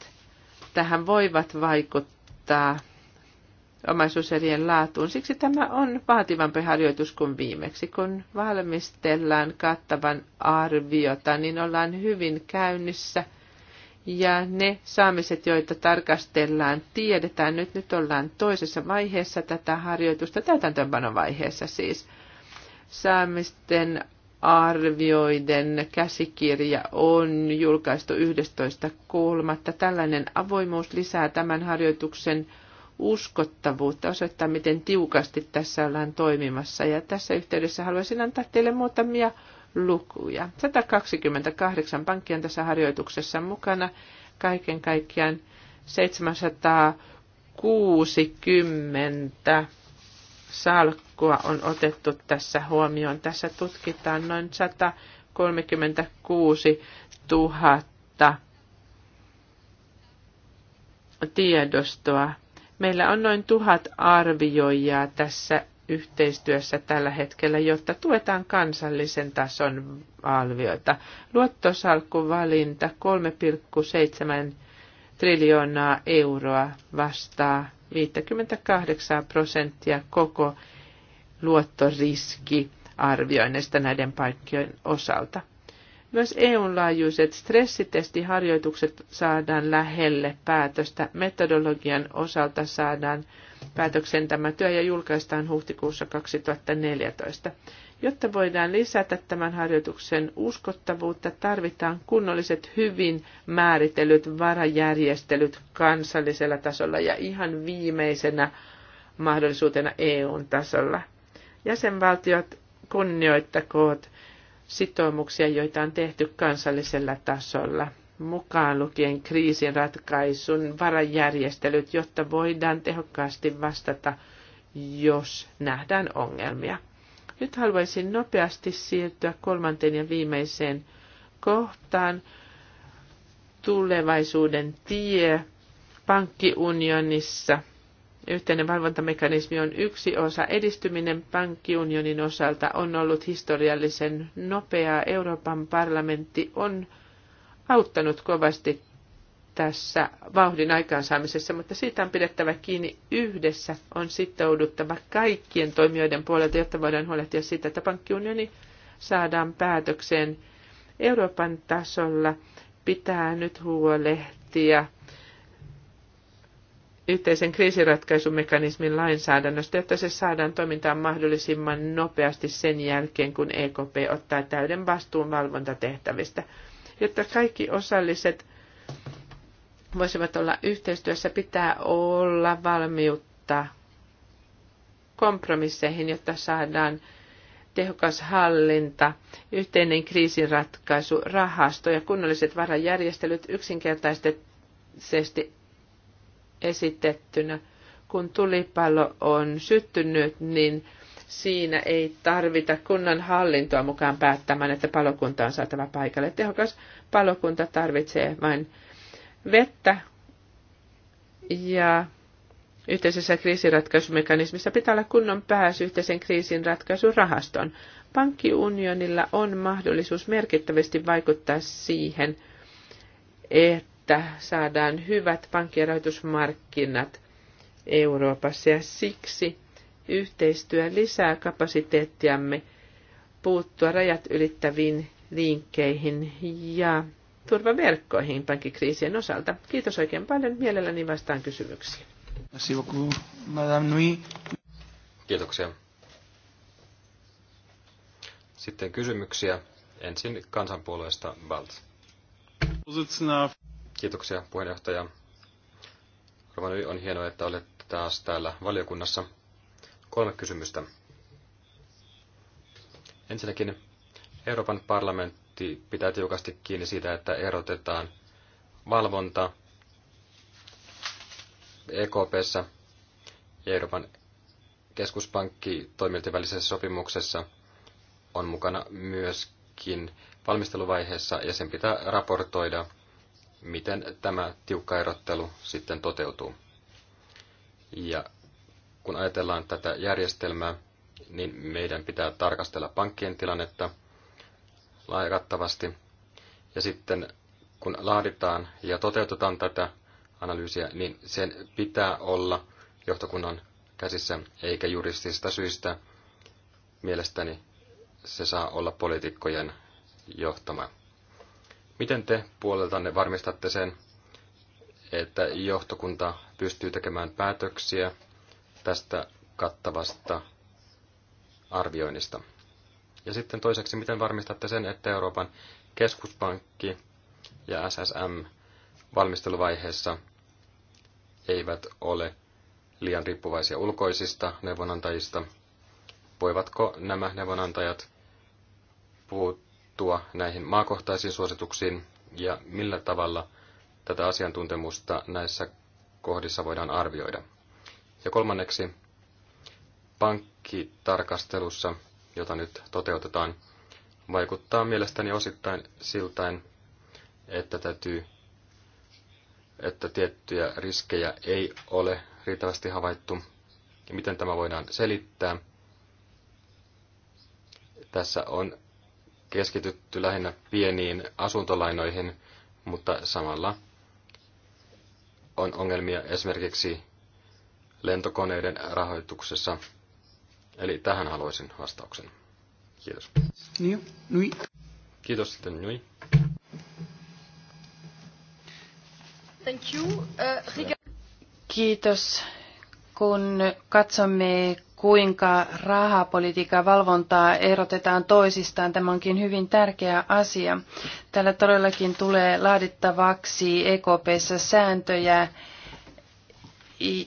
[SPEAKER 3] tähän, voivat vaikuttaa omaisuuserien laatuun. Siksi tämä on vaativampi harjoitus kuin viimeksi. Kun valmistellaan kattavan arviota, niin ollaan hyvin käynnissä. Ja ne saamiset, joita tarkastellaan, tiedetään. Nyt, nyt ollaan toisessa vaiheessa tätä harjoitusta, vaiheessa, siis. Saamisten arvioiden käsikirja on julkaistu 11.3. Tällainen avoimuus lisää tämän harjoituksen uskottavuutta, osoittaa miten tiukasti tässä ollaan toimimassa. Ja tässä yhteydessä haluaisin antaa teille muutamia lukuja. 128 pankkia on tässä harjoituksessa mukana, kaiken kaikkiaan 760 salkkua on otettu tässä huomioon. Tässä tutkitaan noin 136 000 tiedostoa Meillä on noin tuhat arvioijaa tässä yhteistyössä tällä hetkellä, jotta tuetaan kansallisen tason alvioita. Luottosalkkuvalinta 3,7 triljoonaa euroa vastaa 58 prosenttia koko luottoriski arvioinnista näiden paikkojen osalta. Myös EUn laajuiset stressitestiharjoitukset saadaan lähelle päätöstä. Metodologian osalta saadaan päätöksen tämä työ ja julkaistaan huhtikuussa 2014. Jotta voidaan lisätä tämän harjoituksen uskottavuutta, tarvitaan kunnolliset hyvin määritellyt varajärjestelyt kansallisella tasolla ja ihan viimeisenä mahdollisuutena EUn tasolla. Jäsenvaltiot kunnioittakoot sitoumuksia, joita on tehty kansallisella tasolla, mukaan lukien kriisin ratkaisun varajärjestelyt, jotta voidaan tehokkaasti vastata, jos nähdään ongelmia. Nyt haluaisin nopeasti siirtyä kolmanteen ja viimeiseen kohtaan. Tulevaisuuden tie pankkiunionissa – Yhteinen valvontamekanismi on yksi osa. Edistyminen pankkiunionin osalta on ollut historiallisen nopeaa. Euroopan parlamentti on auttanut kovasti tässä vauhdin aikaansaamisessa, mutta siitä on pidettävä kiinni yhdessä, on sitouduttava kaikkien toimijoiden puolelta, jotta voidaan huolehtia siitä, että pankkiunioni saadaan päätökseen. Euroopan tasolla pitää nyt huolehtia yhteisen kriisiratkaisumekanismin lainsäädännöstä, jotta se saadaan toimintaan mahdollisimman nopeasti sen jälkeen, kun EKP ottaa täyden vastuun valvontatehtävistä, jotta kaikki osalliset voisivat olla yhteistyössä, pitää olla valmiutta kompromisseihin, jotta saadaan tehokas hallinta, yhteinen kriisinratkaisu, rahasto ja kunnolliset varajärjestelyt yksinkertaisesti esitettynä. Kun tulipalo on syttynyt, niin siinä ei tarvita kunnan hallintoa mukaan päättämään, että palokunta on saatava paikalle. Tehokas palokunta tarvitsee vain vettä ja Yhteisessä kriisiratkaisumekanismissa pitää olla kunnon pääsy yhteisen kriisin ratkaisurahastoon. Pankkiunionilla on mahdollisuus merkittävästi vaikuttaa siihen, että että saadaan hyvät pankkirahoitusmarkkinat Euroopassa ja siksi yhteistyö lisää kapasiteettiamme puuttua rajat ylittäviin linkkeihin ja turvaverkkoihin pankkikriisien osalta. Kiitos oikein paljon. Mielelläni vastaan kysymyksiin.
[SPEAKER 1] Kiitoksia. Sitten kysymyksiä. Ensin kansanpuolueesta valt. Kiitoksia puheenjohtaja. Romany, on hienoa, että olette taas täällä valiokunnassa. Kolme kysymystä. Ensinnäkin Euroopan parlamentti pitää tiukasti kiinni siitä, että erotetaan valvonta EKPssä ja Euroopan keskuspankki toimijoiden välisessä sopimuksessa on mukana myöskin valmisteluvaiheessa ja sen pitää raportoida – miten tämä tiukka erottelu sitten toteutuu. Ja kun ajatellaan tätä järjestelmää, niin meidän pitää tarkastella pankkien tilannetta laajakattavasti. Ja sitten kun laaditaan ja toteutetaan tätä analyysiä, niin sen pitää olla johtokunnan käsissä, eikä juristista syistä mielestäni se saa olla poliitikkojen johtama. Miten te puoleltanne varmistatte sen, että johtokunta pystyy tekemään päätöksiä tästä kattavasta arvioinnista? Ja sitten toiseksi, miten varmistatte sen, että Euroopan keskuspankki ja SSM valmisteluvaiheessa eivät ole liian riippuvaisia ulkoisista neuvonantajista? Voivatko nämä neuvonantajat puut tarttua näihin maakohtaisiin suosituksiin ja millä tavalla tätä asiantuntemusta näissä kohdissa voidaan arvioida. Ja kolmanneksi, pankkitarkastelussa, jota nyt toteutetaan, vaikuttaa mielestäni osittain siltain, että täytyy että tiettyjä riskejä ei ole riittävästi havaittu. Ja miten tämä voidaan selittää? Tässä on keskitytty lähinnä pieniin asuntolainoihin, mutta samalla on ongelmia esimerkiksi lentokoneiden rahoituksessa. Eli tähän haluaisin vastauksen. Kiitos.
[SPEAKER 2] Niin, nui.
[SPEAKER 1] Kiitos sitten Nui.
[SPEAKER 4] Thank you. Uh, Kiitos. Kun katsomme kuinka rahapolitiikan valvontaa erotetaan toisistaan. Tämä onkin hyvin tärkeä asia. Täällä todellakin tulee laadittavaksi EKPssä sääntöjä,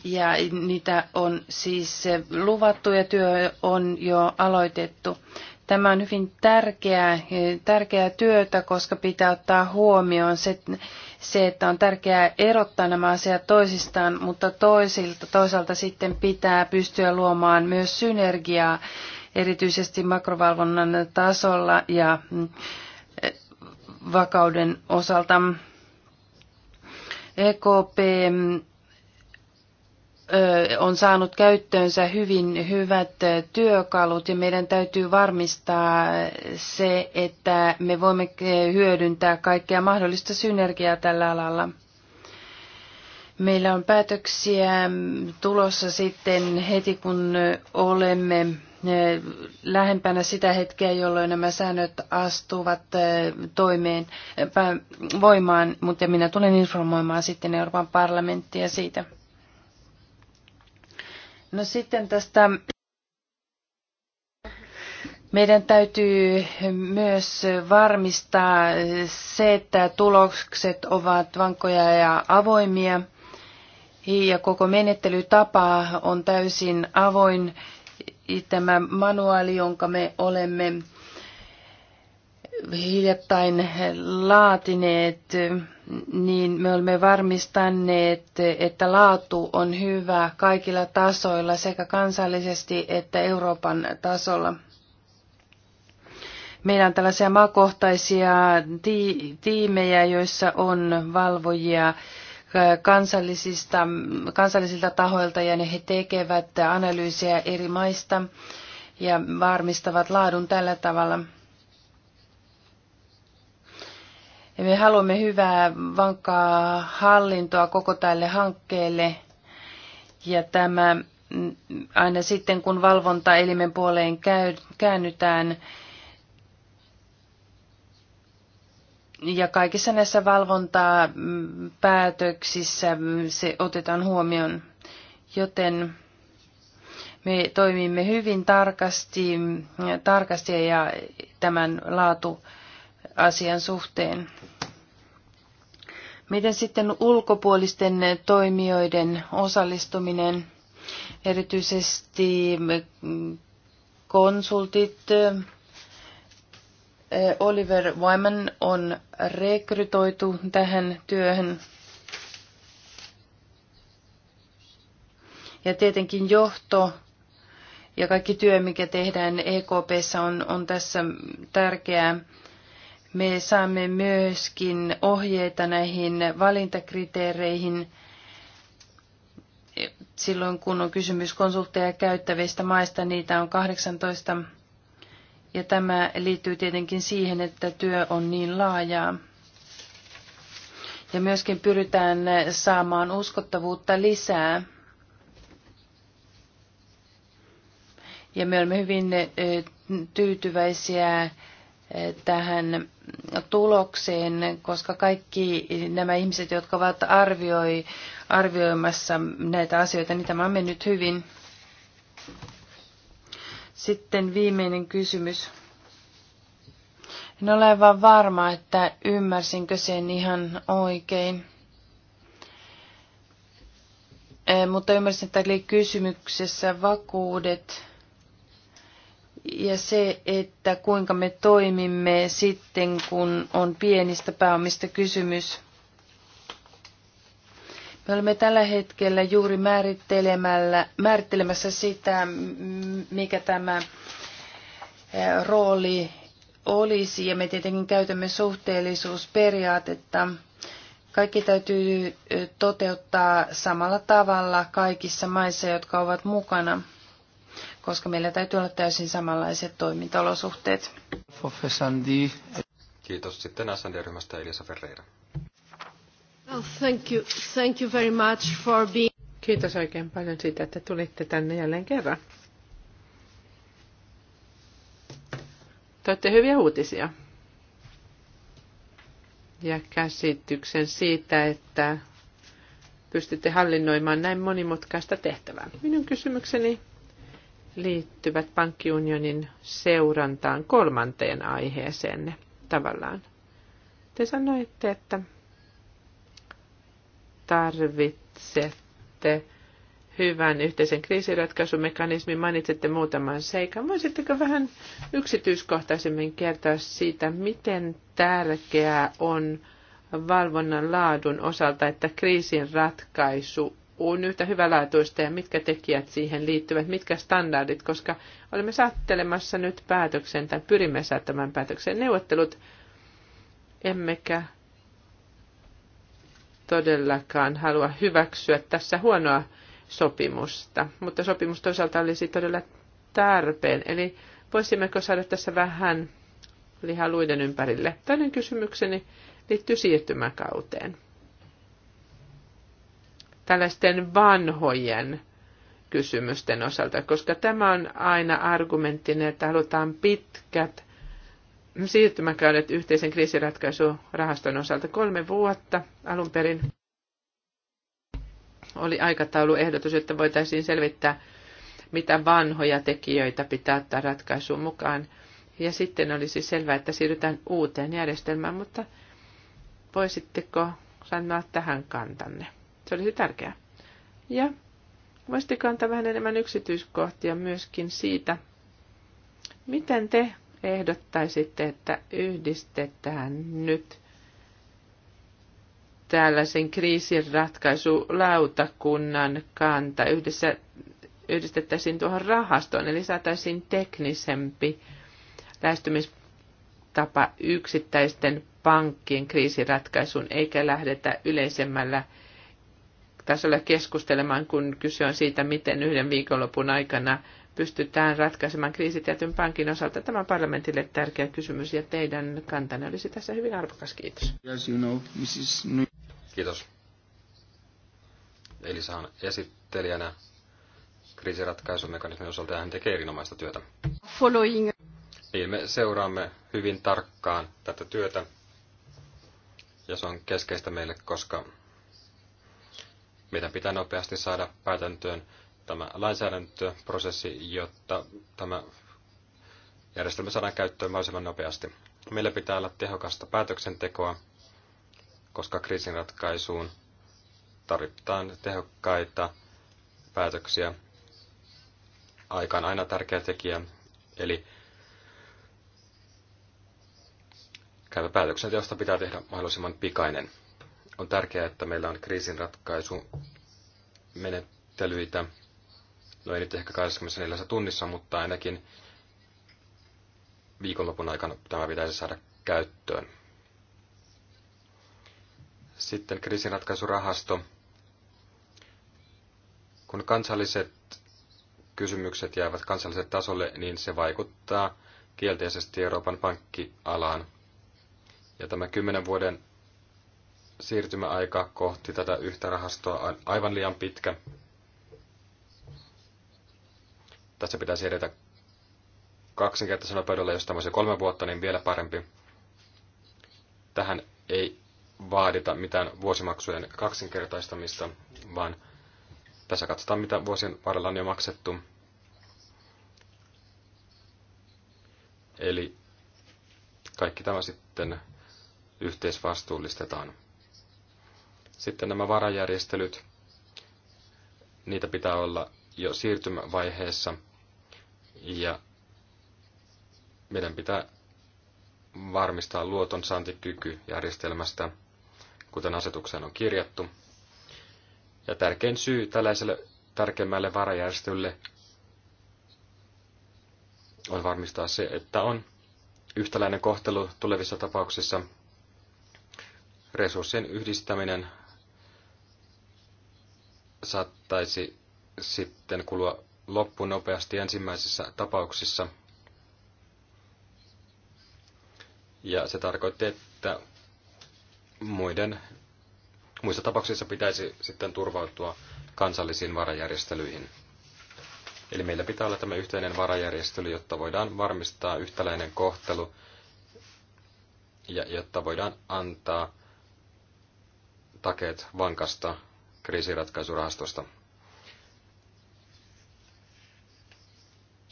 [SPEAKER 4] ja niitä on siis luvattu ja työ on jo aloitettu. Tämä on hyvin tärkeää, tärkeää työtä, koska pitää ottaa huomioon se, se, että on tärkeää erottaa nämä asiat toisistaan, mutta toisilta, toisaalta sitten pitää pystyä luomaan myös synergiaa erityisesti makrovalvonnan tasolla ja mm, vakauden osalta. EKP mm, on saanut käyttöönsä hyvin hyvät eh, työkalut ja meidän täytyy varmistaa eh, se, että me voimme eh, hyödyntää kaikkea mahdollista synergiaa tällä alalla. Meillä on päätöksiä mm, tulossa sitten heti, kun olemme lähempänä sitä hetkeä, jolloin nämä säännöt astuvat toimeen voimaan, mutta minä tulen informoimaan sitten Euroopan parlamenttia siitä. No sitten tästä meidän täytyy myös varmistaa se, että tulokset ovat vankoja ja avoimia ja koko menettelytapa on täysin avoin. Tämä manuaali, jonka me olemme hiljattain laatineet, niin me olemme varmistaneet, että laatu on hyvä kaikilla tasoilla sekä kansallisesti että Euroopan tasolla. Meillä on tällaisia maakohtaisia tiimejä, joissa on valvojia äh, kansallisista, kansallisilta tahoilta ja ne he tekevät analyysiä eri maista ja varmistavat laadun tällä tavalla. Ja me haluamme hyvää, vankkaa hallintoa koko tälle hankkeelle. Ja tämä mm, aina sitten, kun valvontaelimen puoleen käy, käännytään, ja kaikissa näissä valvontapäätöksissä mm, se otetaan huomioon, joten me toimimme hyvin tarkasti, mm, tarkasti ja tämän laatuasian suhteen. Miten sitten ulkopuolisten toimijoiden osallistuminen, erityisesti konsultit, Oliver Wyman on rekrytoitu tähän työhön. Ja tietenkin johto ja kaikki työ, mikä tehdään EKPssä, on, on tässä tärkeää. Me saamme myöskin ohjeita näihin valintakriteereihin silloin, kun on kysymys konsultteja käyttävistä maista. Niitä on 18 ja tämä liittyy tietenkin siihen, että työ on niin laajaa. Ja myöskin pyritään saamaan uskottavuutta lisää. Ja me olemme hyvin tyytyväisiä tähän tulokseen, koska kaikki nämä ihmiset, jotka ovat arvioi, arvioimassa näitä asioita, niin tämä on mennyt hyvin. Sitten viimeinen kysymys. En ole vaan varma, että ymmärsinkö sen ihan oikein. Mutta ymmärsin, että oli kysymyksessä vakuudet ja se, että kuinka me toimimme sitten, kun on pienistä pääomista kysymys. Me olemme tällä hetkellä juuri määrittelemällä, määrittelemässä sitä, mikä tämä rooli olisi, ja me tietenkin käytämme suhteellisuusperiaatetta. Kaikki täytyy toteuttaa samalla tavalla kaikissa maissa, jotka ovat mukana koska meillä täytyy olla täysin samanlaiset toimintaolosuhteet.
[SPEAKER 1] Kiitos. Sitten SND-ryhmästä Elisa Ferreira.
[SPEAKER 4] Well, thank you.
[SPEAKER 3] Thank you very much for being... Kiitos oikein paljon siitä, että tulitte tänne jälleen kerran. Toitte hyviä uutisia. Ja käsityksen siitä, että pystytte hallinnoimaan näin monimutkaista tehtävää. Minun kysymykseni liittyvät pankkiunionin seurantaan kolmanteen aiheeseen tavallaan. Te sanoitte, että tarvitsette hyvän yhteisen kriisiratkaisumekanismin. mainitsette muutaman seikan. Voisitteko vähän yksityiskohtaisemmin kertoa siitä, miten tärkeää on valvonnan laadun osalta, että kriisin ratkaisu on yhtä hyvälaatuista ja mitkä tekijät siihen liittyvät, mitkä standardit, koska olemme saattelemassa nyt päätöksen tai pyrimme saattamaan päätöksen neuvottelut, emmekä todellakaan halua hyväksyä tässä huonoa sopimusta, mutta sopimus toisaalta olisi todella tarpeen. Eli voisimmeko saada tässä vähän lihaluiden ympärille? Toinen kysymykseni liittyy siirtymäkauteen tällaisten vanhojen kysymysten osalta, koska tämä on aina argumenttinen, että halutaan pitkät siirtymäkäydet yhteisen kriisiratkaisurahaston osalta kolme vuotta alun perin oli aikatauluehdotus, että voitaisiin selvittää, mitä vanhoja tekijöitä pitää ottaa ratkaisuun mukaan. Ja sitten olisi siis selvää, että siirrytään uuteen järjestelmään, mutta voisitteko sanoa tähän kantanne? Se olisi tärkeää. Ja voisitteko antaa vähän enemmän yksityiskohtia myöskin siitä, miten te ehdottaisitte, että yhdistetään nyt tällaisen kriisinratkaisulautakunnan kanta yhdessä yhdistettäisiin tuohon rahastoon, eli saataisiin teknisempi lähestymistapa yksittäisten pankkien kriisiratkaisuun, eikä lähdetä yleisemmällä tasolla keskustelemaan, kun kyse on siitä, miten yhden viikonlopun aikana pystytään ratkaisemaan kriisi tietyn pankin osalta. Tämä on parlamentille tärkeä kysymys ja teidän kantanne olisi tässä hyvin arvokas. Kiitos.
[SPEAKER 1] Kiitos. Elisa on esittelijänä kriisiratkaisumekanismin osalta ja hän tekee erinomaista työtä. Following. Niin, me seuraamme hyvin tarkkaan tätä työtä ja se on keskeistä meille, koska meidän pitää nopeasti saada päätäntöön tämä lainsäädäntöprosessi, jotta tämä järjestelmä saadaan käyttöön mahdollisimman nopeasti. Meillä pitää olla tehokasta päätöksentekoa, koska kriisin ratkaisuun tarvitaan tehokkaita päätöksiä. Aika on aina tärkeä tekijä, eli käypä päätöksenteosta pitää tehdä mahdollisimman pikainen. On tärkeää, että meillä on kriisinratkaisumenettelyitä. No ei nyt ehkä 24 tunnissa, mutta ainakin viikonlopun aikana tämä pitäisi saada käyttöön. Sitten kriisinratkaisurahasto. Kun kansalliset kysymykset jäävät kansalliselle tasolle, niin se vaikuttaa kielteisesti Euroopan pankkialaan. Ja tämä kymmenen vuoden siirtymäaika kohti tätä yhtä rahastoa on aivan liian pitkä. Tässä pitäisi edetä kaksinkertaisen nopeudella, jos tämä olisi kolme vuotta, niin vielä parempi. Tähän ei vaadita mitään vuosimaksujen kaksinkertaistamista, vaan tässä katsotaan, mitä vuosien varrella on jo maksettu. Eli kaikki tämä sitten yhteisvastuullistetaan. Sitten nämä varajärjestelyt, niitä pitää olla jo siirtymävaiheessa ja meidän pitää varmistaa luoton saantikyky järjestelmästä, kuten asetukseen on kirjattu. Ja tärkein syy tällaiselle tärkeimmälle varajärjestelylle on varmistaa se, että on yhtäläinen kohtelu tulevissa tapauksissa. Resurssien yhdistäminen saattaisi sitten kulua loppuun nopeasti ensimmäisissä tapauksissa. Ja se tarkoitti, että muiden, muissa tapauksissa pitäisi sitten turvautua kansallisiin varajärjestelyihin. Eli meillä pitää olla tämä yhteinen varajärjestely, jotta voidaan varmistaa yhtäläinen kohtelu ja jotta voidaan antaa takeet vankasta kriisiratkaisurahastosta.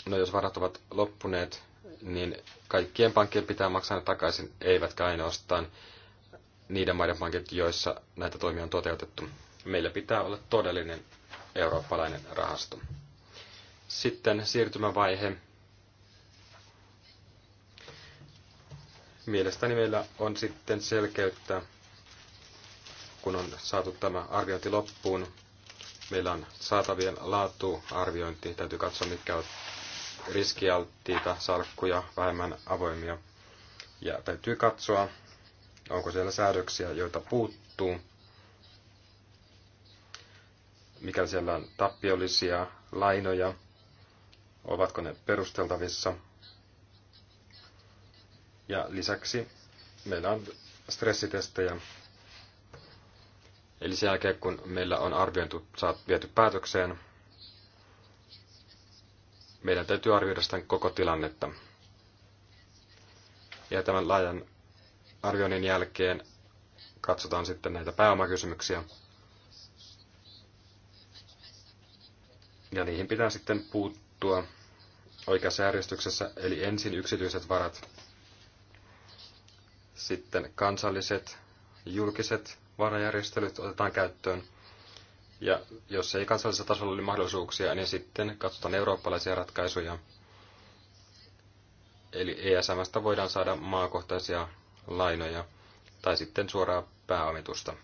[SPEAKER 1] No jos varat ovat loppuneet, niin kaikkien pankkien pitää maksaa ne takaisin, eivätkä ainoastaan niiden maiden pankit, joissa näitä toimia on toteutettu. Meillä pitää olla todellinen eurooppalainen rahasto. Sitten siirtymävaihe. Mielestäni meillä on sitten selkeyttä kun on saatu tämä arviointi loppuun, meillä on saatavien laatuarviointi. Täytyy katsoa, mitkä ovat riskialttiita salkkuja, vähemmän avoimia. Ja täytyy katsoa, onko siellä säädöksiä, joita puuttuu. Mikäli siellä on tappiollisia lainoja, ovatko ne perusteltavissa. Ja lisäksi meillä on stressitestejä, Eli sen jälkeen, kun meillä on arviointu, viety päätökseen, meidän täytyy arvioida sitä koko tilannetta. Ja tämän laajan arvioinnin jälkeen katsotaan sitten näitä pääomakysymyksiä. Ja niihin pitää sitten puuttua oikeassa järjestyksessä, eli ensin yksityiset varat, sitten kansalliset, julkiset varajärjestelyt otetaan käyttöön. Ja jos ei kansallisella tasolla ole mahdollisuuksia, niin sitten katsotaan eurooppalaisia ratkaisuja. Eli ESMstä voidaan saada maakohtaisia lainoja tai sitten suoraa pääomitusta.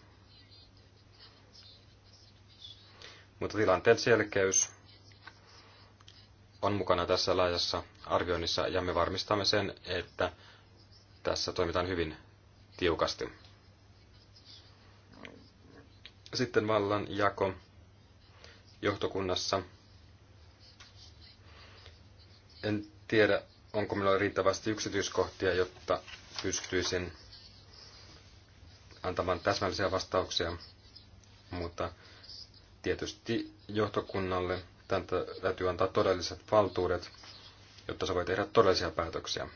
[SPEAKER 1] Mutta tilanteen selkeys on mukana tässä laajassa arvioinnissa ja me varmistamme sen, että tässä toimitaan hyvin tiukasti. Sitten vallan jako johtokunnassa. En tiedä, onko minulla riittävästi yksityiskohtia, jotta pystyisin antamaan täsmällisiä vastauksia, mutta tietysti johtokunnalle tältä täytyy antaa todelliset valtuudet, jotta se voi tehdä todellisia päätöksiä.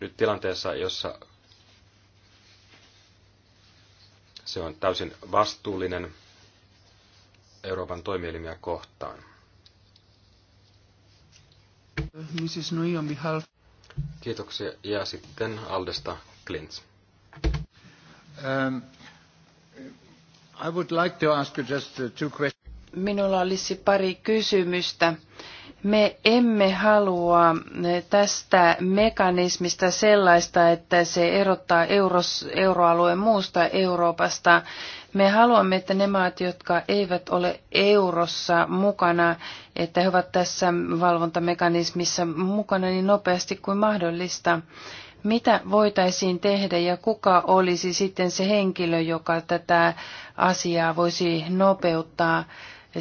[SPEAKER 1] Nyt tilanteessa, jossa Se on täysin vastuullinen Euroopan toimielimiä kohtaan.
[SPEAKER 2] Mrs. Nui on behalf.
[SPEAKER 1] Kiitoksia. Ja sitten Aldesta Klintz. Um,
[SPEAKER 4] I would like to ask you just two questions. Minulla olisi pari kysymystä me emme halua tästä mekanismista sellaista, että se erottaa euros, euroalueen muusta Euroopasta. Me haluamme, että ne maat, jotka eivät ole eurossa mukana, että he ovat tässä valvontamekanismissa mukana niin nopeasti kuin mahdollista. Mitä voitaisiin tehdä ja kuka olisi sitten se henkilö, joka tätä asiaa voisi nopeuttaa?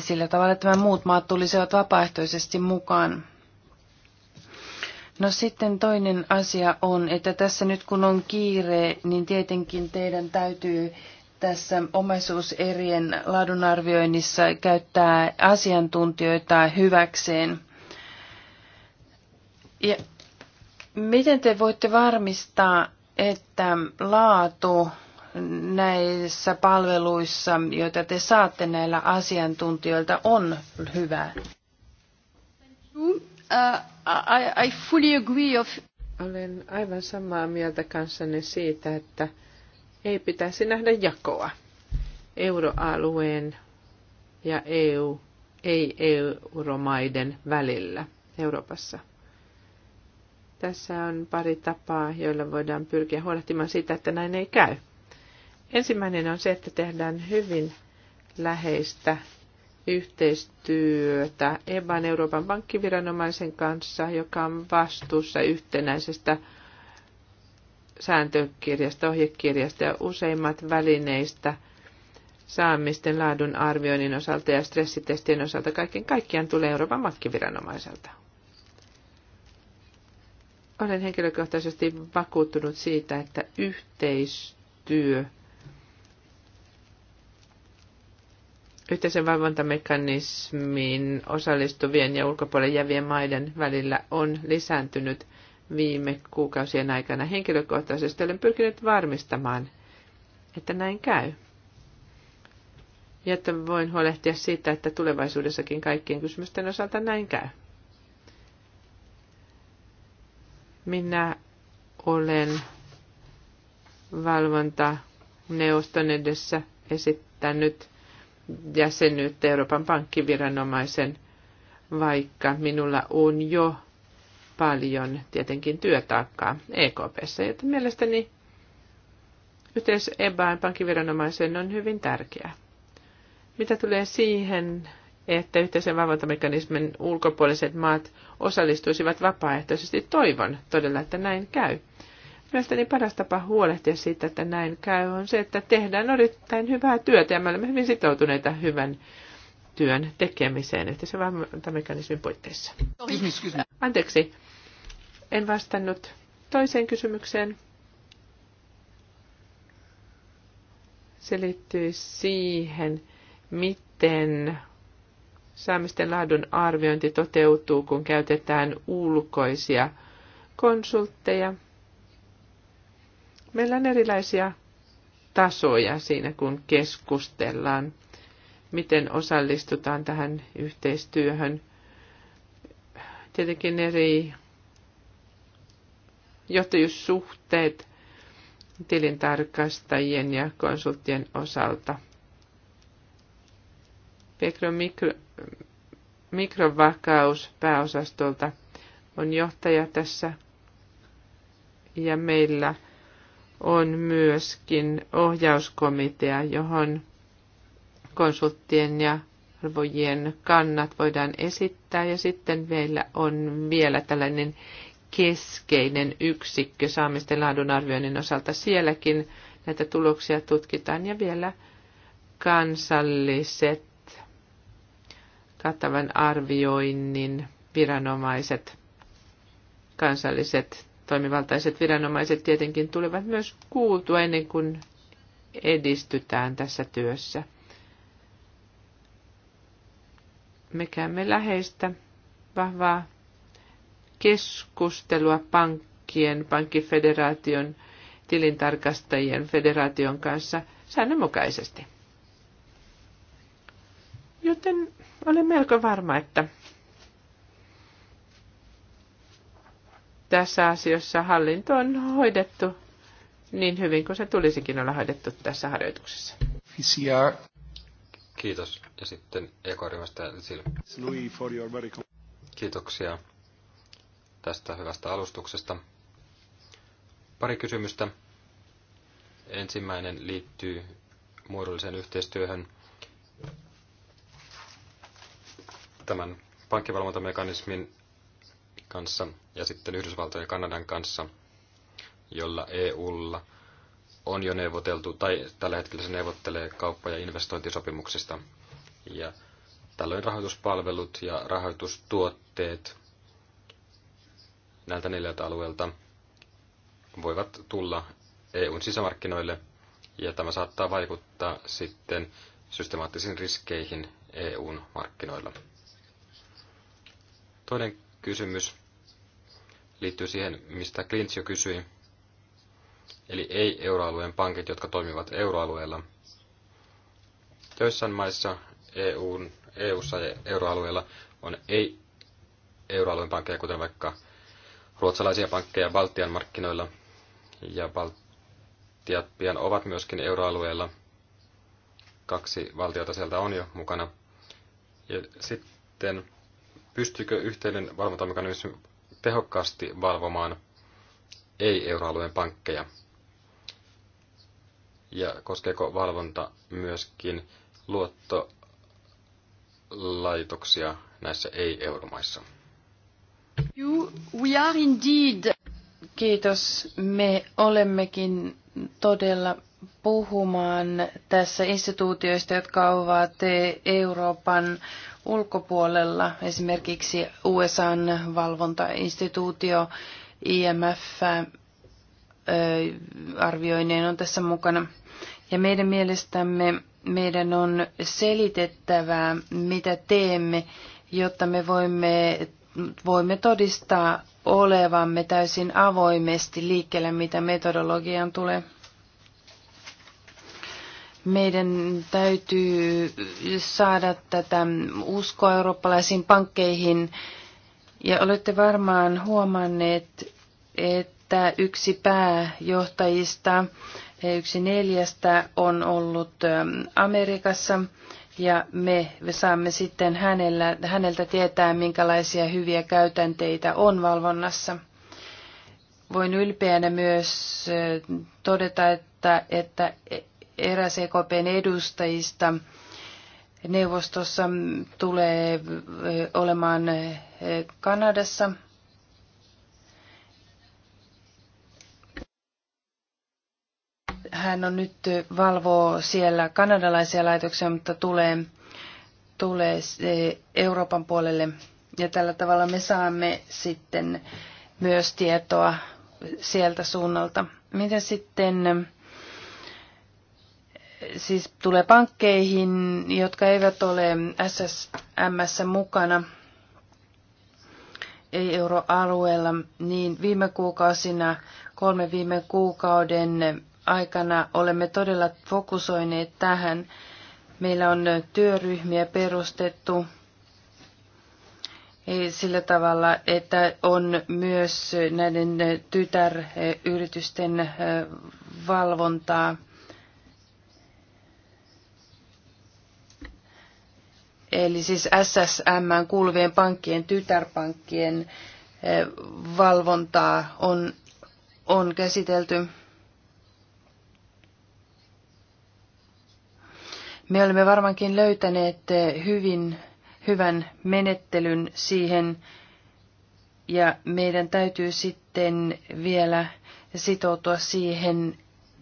[SPEAKER 4] sillä tavalla, että muut maat tulisivat vapaaehtoisesti mukaan. No sitten toinen asia on, että tässä nyt kun on kiire, niin tietenkin teidän täytyy tässä omaisuuserien laadunarvioinnissa käyttää asiantuntijoita hyväkseen. Ja miten te voitte varmistaa, että laatu näissä palveluissa, joita te saatte näillä asiantuntijoilta, on hyvää?
[SPEAKER 3] Uh, I, fully agree of... Olen aivan samaa mieltä kanssanne siitä, että ei pitäisi nähdä jakoa euroalueen ja EU, ei-euromaiden välillä Euroopassa. Tässä on pari tapaa, joilla voidaan pyrkiä huolehtimaan siitä, että näin ei käy. Ensimmäinen on se, että tehdään hyvin läheistä yhteistyötä EBAN Euroopan pankkiviranomaisen kanssa, joka on vastuussa yhtenäisestä sääntökirjasta, ohjekirjasta ja useimmat välineistä saamisten laadun arvioinnin osalta ja stressitestien osalta kaiken kaikkiaan tulee Euroopan pankkiviranomaiselta. Olen henkilökohtaisesti vakuuttunut siitä, että yhteistyö Yhteisen valvontamekanismin osallistuvien ja ulkopuolen jävien maiden välillä on lisääntynyt viime kuukausien aikana. Henkilökohtaisesti olen pyrkinyt varmistamaan, että näin käy. Ja että voin huolehtia siitä, että tulevaisuudessakin kaikkien kysymysten osalta näin käy. Minä olen valvontaneuvoston edessä esittänyt jäsenyyttä Euroopan pankkiviranomaisen, vaikka minulla on jo paljon tietenkin työtaakkaa EKPssä, joten mielestäni yhteys EBAan pankkiviranomaisen on hyvin tärkeää. Mitä tulee siihen, että yhteisen valvontamekanismin ulkopuoliset maat osallistuisivat vapaaehtoisesti, toivon todella, että näin käy. Mielestäni paras tapa huolehtia siitä, että näin käy, on se, että tehdään erittäin hyvää työtä ja me olemme hyvin sitoutuneita hyvän työn tekemiseen, että se on tämän mekanismin puitteissa. Anteeksi, en vastannut toiseen kysymykseen. Se liittyy siihen, miten saamisten laadun arviointi toteutuu, kun käytetään ulkoisia konsultteja. Meillä on erilaisia tasoja siinä, kun keskustellaan, miten osallistutaan tähän yhteistyöhön. Tietenkin eri johtajuussuhteet tilintarkastajien ja konsulttien osalta. Pekro Mikro, Mikrovakaus pääosastolta on johtaja tässä ja meillä – on myöskin ohjauskomitea, johon konsulttien ja arvojien kannat voidaan esittää. Ja sitten meillä on vielä tällainen keskeinen yksikkö saamisten arvioinnin osalta. Sielläkin näitä tuloksia tutkitaan ja vielä kansalliset kattavan arvioinnin viranomaiset, kansalliset toimivaltaiset viranomaiset tietenkin tulevat myös kuultua ennen kuin edistytään tässä työssä. Me käymme läheistä vahvaa keskustelua pankkien, pankkifederaation, tilintarkastajien federaation kanssa säännönmukaisesti. Joten olen melko varma, että tässä asiassa hallinto on hoidettu niin hyvin kuin se tulisikin olla hoidettu tässä
[SPEAKER 1] harjoituksessa. Fisiaa. Kiitos. Ja sitten ekoryhmästä Silvi. Louis, Kiitoksia tästä hyvästä alustuksesta. Pari kysymystä. Ensimmäinen liittyy muodolliseen yhteistyöhön tämän pankkivalvontamekanismin kanssa ja sitten Yhdysvaltojen ja Kanadan kanssa, jolla EUlla on jo neuvoteltu, tai tällä hetkellä se neuvottelee kauppa- ja investointisopimuksista. Ja tällöin rahoituspalvelut ja rahoitustuotteet näiltä neljältä alueelta voivat tulla EUn sisämarkkinoille, ja tämä saattaa vaikuttaa sitten systemaattisiin riskeihin EUn markkinoilla. Toinen kysymys liittyy siihen, mistä Klintz jo kysyi. Eli ei euroalueen pankit, jotka toimivat euroalueella. Joissain maissa EUn, EUssa ja euroalueella on ei euroalueen pankkeja, kuten vaikka ruotsalaisia pankkeja Baltian markkinoilla. Ja Baltiat pian ovat myöskin euroalueella. Kaksi valtiota sieltä on jo mukana. Ja sitten pystyykö yhteinen valvontamekanismi tehokkaasti valvomaan ei-euroalueen pankkeja? Ja koskeeko valvonta myöskin luottolaitoksia näissä ei-euromaissa?
[SPEAKER 4] You, we are indeed. Kiitos. Me olemmekin todella puhumaan tässä instituutioista, jotka ovat Euroopan ulkopuolella, esimerkiksi USAn valvontainstituutio IMF arvioineen on tässä mukana. Ja meidän mielestämme meidän on selitettävää, mitä teemme, jotta me voimme, voimme todistaa olevamme täysin avoimesti liikkeelle, mitä metodologiaan tulee. Meidän täytyy saada tätä uskoa eurooppalaisiin pankkeihin. Ja olette varmaan huomanneet, että yksi pääjohtajista, yksi neljästä on ollut ähm, Amerikassa. Ja me saamme sitten hänellä, häneltä tietää, minkälaisia hyviä käytänteitä on valvonnassa. Voin ylpeänä myös äh, todeta, että, että eräs EKPn edustajista neuvostossa tulee olemaan Kanadassa. Hän on nyt valvoo siellä kanadalaisia laitoksia, mutta tulee, tulee Euroopan puolelle. Ja tällä tavalla me saamme sitten myös tietoa sieltä suunnalta. Mitä sitten siis tulee pankkeihin, jotka eivät ole SSMS mukana ei euroalueella, niin viime kuukausina, kolme viime kuukauden aikana olemme todella fokusoineet tähän. Meillä on työryhmiä perustettu sillä tavalla, että on myös näiden tytäryritysten valvontaa eli siis SSM kuuluvien pankkien, tytärpankkien eh, valvontaa on, on käsitelty. Me olemme varmaankin löytäneet eh, hyvin hyvän menettelyn siihen, ja meidän täytyy sitten vielä sitoutua siihen,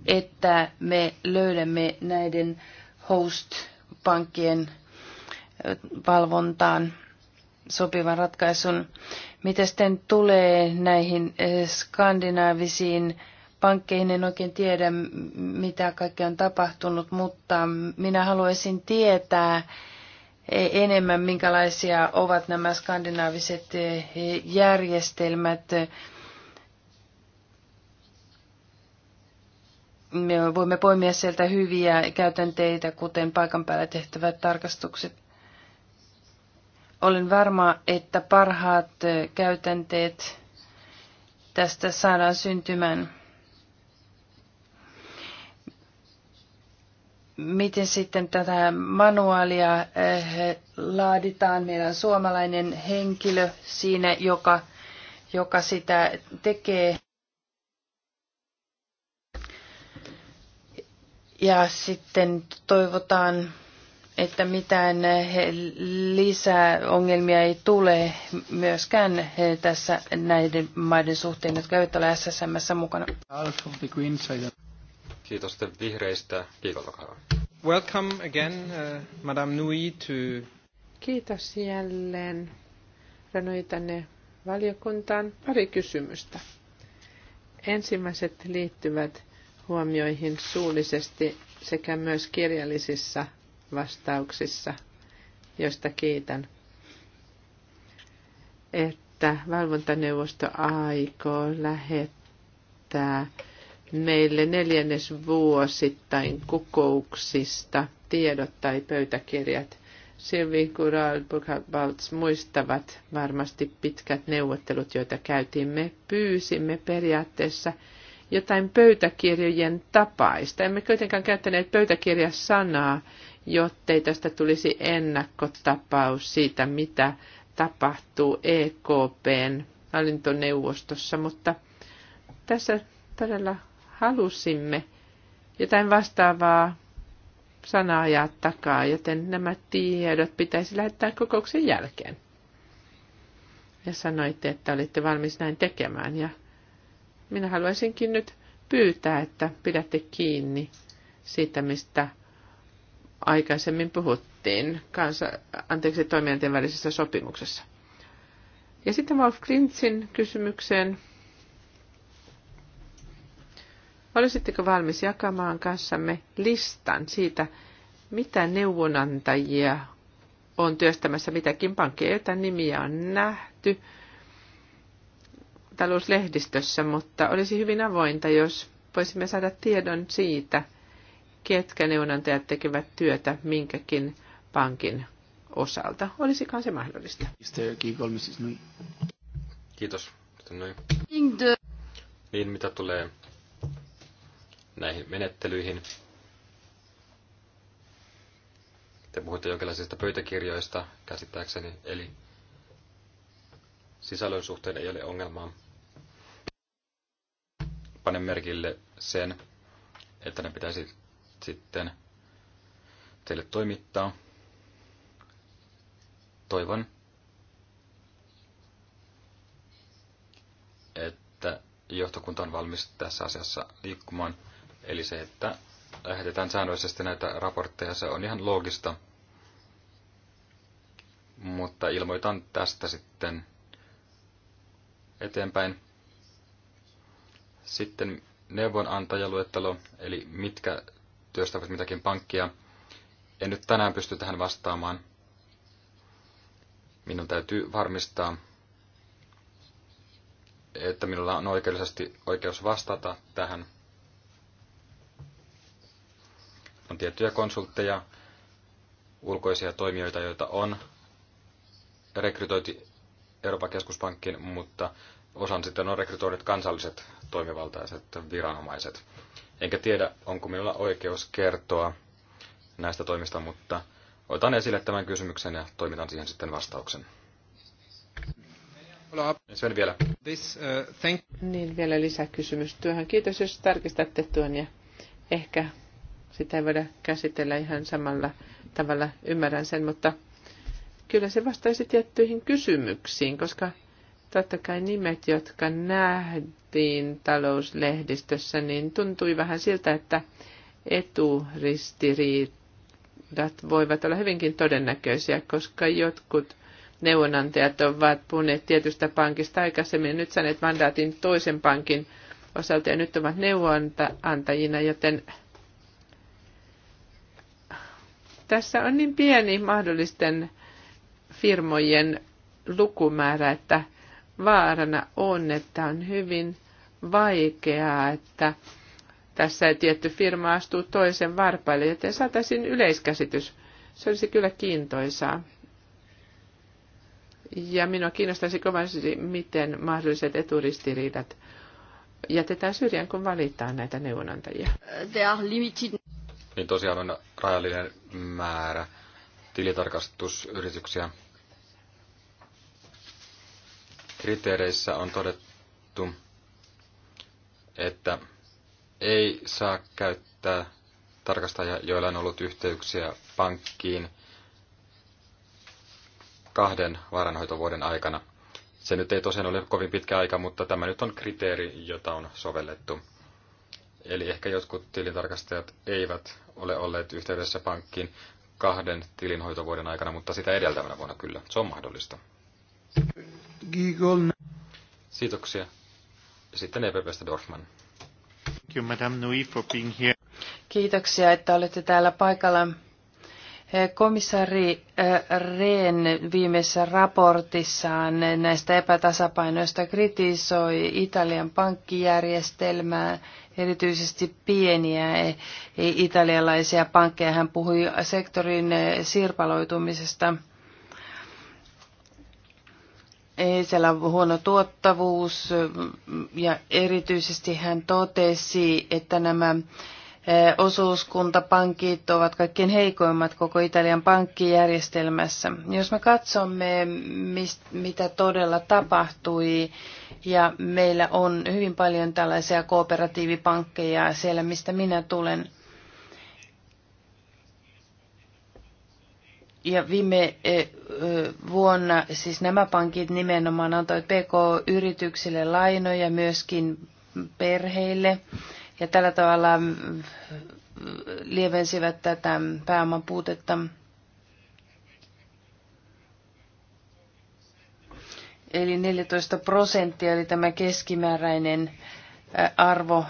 [SPEAKER 4] että me löydämme näiden host-pankkien valvontaan sopivan ratkaisun. Mitä sitten tulee näihin eh, skandinaavisiin pankkeihin, en oikein tiedä mitä kaikkea on tapahtunut, mutta minä haluaisin tietää eh, enemmän, minkälaisia ovat nämä skandinaaviset eh, järjestelmät. Me voimme poimia sieltä hyviä käytänteitä, kuten paikan päällä tehtävät tarkastukset. Olen varma, että parhaat käytänteet tästä saadaan syntymään. miten sitten tätä manuaalia laaditaan. Meillä on suomalainen henkilö siinä, joka, joka sitä tekee. Ja sitten toivotaan että mitään eh, lisää ongelmia ei tule myöskään eh, tässä näiden maiden suhteen, jotka eivät ole SSMssä mukana.
[SPEAKER 1] Kiitos te vihreistä. Kiitos, Welcome again, uh, Madame Nui, to...
[SPEAKER 4] Kiitos
[SPEAKER 3] jälleen Ranui tänne valiokuntaan. Pari kysymystä. Ensimmäiset liittyvät huomioihin suullisesti sekä myös kirjallisissa vastauksissa, josta kiitän, että valvontaneuvosto aikoo lähettää meille neljännes vuosittain kokouksista tiedot tai pöytäkirjat. Silvi Kural Bukabalts muistavat varmasti pitkät neuvottelut, joita käytiin. Me pyysimme periaatteessa jotain pöytäkirjojen tapaista. Emme kuitenkaan käyttäneet pöytäkirjasanaa, jottei tästä tulisi ennakkotapaus siitä, mitä tapahtuu EKPn hallintoneuvostossa, mutta tässä todella halusimme jotain vastaavaa sanaa ajaa takaa, joten nämä tiedot pitäisi lähettää kokouksen jälkeen. Ja sanoitte, että olitte valmis näin tekemään. Ja minä haluaisinkin nyt pyytää, että pidätte kiinni siitä, mistä aikaisemmin puhuttiin kanssa anteeksi, toimijoiden välisessä sopimuksessa. Ja sitten Wolf Klintzin kysymykseen. Olisitteko valmis jakamaan kanssamme listan siitä, mitä neuvonantajia on työstämässä mitäkin pankkeja, joita nimiä on nähty talouslehdistössä, mutta olisi hyvin avointa, jos voisimme saada tiedon siitä – ketkä
[SPEAKER 1] neuvonantajat
[SPEAKER 3] tekevät työtä minkäkin pankin osalta. Olisikaan se
[SPEAKER 1] mahdollista? Kiitos. Noin. Niin, mitä tulee näihin menettelyihin. Te puhuitte jonkinlaisista pöytäkirjoista käsittääkseni, eli sisällön suhteen ei ole ongelmaa. Panen merkille sen, että ne pitäisi sitten teille toimittaa. Toivon, että johtokunta on valmis tässä asiassa liikkumaan. Eli se, että lähetetään säännöllisesti näitä raportteja, se on ihan loogista. Mutta ilmoitan tästä sitten eteenpäin. Sitten neuvonantajaluettelo, eli mitkä työstävät mitäkin pankkia. En nyt tänään pysty tähän vastaamaan. Minun täytyy varmistaa, että minulla on oikeudellisesti oikeus vastata tähän. On tiettyjä konsultteja, ulkoisia toimijoita, joita on rekrytoitu Euroopan keskuspankkiin, mutta osan sitten on rekrytoinut kansalliset toimivaltaiset viranomaiset. Enkä tiedä, onko minulla oikeus kertoa näistä toimista, mutta otan esille tämän kysymyksen ja toimitan siihen sitten vastauksen. Sven vielä. This, uh,
[SPEAKER 3] thank... Niin, vielä lisäkysymys työhön. Kiitos, jos tarkistatte tuon ja ehkä sitä ei voida käsitellä ihan samalla tavalla, ymmärrän sen, mutta kyllä se vastaisi tiettyihin kysymyksiin, koska Totta kai nimet, jotka nähtiin talouslehdistössä, niin tuntui vähän siltä, että eturistiriidat voivat olla hyvinkin todennäköisiä, koska jotkut neuvonantajat ovat puhuneet tietystä pankista aikaisemmin, nyt saaneet mandaatin toisen pankin osalta ja nyt ovat neuvonantajina, joten tässä on niin pieni mahdollisten firmojen lukumäärä, että vaarana on, että on hyvin vaikeaa, että tässä ei tietty firma astuu toisen varpaille, joten saataisiin yleiskäsitys. Se olisi kyllä kiintoisaa. Ja minua kiinnostaisi kovasti, miten mahdolliset eturistiriidat jätetään syrjään, kun valitaan näitä neuvonantajia.
[SPEAKER 1] Niin tosiaan on rajallinen määrä tilitarkastusyrityksiä kriteereissä on todettu, että ei saa käyttää tarkastajia, joilla on ollut yhteyksiä pankkiin kahden varanhoitovuoden aikana. Se nyt ei tosiaan ole kovin pitkä aika, mutta tämä nyt on kriteeri, jota on sovellettu. Eli ehkä jotkut tilintarkastajat eivät ole olleet yhteydessä pankkiin kahden tilinhoitovuoden aikana, mutta sitä edeltävänä vuonna kyllä. Se on mahdollista. Kiitoksia. Ja sitten EPPstä Dorfman. Thank you, Madame Nui, for being here.
[SPEAKER 4] Kiitoksia, että olette täällä paikalla. Komissaari eh, Rehn viimeisessä raportissaan näistä epätasapainoista kritisoi Italian pankkijärjestelmää, erityisesti pieniä eh, italialaisia pankkeja. Hän puhui sektorin eh, sirpaloitumisesta siellä on huono tuottavuus ja erityisesti hän totesi, että nämä eh, osuuskuntapankit ovat kaikkein heikoimmat koko Italian pankkijärjestelmässä. Jos me katsomme, mist, mitä todella tapahtui, ja meillä on hyvin paljon tällaisia kooperatiivipankkeja siellä, mistä minä tulen – Ja viime eh, eh, vuonna siis nämä pankit nimenomaan antoivat PK-yrityksille lainoja myöskin perheille ja tällä tavalla mm, lievensivät tätä pääoman puutetta. Eli 14 prosenttia oli tämä keskimääräinen eh, arvo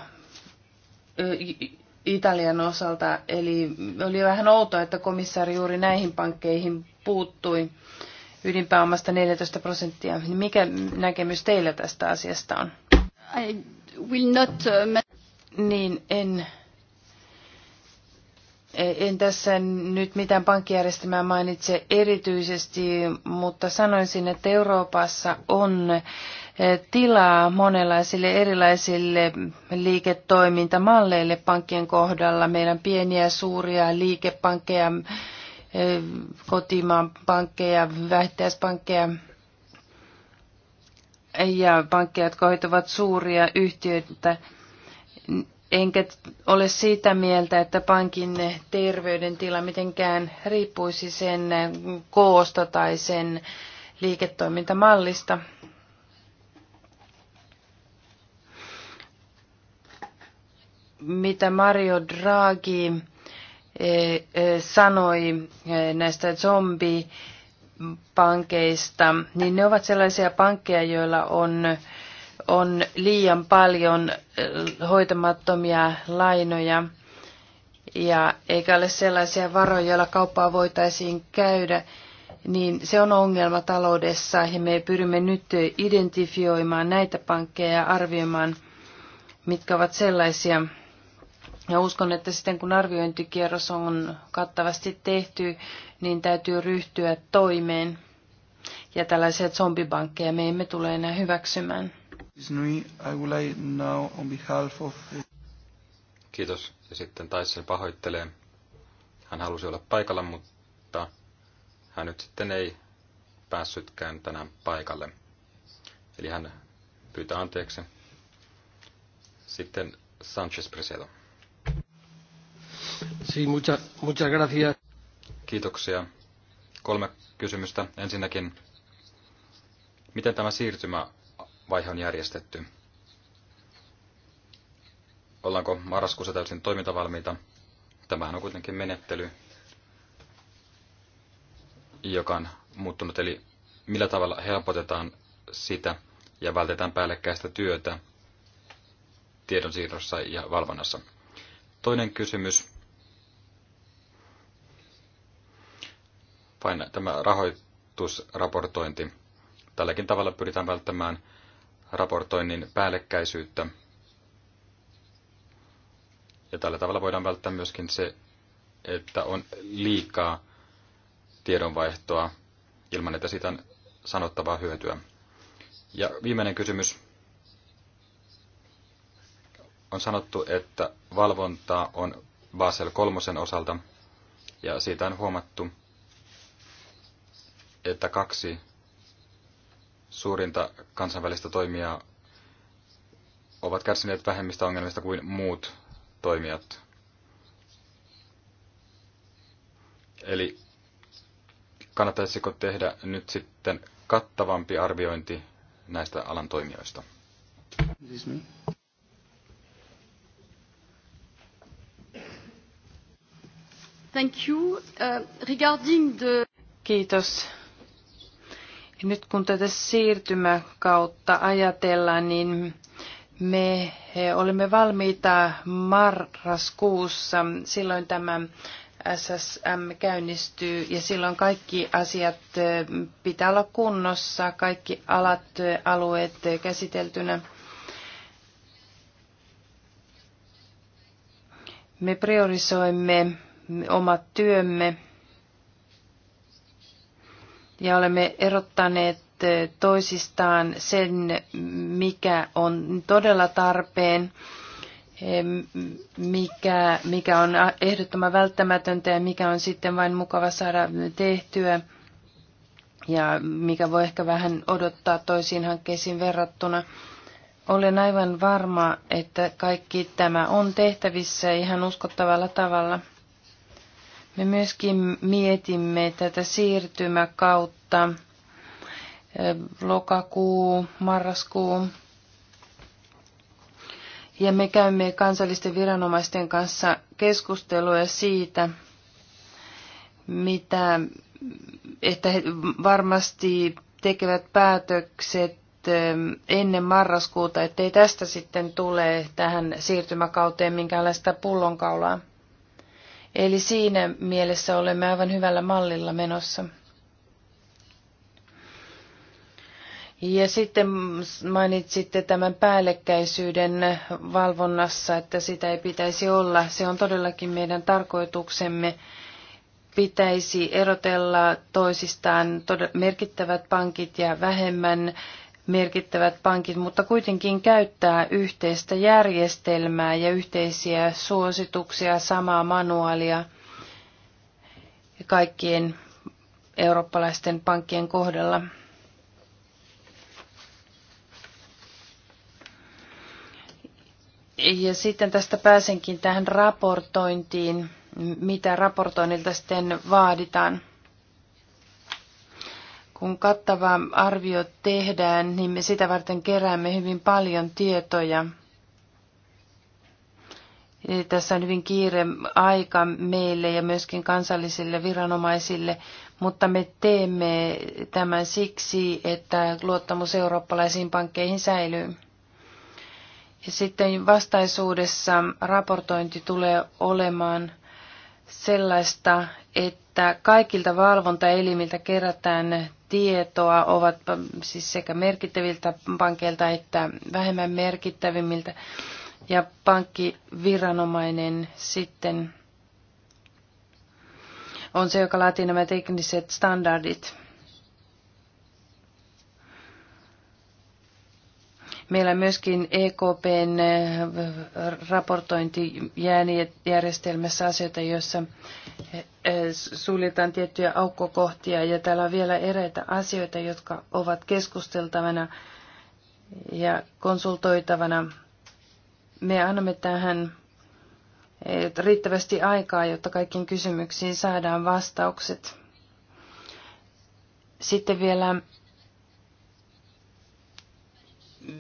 [SPEAKER 4] Italian osalta. Eli oli vähän outoa, että komissaari juuri näihin pankkeihin puuttui ydinpääomasta 14 prosenttia. Niin mikä näkemys teillä tästä asiasta on? I will not, uh, niin, en, en tässä nyt mitään pankkijärjestelmää mainitse erityisesti, mutta sanoisin, että Euroopassa on tilaa monenlaisille erilaisille liiketoimintamalleille pankkien kohdalla. Meillä on pieniä suuria liikepankkeja, kotimaan pankkeja, vähittäispankkeja ja pankkeja, jotka hoitavat suuria yhtiöitä. Enkä ole sitä mieltä, että pankin terveydentila mitenkään riippuisi sen koosta tai sen liiketoimintamallista. mitä Mario Draghi eh, eh, sanoi eh, näistä zombipankeista, niin ne ovat sellaisia pankkeja, joilla on, on liian paljon hoitamattomia lainoja. Ja eikä ole sellaisia varoja, joilla kauppaa voitaisiin käydä, niin se on ongelma taloudessa ja me pyrimme nyt identifioimaan näitä pankkeja ja arvioimaan, mitkä ovat sellaisia, ja uskon, että sitten kun arviointikierros on kattavasti tehty, niin täytyy ryhtyä toimeen. Ja tällaisia zombibankkeja me emme tule enää hyväksymään.
[SPEAKER 1] Kiitos. Ja sitten Tyson pahoittelee. Hän halusi olla paikalla, mutta hän nyt sitten ei päässytkään tänään paikalle. Eli hän pyytää anteeksi. Sitten Sanchez Presedo.
[SPEAKER 2] Sí, muchas gracias.
[SPEAKER 1] Kiitoksia. Kolme kysymystä. Ensinnäkin, miten tämä siirtymävaihe on järjestetty? Ollaanko marraskuussa täysin toimintavalmiita? Tämähän on kuitenkin menettely, joka on muuttunut. Eli millä tavalla helpotetaan sitä ja vältetään päällekkäistä työtä tiedonsiirrossa ja valvonnassa? Toinen kysymys vain tämä rahoitusraportointi. Tälläkin tavalla pyritään välttämään raportoinnin päällekkäisyyttä. Ja tällä tavalla voidaan välttää myöskin se, että on liikaa tiedonvaihtoa ilman, että siitä on sanottavaa hyötyä. Ja viimeinen kysymys. On sanottu, että valvontaa on Basel kolmosen osalta, ja siitä on huomattu, että kaksi suurinta kansainvälistä toimijaa ovat kärsineet vähemmistä ongelmista kuin muut toimijat. Eli kannattaisiko tehdä nyt sitten kattavampi arviointi näistä alan toimijoista?
[SPEAKER 4] Thank you. Uh, regarding the... Kiitos. Nyt kun tätä siirtymäkautta ajatellaan, niin me olemme valmiita marraskuussa. Silloin tämä SSM käynnistyy ja silloin kaikki asiat pitää olla kunnossa, kaikki alat, alueet käsiteltynä. Me priorisoimme omat työmme ja olemme erottaneet toisistaan sen, mikä on todella tarpeen, mikä, mikä on ehdottoman välttämätöntä ja mikä on sitten vain mukava saada tehtyä ja mikä voi ehkä vähän odottaa toisiin hankkeisiin verrattuna. Olen aivan varma, että kaikki tämä on tehtävissä ihan uskottavalla tavalla. Me myöskin mietimme tätä siirtymäkautta lokakuu, marraskuu. Ja me käymme kansallisten viranomaisten kanssa keskusteluja siitä, mitä, että he varmasti tekevät päätökset ennen marraskuuta, ettei tästä sitten tule tähän siirtymäkauteen minkäänlaista pullonkaulaa. Eli siinä mielessä olemme aivan hyvällä mallilla menossa. Ja sitten mainitsitte tämän päällekkäisyyden valvonnassa, että sitä ei pitäisi olla. Se on todellakin meidän tarkoituksemme. Pitäisi erotella toisistaan merkittävät pankit ja vähemmän merkittävät pankit, mutta kuitenkin käyttää yhteistä järjestelmää ja yhteisiä suosituksia, samaa manuaalia kaikkien eurooppalaisten pankkien kohdalla. Ja sitten tästä pääsenkin tähän raportointiin, mitä raportoinnilta sitten vaaditaan kun kattava arvio tehdään, niin me sitä varten keräämme hyvin paljon tietoja. Eli tässä on hyvin kiire aika meille ja myöskin kansallisille viranomaisille, mutta me teemme tämän siksi, että luottamus eurooppalaisiin pankkeihin säilyy. Ja sitten vastaisuudessa raportointi tulee olemaan sellaista, että kaikilta valvontaelimiltä kerätään tietoa ovat siis sekä merkittäviltä pankeilta että vähemmän merkittävimmiltä. Ja pankkiviranomainen sitten on se, joka laatii nämä tekniset standardit. Meillä myöskin EKPn eh, raportointijärjestelmässä asioita, joissa eh, eh, suljetaan tiettyjä aukkokohtia. Ja täällä on vielä eräitä asioita, jotka ovat keskusteltavana ja konsultoitavana. Me annamme tähän riittävästi aikaa, jotta kaikkiin kysymyksiin saadaan vastaukset. Sitten vielä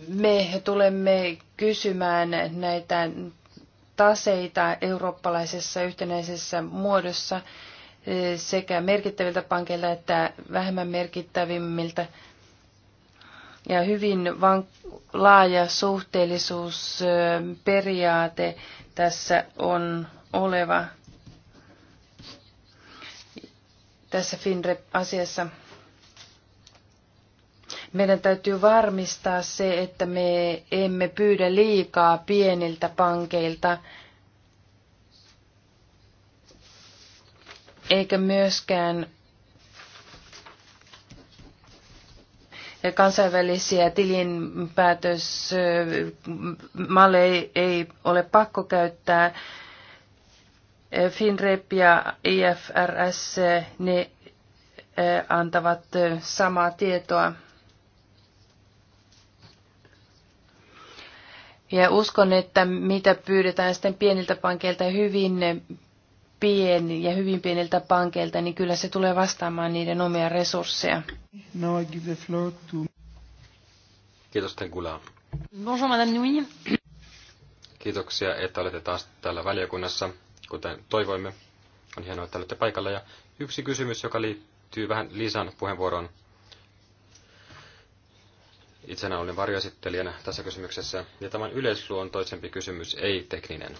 [SPEAKER 4] me tulemme kysymään näitä taseita eurooppalaisessa yhtenäisessä muodossa eh, sekä merkittäviltä pankeilta että vähemmän merkittävimmiltä. Ja hyvin laaja suhteellisuusperiaate tässä on oleva tässä finrep asiassa meidän täytyy varmistaa se, että me emme pyydä liikaa pieniltä pankeilta, eikä myöskään kansainvälisiä tilinpäätösmalleja ei ole pakko käyttää. FinRep ja IFRS, ne eh, antavat samaa tietoa. Ja uskon, että mitä pyydetään sitten pieniltä pankeilta hyvin pieni ja hyvin pieniltä pankeilta, niin kyllä se tulee vastaamaan niiden omia resursseja.
[SPEAKER 1] Now I give the floor to... Kiitos Tegula.
[SPEAKER 4] Bonjour Madame Nui.
[SPEAKER 1] Kiitoksia, että olette taas täällä valiokunnassa, kuten toivoimme. On hienoa, että olette paikalla. Ja yksi kysymys, joka liittyy vähän Lisan puheenvuoroon, Itsenä olin varjoesittelijänä tässä kysymyksessä, ja tämä on yleisluontoisempi kysymys, ei tekninen.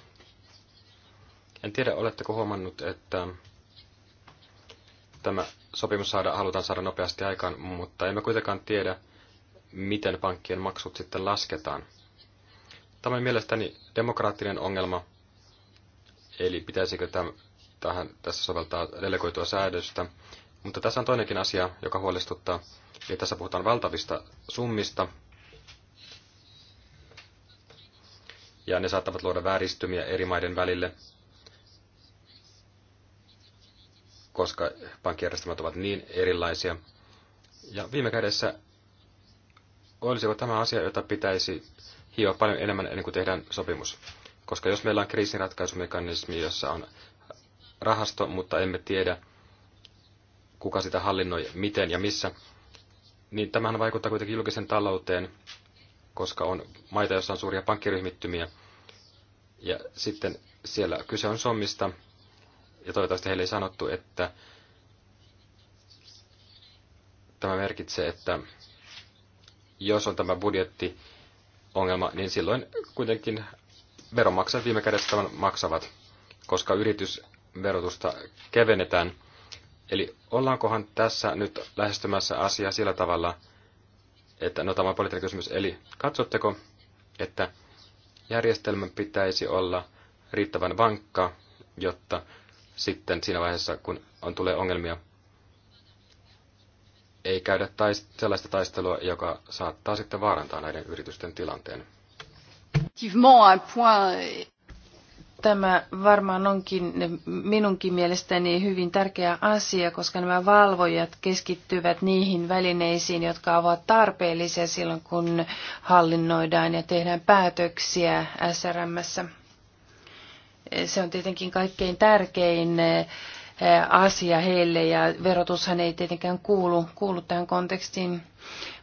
[SPEAKER 1] En tiedä, oletteko huomannut, että tämä sopimus saada, halutaan saada nopeasti aikaan, mutta emme kuitenkaan tiedä, miten pankkien maksut sitten lasketaan. Tämä on mielestäni demokraattinen ongelma, eli pitäisikö täm, tähän, tässä soveltaa delegoitua säädöstä, mutta tässä on toinenkin asia, joka huolestuttaa. Ja tässä puhutaan valtavista summista. Ja ne saattavat luoda vääristymiä eri maiden välille, koska pankkijärjestelmät ovat niin erilaisia. Ja viime kädessä olisiko tämä asia, jota pitäisi hioa paljon enemmän ennen kuin tehdään sopimus. Koska jos meillä on kriisinratkaisumekanismi, jossa on rahasto, mutta emme tiedä, kuka sitä hallinnoi, miten ja missä, niin tämähän vaikuttaa kuitenkin julkisen talouteen, koska on maita, joissa on suuria pankkiryhmittymiä, ja sitten siellä kyse on sommista, ja toivottavasti heille ei sanottu, että tämä merkitsee, että jos on tämä budjettiongelma, niin silloin kuitenkin veronmaksajat viime kädessä tämän maksavat, koska yritysverotusta kevennetään – Eli ollaankohan tässä nyt lähestymässä asiaa sillä tavalla, että no tämä on poliittinen kysymys, eli katsotteko, että järjestelmän pitäisi olla riittävän vankka, jotta sitten siinä vaiheessa, kun on tulee ongelmia, ei käydä taist- sellaista taistelua, joka saattaa sitten vaarantaa näiden yritysten tilanteen.
[SPEAKER 4] Tämä varmaan onkin minunkin mielestäni hyvin tärkeä asia, koska nämä valvojat keskittyvät niihin välineisiin, jotka ovat tarpeellisia silloin, kun hallinnoidaan ja tehdään päätöksiä SRMssä. Se on tietenkin kaikkein tärkein Eh, asia heille ja verotushan ei tietenkään kuulu, kuulu tähän kontekstiin.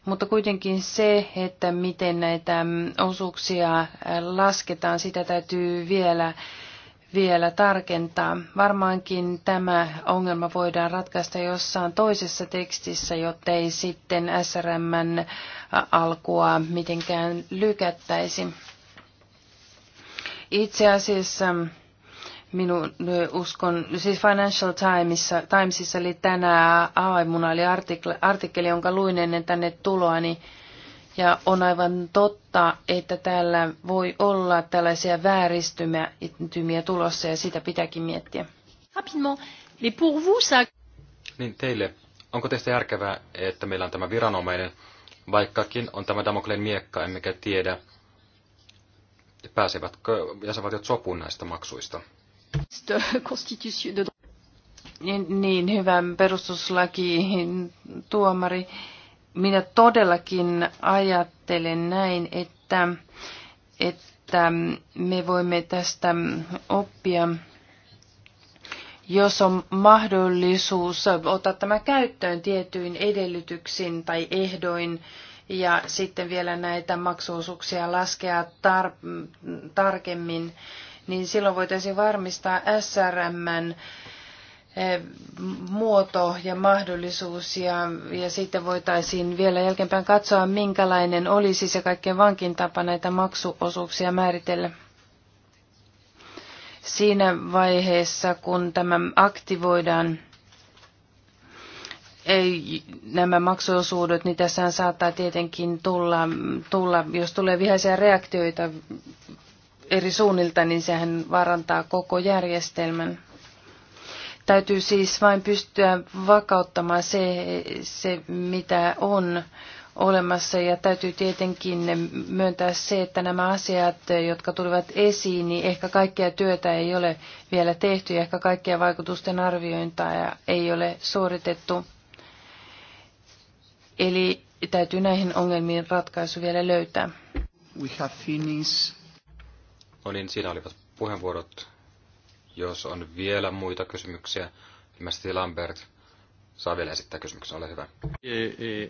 [SPEAKER 4] Mutta kuitenkin se, että miten näitä mm, osuuksia eh, lasketaan, sitä täytyy vielä, vielä tarkentaa. Varmaankin tämä ongelma voidaan ratkaista jossain toisessa tekstissä, jotta ei sitten SRMn eh, alkua mitenkään lykättäisi. Itse asiassa mm, minun uskon, siis Financial Timesissa, Timesissa eli tänä aamuna oli artikkeli, artikkeli, jonka luin ennen tänne tuloani. Niin, ja on aivan totta, että täällä voi olla tällaisia vääristymiä tulossa ja sitä pitääkin miettiä.
[SPEAKER 1] Niin teille, onko teistä järkevää, että meillä on tämä viranomainen, vaikkakin on tämä Damokleen miekka, emmekä tiedä, pääsevätkö jäsenvaltiot sopuun näistä maksuista?
[SPEAKER 4] Niin, niin hyvä perustuslaki tuomari. Minä todellakin ajattelen näin, että, että me voimme tästä oppia jos on mahdollisuus ottaa tämä käyttöön tietyin edellytyksin tai ehdoin ja sitten vielä näitä maksuosuuksia laskea tar- tarkemmin, niin silloin voitaisiin varmistaa SRMn eh, muoto ja mahdollisuus ja, ja sitten voitaisiin vielä jälkeenpäin katsoa, minkälainen olisi se kaikkein vankin tapa näitä maksuosuuksia määritellä. Siinä vaiheessa, kun tämä aktivoidaan, ei, nämä maksuosuudet, niin tässä saattaa tietenkin tulla, tulla, jos tulee vihaisia reaktioita eri suunnilta, niin sehän varantaa koko järjestelmän. Täytyy siis vain pystyä vakauttamaan se, se mitä on olemassa ja täytyy tietenkin myöntää se, että nämä asiat, jotka tulivat esiin, niin ehkä kaikkea työtä ei ole vielä tehty ja ehkä kaikkia vaikutusten arviointia ei ole suoritettu. Eli täytyy näihin ongelmiin ratkaisu vielä löytää.
[SPEAKER 2] We have finished
[SPEAKER 1] No niin, siinä olivat puheenvuorot. Jos on vielä muita kysymyksiä, ilmeisesti niin Lambert saa vielä esittää kysymyksen. Ole hyvä. E, e,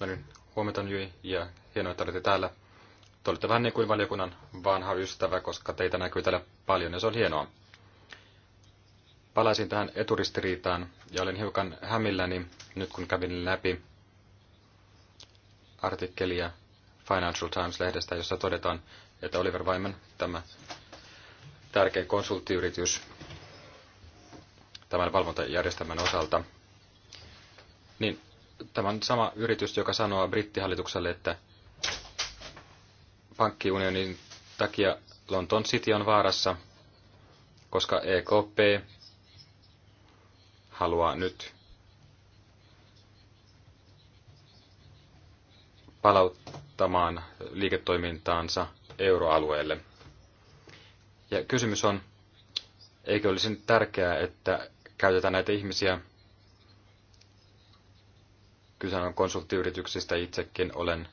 [SPEAKER 1] no niin, huomenta Jui, ja hienoa, että olette täällä. Te olette vähän niin kuin valiokunnan vanha ystävä, koska teitä näkyy täällä paljon ja se on hienoa. Palaisin tähän eturistiriitaan ja olen hiukan hämilläni nyt kun kävin läpi artikkelia Financial Times-lehdestä, jossa todetaan, että Oliver Wyman, tämä tärkeä konsulttiyritys tämän valvontajärjestelmän osalta, niin tämä on sama yritys, joka sanoo brittihallitukselle, että pankkiunionin takia Lontoon City on vaarassa, koska EKP haluaa nyt palauttamaan liiketoimintaansa euroalueelle. Ja kysymys on, eikö olisi tärkeää, että käytetään näitä ihmisiä, kyse on konsulttiyrityksistä, itsekin olen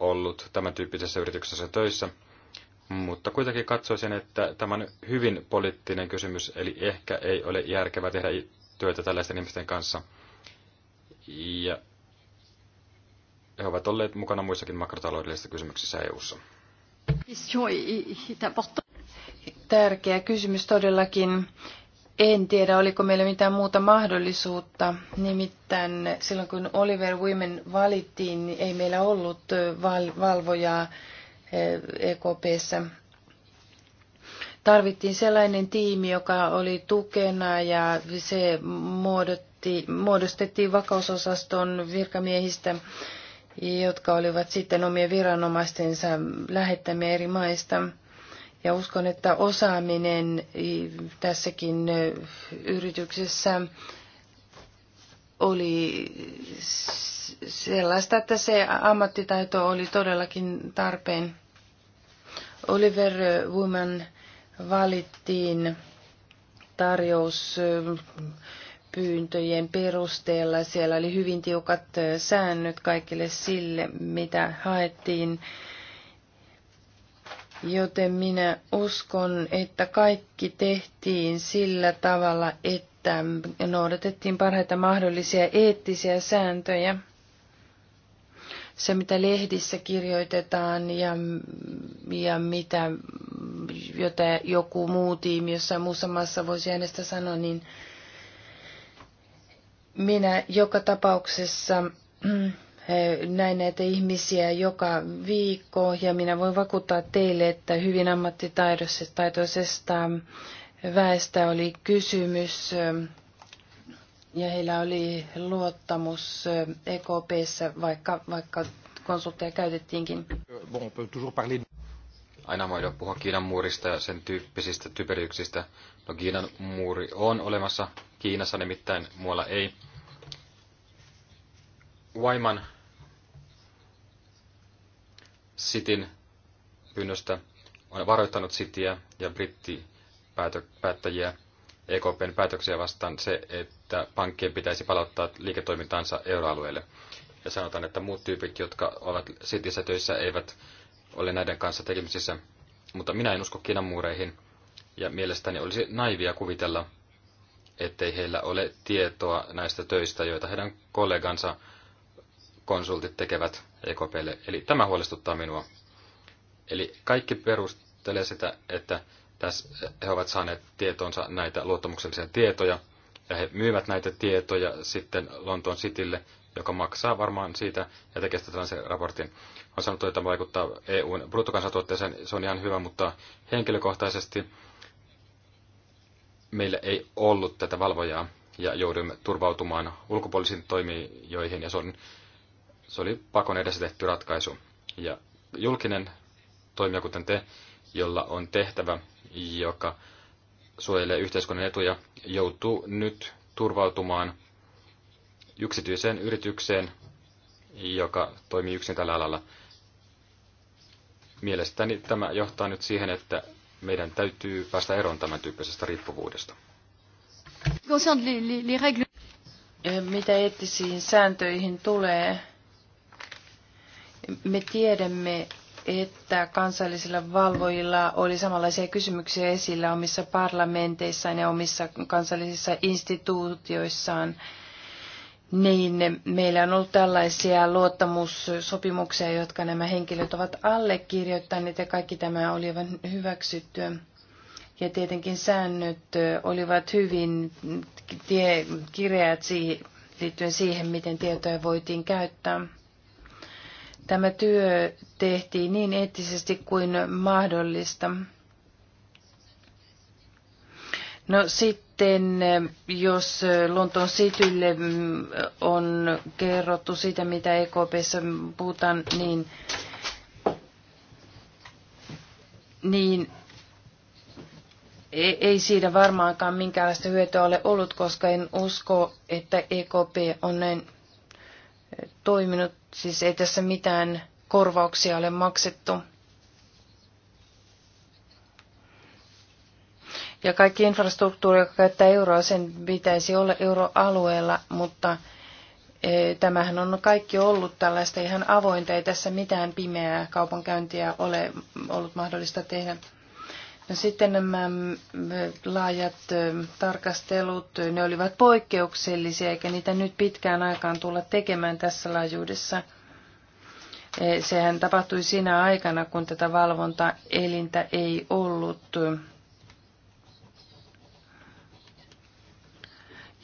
[SPEAKER 1] ollut tämän tyyppisessä yrityksessä töissä, mutta kuitenkin katsoisin, että tämä on hyvin poliittinen kysymys, eli ehkä ei ole järkevää tehdä työtä tällaisten ihmisten kanssa. Ja he ovat olleet mukana muissakin makrotaloudellisissa kysymyksissä EU-ssa.
[SPEAKER 4] Tärkeä kysymys todellakin. En tiedä, oliko meillä mitään muuta mahdollisuutta. Nimittäin silloin, kun Oliver Women valittiin, niin ei meillä ollut valvojaa EKPssä. Tarvittiin sellainen tiimi, joka oli tukena ja se muodotti, muodostettiin vakausosaston virkamiehistä jotka olivat sitten omien viranomaistensa lähettämiä eri maista. Ja uskon, että osaaminen tässäkin yrityksessä oli sellaista, että se ammattitaito oli todellakin tarpeen. Oliver Woman valittiin tarjous pyyntöjen perusteella. Siellä oli hyvin tiukat säännöt kaikille sille, mitä haettiin. Joten minä uskon, että kaikki tehtiin sillä tavalla, että noudatettiin parhaita mahdollisia eettisiä sääntöjä. Se, mitä lehdissä kirjoitetaan ja, ja mitä, jota joku muu tiimi jossain muussa maassa voisi äänestä sanoa, niin minä joka tapauksessa mm, näin näitä ihmisiä joka viikko ja minä voin vakuuttaa teille, että hyvin ammattitaitoisesta väestä oli kysymys mm, ja heillä oli luottamus mm, EKPssä, vaikka, vaikka konsultteja käytettiinkin.
[SPEAKER 1] Aina voidaan puhua Kiinan muurista ja sen tyyppisistä typeryksistä. No Kiinan muuri on olemassa, Kiinassa nimittäin muualla ei. Waiman Sitin pyynnöstä on varoittanut Sitiä ja brittipäättäjiä EKPn päätöksiä vastaan se, että pankkien pitäisi palauttaa liiketoimintaansa euroalueelle. Ja sanotaan, että muut tyypit, jotka ovat Sitissä töissä, eivät ole näiden kanssa tekemisissä. Mutta minä en usko Kiinan muureihin, ja mielestäni olisi naivia kuvitella, ettei heillä ole tietoa näistä töistä, joita heidän kollegansa konsultit tekevät EKPlle. Eli tämä huolestuttaa minua. Eli kaikki perustelee sitä, että tässä he ovat saaneet tietonsa näitä luottamuksellisia tietoja, ja he myyvät näitä tietoja sitten Lontoon Citylle, joka maksaa varmaan siitä ja tekee sitä tällaisen raportin. On sanottu, että vaikuttaa EUn bruttokansantuotteeseen, se on ihan hyvä, mutta henkilökohtaisesti meillä ei ollut tätä valvojaa ja joudumme turvautumaan ulkopuolisiin toimijoihin ja se on se oli pakon edessä tehty ratkaisu. Ja julkinen toimija, kuten te, jolla on tehtävä, joka suojelee yhteiskunnan etuja, joutuu nyt turvautumaan yksityiseen yritykseen, joka toimii yksin tällä alalla. Mielestäni tämä johtaa nyt siihen, että meidän täytyy päästä eroon tämän tyyppisestä riippuvuudesta.
[SPEAKER 4] Mitä eettisiin sääntöihin tulee, me tiedämme, että kansallisilla valvojilla oli samanlaisia kysymyksiä esillä omissa parlamenteissaan ja omissa kansallisissa instituutioissaan. Niin, meillä on ollut tällaisia luottamussopimuksia, jotka nämä henkilöt ovat allekirjoittaneet ja kaikki tämä oli hyväksytty, Ja tietenkin säännöt olivat hyvin tie, kireät siihen, liittyen siihen, miten tietoja voitiin käyttää. Tämä työ tehtiin niin eettisesti kuin mahdollista. No sitten, jos Lontoon Sitylle mm, on kerrottu sitä, mitä EKPssä puhutaan, niin, niin ei siitä varmaankaan minkäänlaista hyötyä ole ollut, koska en usko, että EKP on näin eh, toiminut Siis ei tässä mitään korvauksia ole maksettu. Ja kaikki infrastruktuuri, joka käyttää euroa, sen pitäisi olla euroalueella, mutta e, tämähän on kaikki ollut tällaista ihan avointa, ei tässä mitään pimeää kaupankäyntiä ole ollut mahdollista tehdä. No sitten nämä mm, laajat mm, tarkastelut, ne olivat poikkeuksellisia, eikä niitä nyt pitkään aikaan tulla tekemään tässä laajuudessa. E, sehän tapahtui siinä aikana, kun tätä valvontaelintä ei ollut.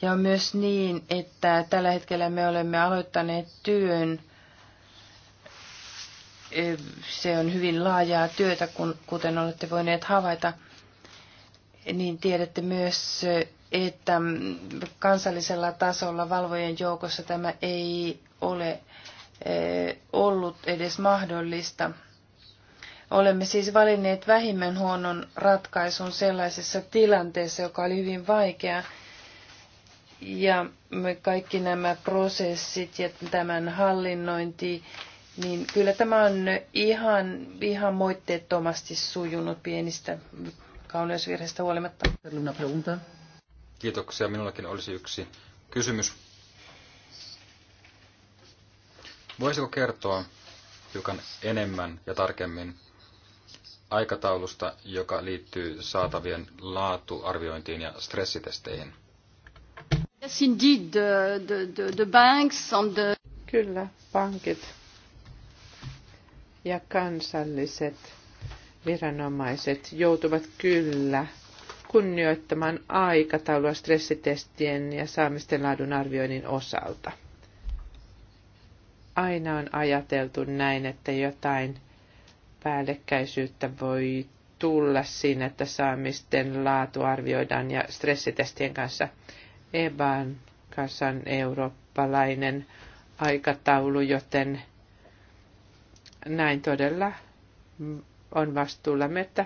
[SPEAKER 4] Ja on myös niin, että tällä hetkellä me olemme aloittaneet työn se on hyvin laajaa työtä, kun, kuten olette voineet havaita, niin tiedätte myös, että kansallisella tasolla valvojen joukossa tämä ei ole e, ollut edes mahdollista. Olemme siis valinneet vähimmän huonon ratkaisun sellaisessa tilanteessa, joka oli hyvin vaikea. Ja me kaikki nämä prosessit ja tämän hallinnointi, niin kyllä tämä on ihan, ihan moitteettomasti sujunut pienistä kauneusvirheistä huolimatta.
[SPEAKER 1] Kiitoksia. Minullakin olisi yksi kysymys. Voisiko kertoa hiukan enemmän ja tarkemmin aikataulusta, joka liittyy saatavien laatuarviointiin ja stressitesteihin?
[SPEAKER 2] Yes, indeed, the, banks the... Kyllä,
[SPEAKER 3] pankit ja kansalliset viranomaiset joutuvat kyllä kunnioittamaan aikataulua stressitestien ja saamisten laadun arvioinnin osalta. Aina on ajateltu näin, että jotain päällekkäisyyttä voi tulla siinä, että saamisten laatu arvioidaan ja stressitestien kanssa EBAN kanssa on eurooppalainen aikataulu, joten näin todella on vastuullamme, että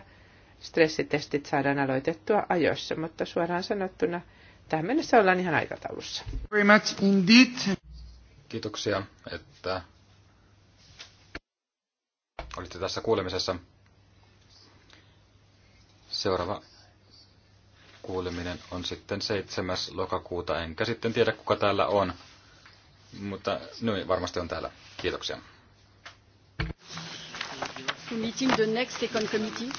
[SPEAKER 3] stressitestit saadaan aloitettua ajoissa, mutta suoraan sanottuna tähän mennessä ollaan ihan aikataulussa.
[SPEAKER 1] Very much indeed. Kiitoksia, että olitte tässä kuulemisessa. Seuraava kuuleminen on sitten 7. lokakuuta, enkä sitten tiedä kuka täällä on, mutta no, varmasti on täällä. Kiitoksia
[SPEAKER 2] meeting the next econ committee